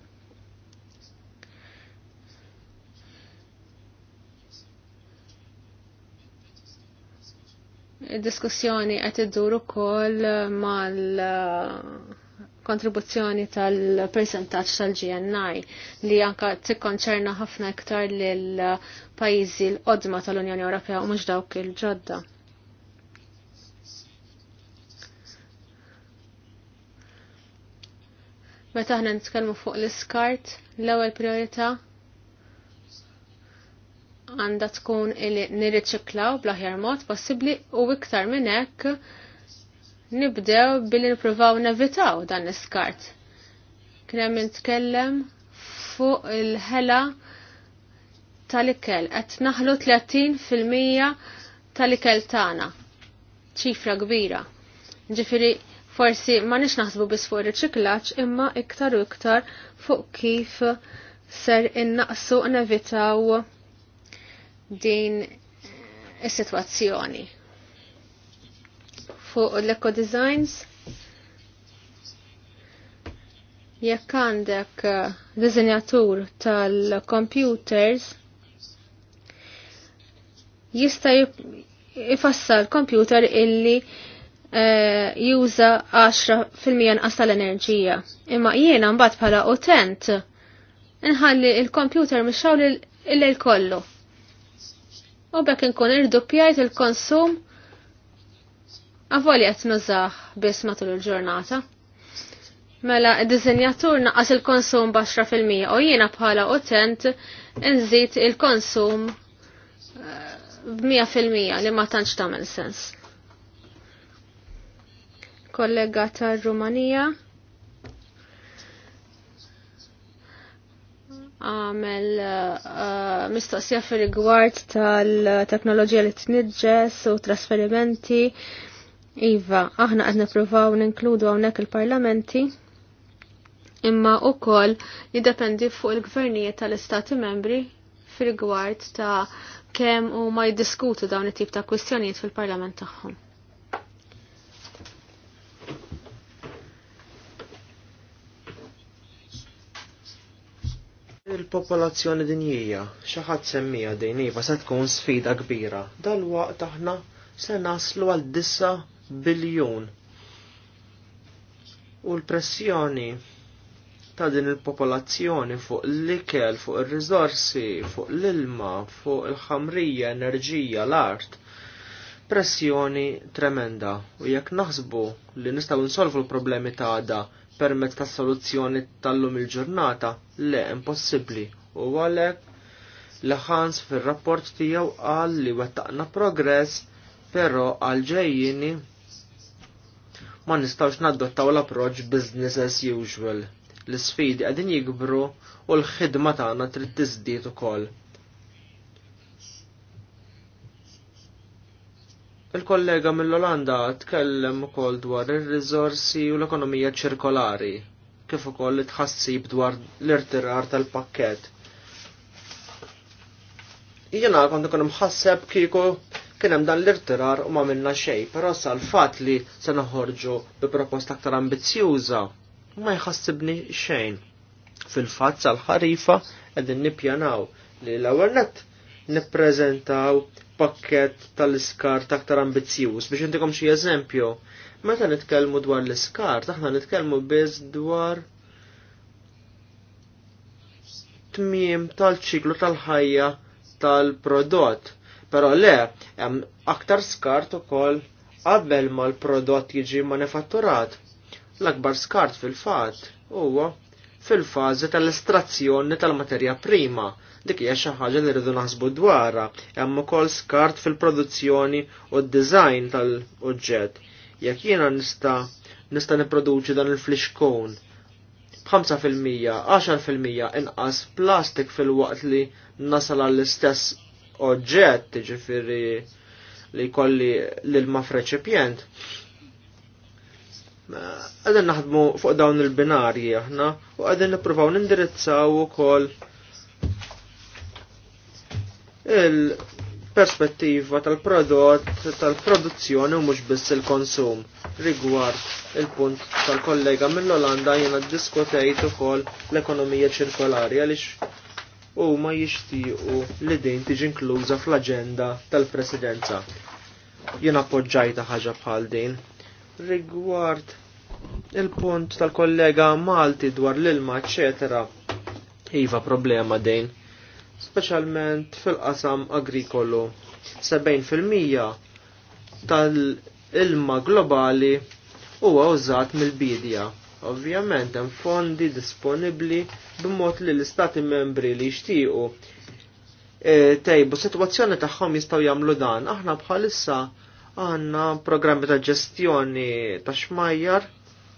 Id-diskussjoni qed iddur ukoll mal kontribuzzjoni tal-percentaċ tal-GNI li anka tikkonċerna ħafna iktar lil pajjiżi l-qodma tal-Unjoni Ewropea u mhux dawk il-ġodda. Meta aħna nitkellmu fuq l-iskart, l-ewwel priorità għanda tkun li nirriċiklaw bl-aħjar mod possibbli u iktar minn hekk nibdew billi nippruvaw nevitaw dan l-iskart. Kien hemm nitkellem fuq il-ħela tal-ikel qed naħlu 30% tal-ikel tagħna. Ċifra kbira. Ġifieri forsi ma nix naħsbu bis fuq riċiklaċ imma iktar u iktar fuq kif ser innaqsu nevitaw din is-sitwazzjoni. Fuq l-Eco Designs jekk għandek eh, dizinjatur tal-computers jista' ifassal computer illi eh, għaxra juża 10% nqas tal-enerġija. Imma jiena mbagħad bħala utent inħalli il-computer mixxaw lil kollu u bekk inkun irdoppjajt il-konsum għavoli qed nużah biss matul il-ġurnata. Mela, id dizenjatur naqas il-konsum fil-Mija u jiena bħala utent nżid il-konsum eh, fil-mija li ma tantx tagħmel sens. Kollega tar-Rumanija għamel eh, eh, mistoqsija fil-rigward tal-teknoloġija li t-nidġes u trasferimenti. Iva, aħna għadna provaw ninkludu għawnek il-parlamenti imma u koll jiddependi fuq il-gvernijiet tal-istati membri fil-rigward ta' kem u ma jiddiskutu dawn it-tip ta' kwistjonijiet fil-parlament tagħhom. Il-popolazzjoni dinjija, xaħat semmija din iva, se tkun sfida kbira. Dal-waqt aħna se naslu għal 9 biljun. U l-pressjoni ta' din il-popolazzjoni fuq l-ikel, fuq il-rizorsi, fuq l-ilma, fuq il-ħamrija, enerġija, l-art, pressjoni tremenda. U jekk naħsbu li nistgħu nsolvu l-problemi ta' da' permezz ta' soluzzjoni tal-lum il-ġurnata, le impossibbli u għalhekk leħans ħans fir-rapport tiegħu qal li wettaqna progress, però għal ġejjini ma nistawx naddottaw l-approċ business as usual. L-sfidi qegħdin jikbru u l-ħidma tagħna trid tiżdied ukoll. Il-kollega mill-Olanda tkellem ukoll dwar ir-riżorsi u l-ekonomija ċirkolari, kif ukoll tħassib dwar l-irtirar tal-pakket. Jiena kont ikun imħasseb kieku kien hemm dan l-irtirar u ma minna xejn, però sa l-fatt li se noħorġu bi proposta aktar ambizzjuża ma jħassibni xejn. Fil-fatt sal-ħarifa qegħdin nippjanaw li l-ewwel nippreżentaw pakket tal-iskar taktar ambizzjuż biex intikom xi eżempju. Meta nitkellmu dwar l-iskar, taħna nitkellmu biss dwar tmiem tal-ċiklu tal-ħajja tal-prodott. Però le, hemm aktar skart ukoll qabel ma l-prodott jiġi manifatturat. L-akbar skart fil-fatt huwa fil-fażi tal-estrazzjoni tal-materja prima dik hija xi ħaġa li rridu naħsbu dwarha, hemm ukoll skart fil-produzzjoni u d-design tal-oġġett. Jekk jiena nista' nista' nipproduċi dan il-flixkon b'5%, 10% inqas plastik fil-waqt li nasal għall-istess oġġett, ġifiri li jkolli l-ilma f'reċipjent. Għadin naħdmu fuq dawn il-binarji aħna u għadin nipruvaw nindirizzaw u koll il-perspettiva tal-prodott tal-produzzjoni u mhux biss il-konsum. Rigward il-punt tal-kollega mill-Olanda jiena ddiskutejt ukoll l-ekonomija ċirkolari għaliex u ma jixtiequ li din tiġi inkluża fl-aġenda tal-presidenza. Jien appoġġajta ħaġa bħal din. Rigward il-punt tal-kollega Malti dwar l-ilma, eċetera, iva problema din speċjalment fil-qasam agrikolu. 70% tal-ilma globali huwa użat mill-bidja. Ovvjament hemm fondi disponibbli b'mod li l-istati membri li jixtiequ e, tejbu sitwazzjoni tagħhom jistgħu jagħmlu dan. Aħna bħalissa għandna programmi ta' ġestjoni ta' xmajjar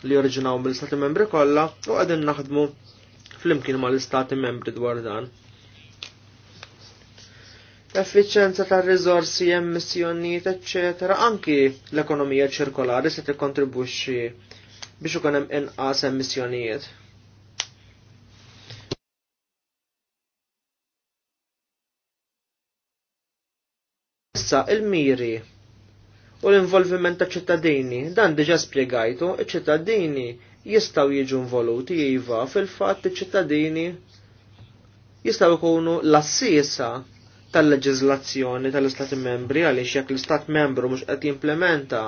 li jorġinaw mill-istati membri kollha u qegħdin naħdmu flimkien mal istati membri dwar dan effiċenza ta' rizorsi, emissjonijiet, eccetera, anki l-ekonomija ċirkolari se tikkontribwixxi biex ikun hemm inqas emissjonijiet. Issa il-miri u l-involviment ta' ċittadini, dan diġa spjegajtu, iċ-ċittadini jistaw jiġu involuti iva fil-fatt iċ-ċittadini jistaw ikunu l-assisa tal-leġizlazzjoni tal-Istati membri għaliex jekk l-Istat membru mhux qed jimplementa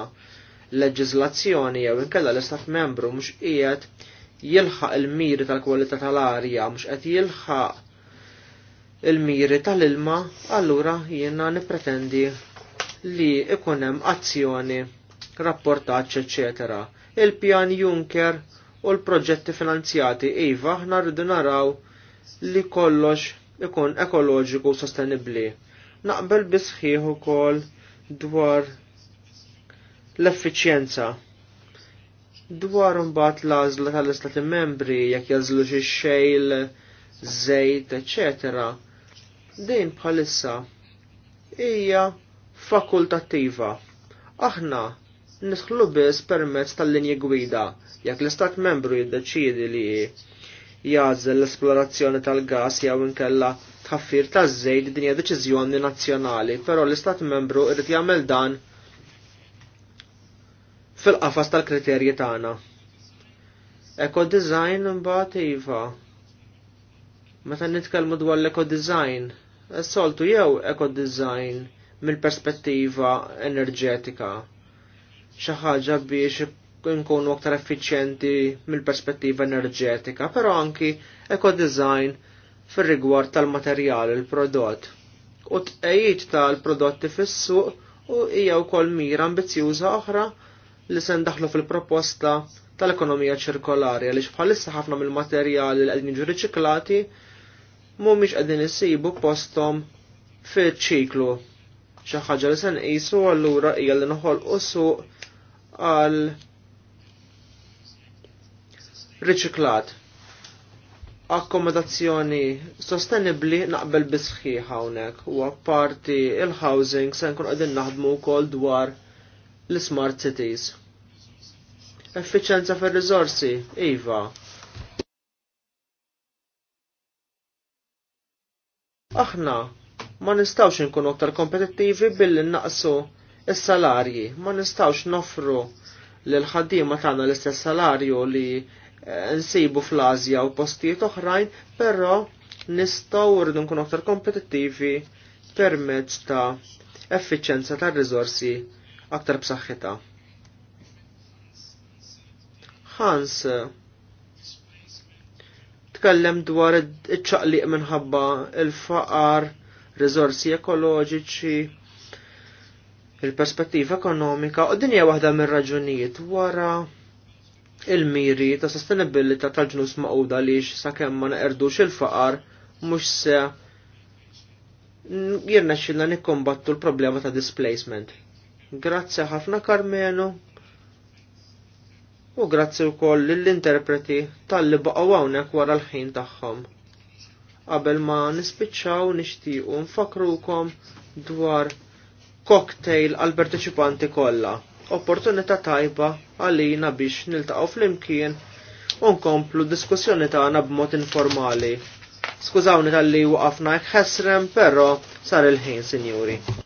leġizlazzjoni jew inkella l-Istat membru mhux qiegħed jilħaq il-miri tal-kwalità tal-arja mhux qed jilħaq il-miri tal-ilma, allura jiena nippretendi li ikun hemm azzjoni, rapportaġġ, eċetera. Il-pjan Juncker u l-proġetti finanzjati iva aħna rridu naraw li kollox ikun ekoloġiku sostenibli. Naqbel bisħiħu ukoll dwar l-effiċjenza. Dwar mbagħad l-għażla tal-istati membri jekk jażlu xi xejl, żejt, eċetera. Din bħalissa hija fakultattiva. Aħna nisħlu biss permezz tal-linji gwida jekk l-istat membru jiddeċiedi li jażel l-esplorazzjoni tal-gas jew inkella tħaffir taż-żejt din hija deċiżjoni nazzjonali, però l-Istat membru irid jagħmel dan fil-qafas tal-kriterji tagħna. Eco design mbagħad iva. Meta nitkellmu dwar l-eco design, soltu jew eco design mill-perspettiva enerġetika xi ħaġa biex nkunu aktar effiċjenti mill-perspettiva enerġetika, però anki design fir-rigward tal-materjal il-prodott. U t tal-prodotti fis-suq u hija wkoll mira ambizzjuża oħra li se ndaħlu fil-proposta tal-ekonomija ċirkolari għaliex bħalissa ħafna mill-materjali li qegħdin jiġu riċiklati mhumiex qegħdin isibu posthom fiċ-ċiklu xi ħaġa li se nqisu allura hija li noħolqu suq għal riċiklat. Akkomodazzjoni sostenibli naqbel bisħi hawnhekk u apparti il-housing se nkun qegħdin naħdmu wkoll dwar l-smart cities. Effiċenza fir rizorsi iva. Aħna ma nistawx nkunu aktar kompetittivi billi naqsu is-salarji, ma nistawx nofru lil ħaddiema tagħna l-istess salarju li nsibu fl-Azja u postijiet oħrajn, però nistgħu rridu nkunu aktar kompetittivi permezz ta' effiċenza tar riżorsi aktar b'saħħitha. Hans tkellem dwar iċ-ċaqliq minħabba il-faqar, riżorsi ekoloġiċi, il-perspettiva ekonomika u dinja waħda mir-raġunijiet wara il-miri ta' sostenibilità tal-ġnus maquda li sakemm ma naqerdux il-faqar mhux se jirna xilna nikkombattu l-problema ta' displacement. Grazzi ħafna Karmenu u grazzi wkoll lill-interpreti tal-li baqgħu hawnhekk wara l-ħin tagħhom. Qabel ma nispiċċaw nixtiequ nfakrukom dwar cocktail għal-parteċipanti kollha opportunità tajba għalina biex niltaqgħu flimkien u nkomplu diskussjoni tagħna b'mod informali. Skużawni tal-li waqafna ħesrem, però sar il-ħin, sinjuri.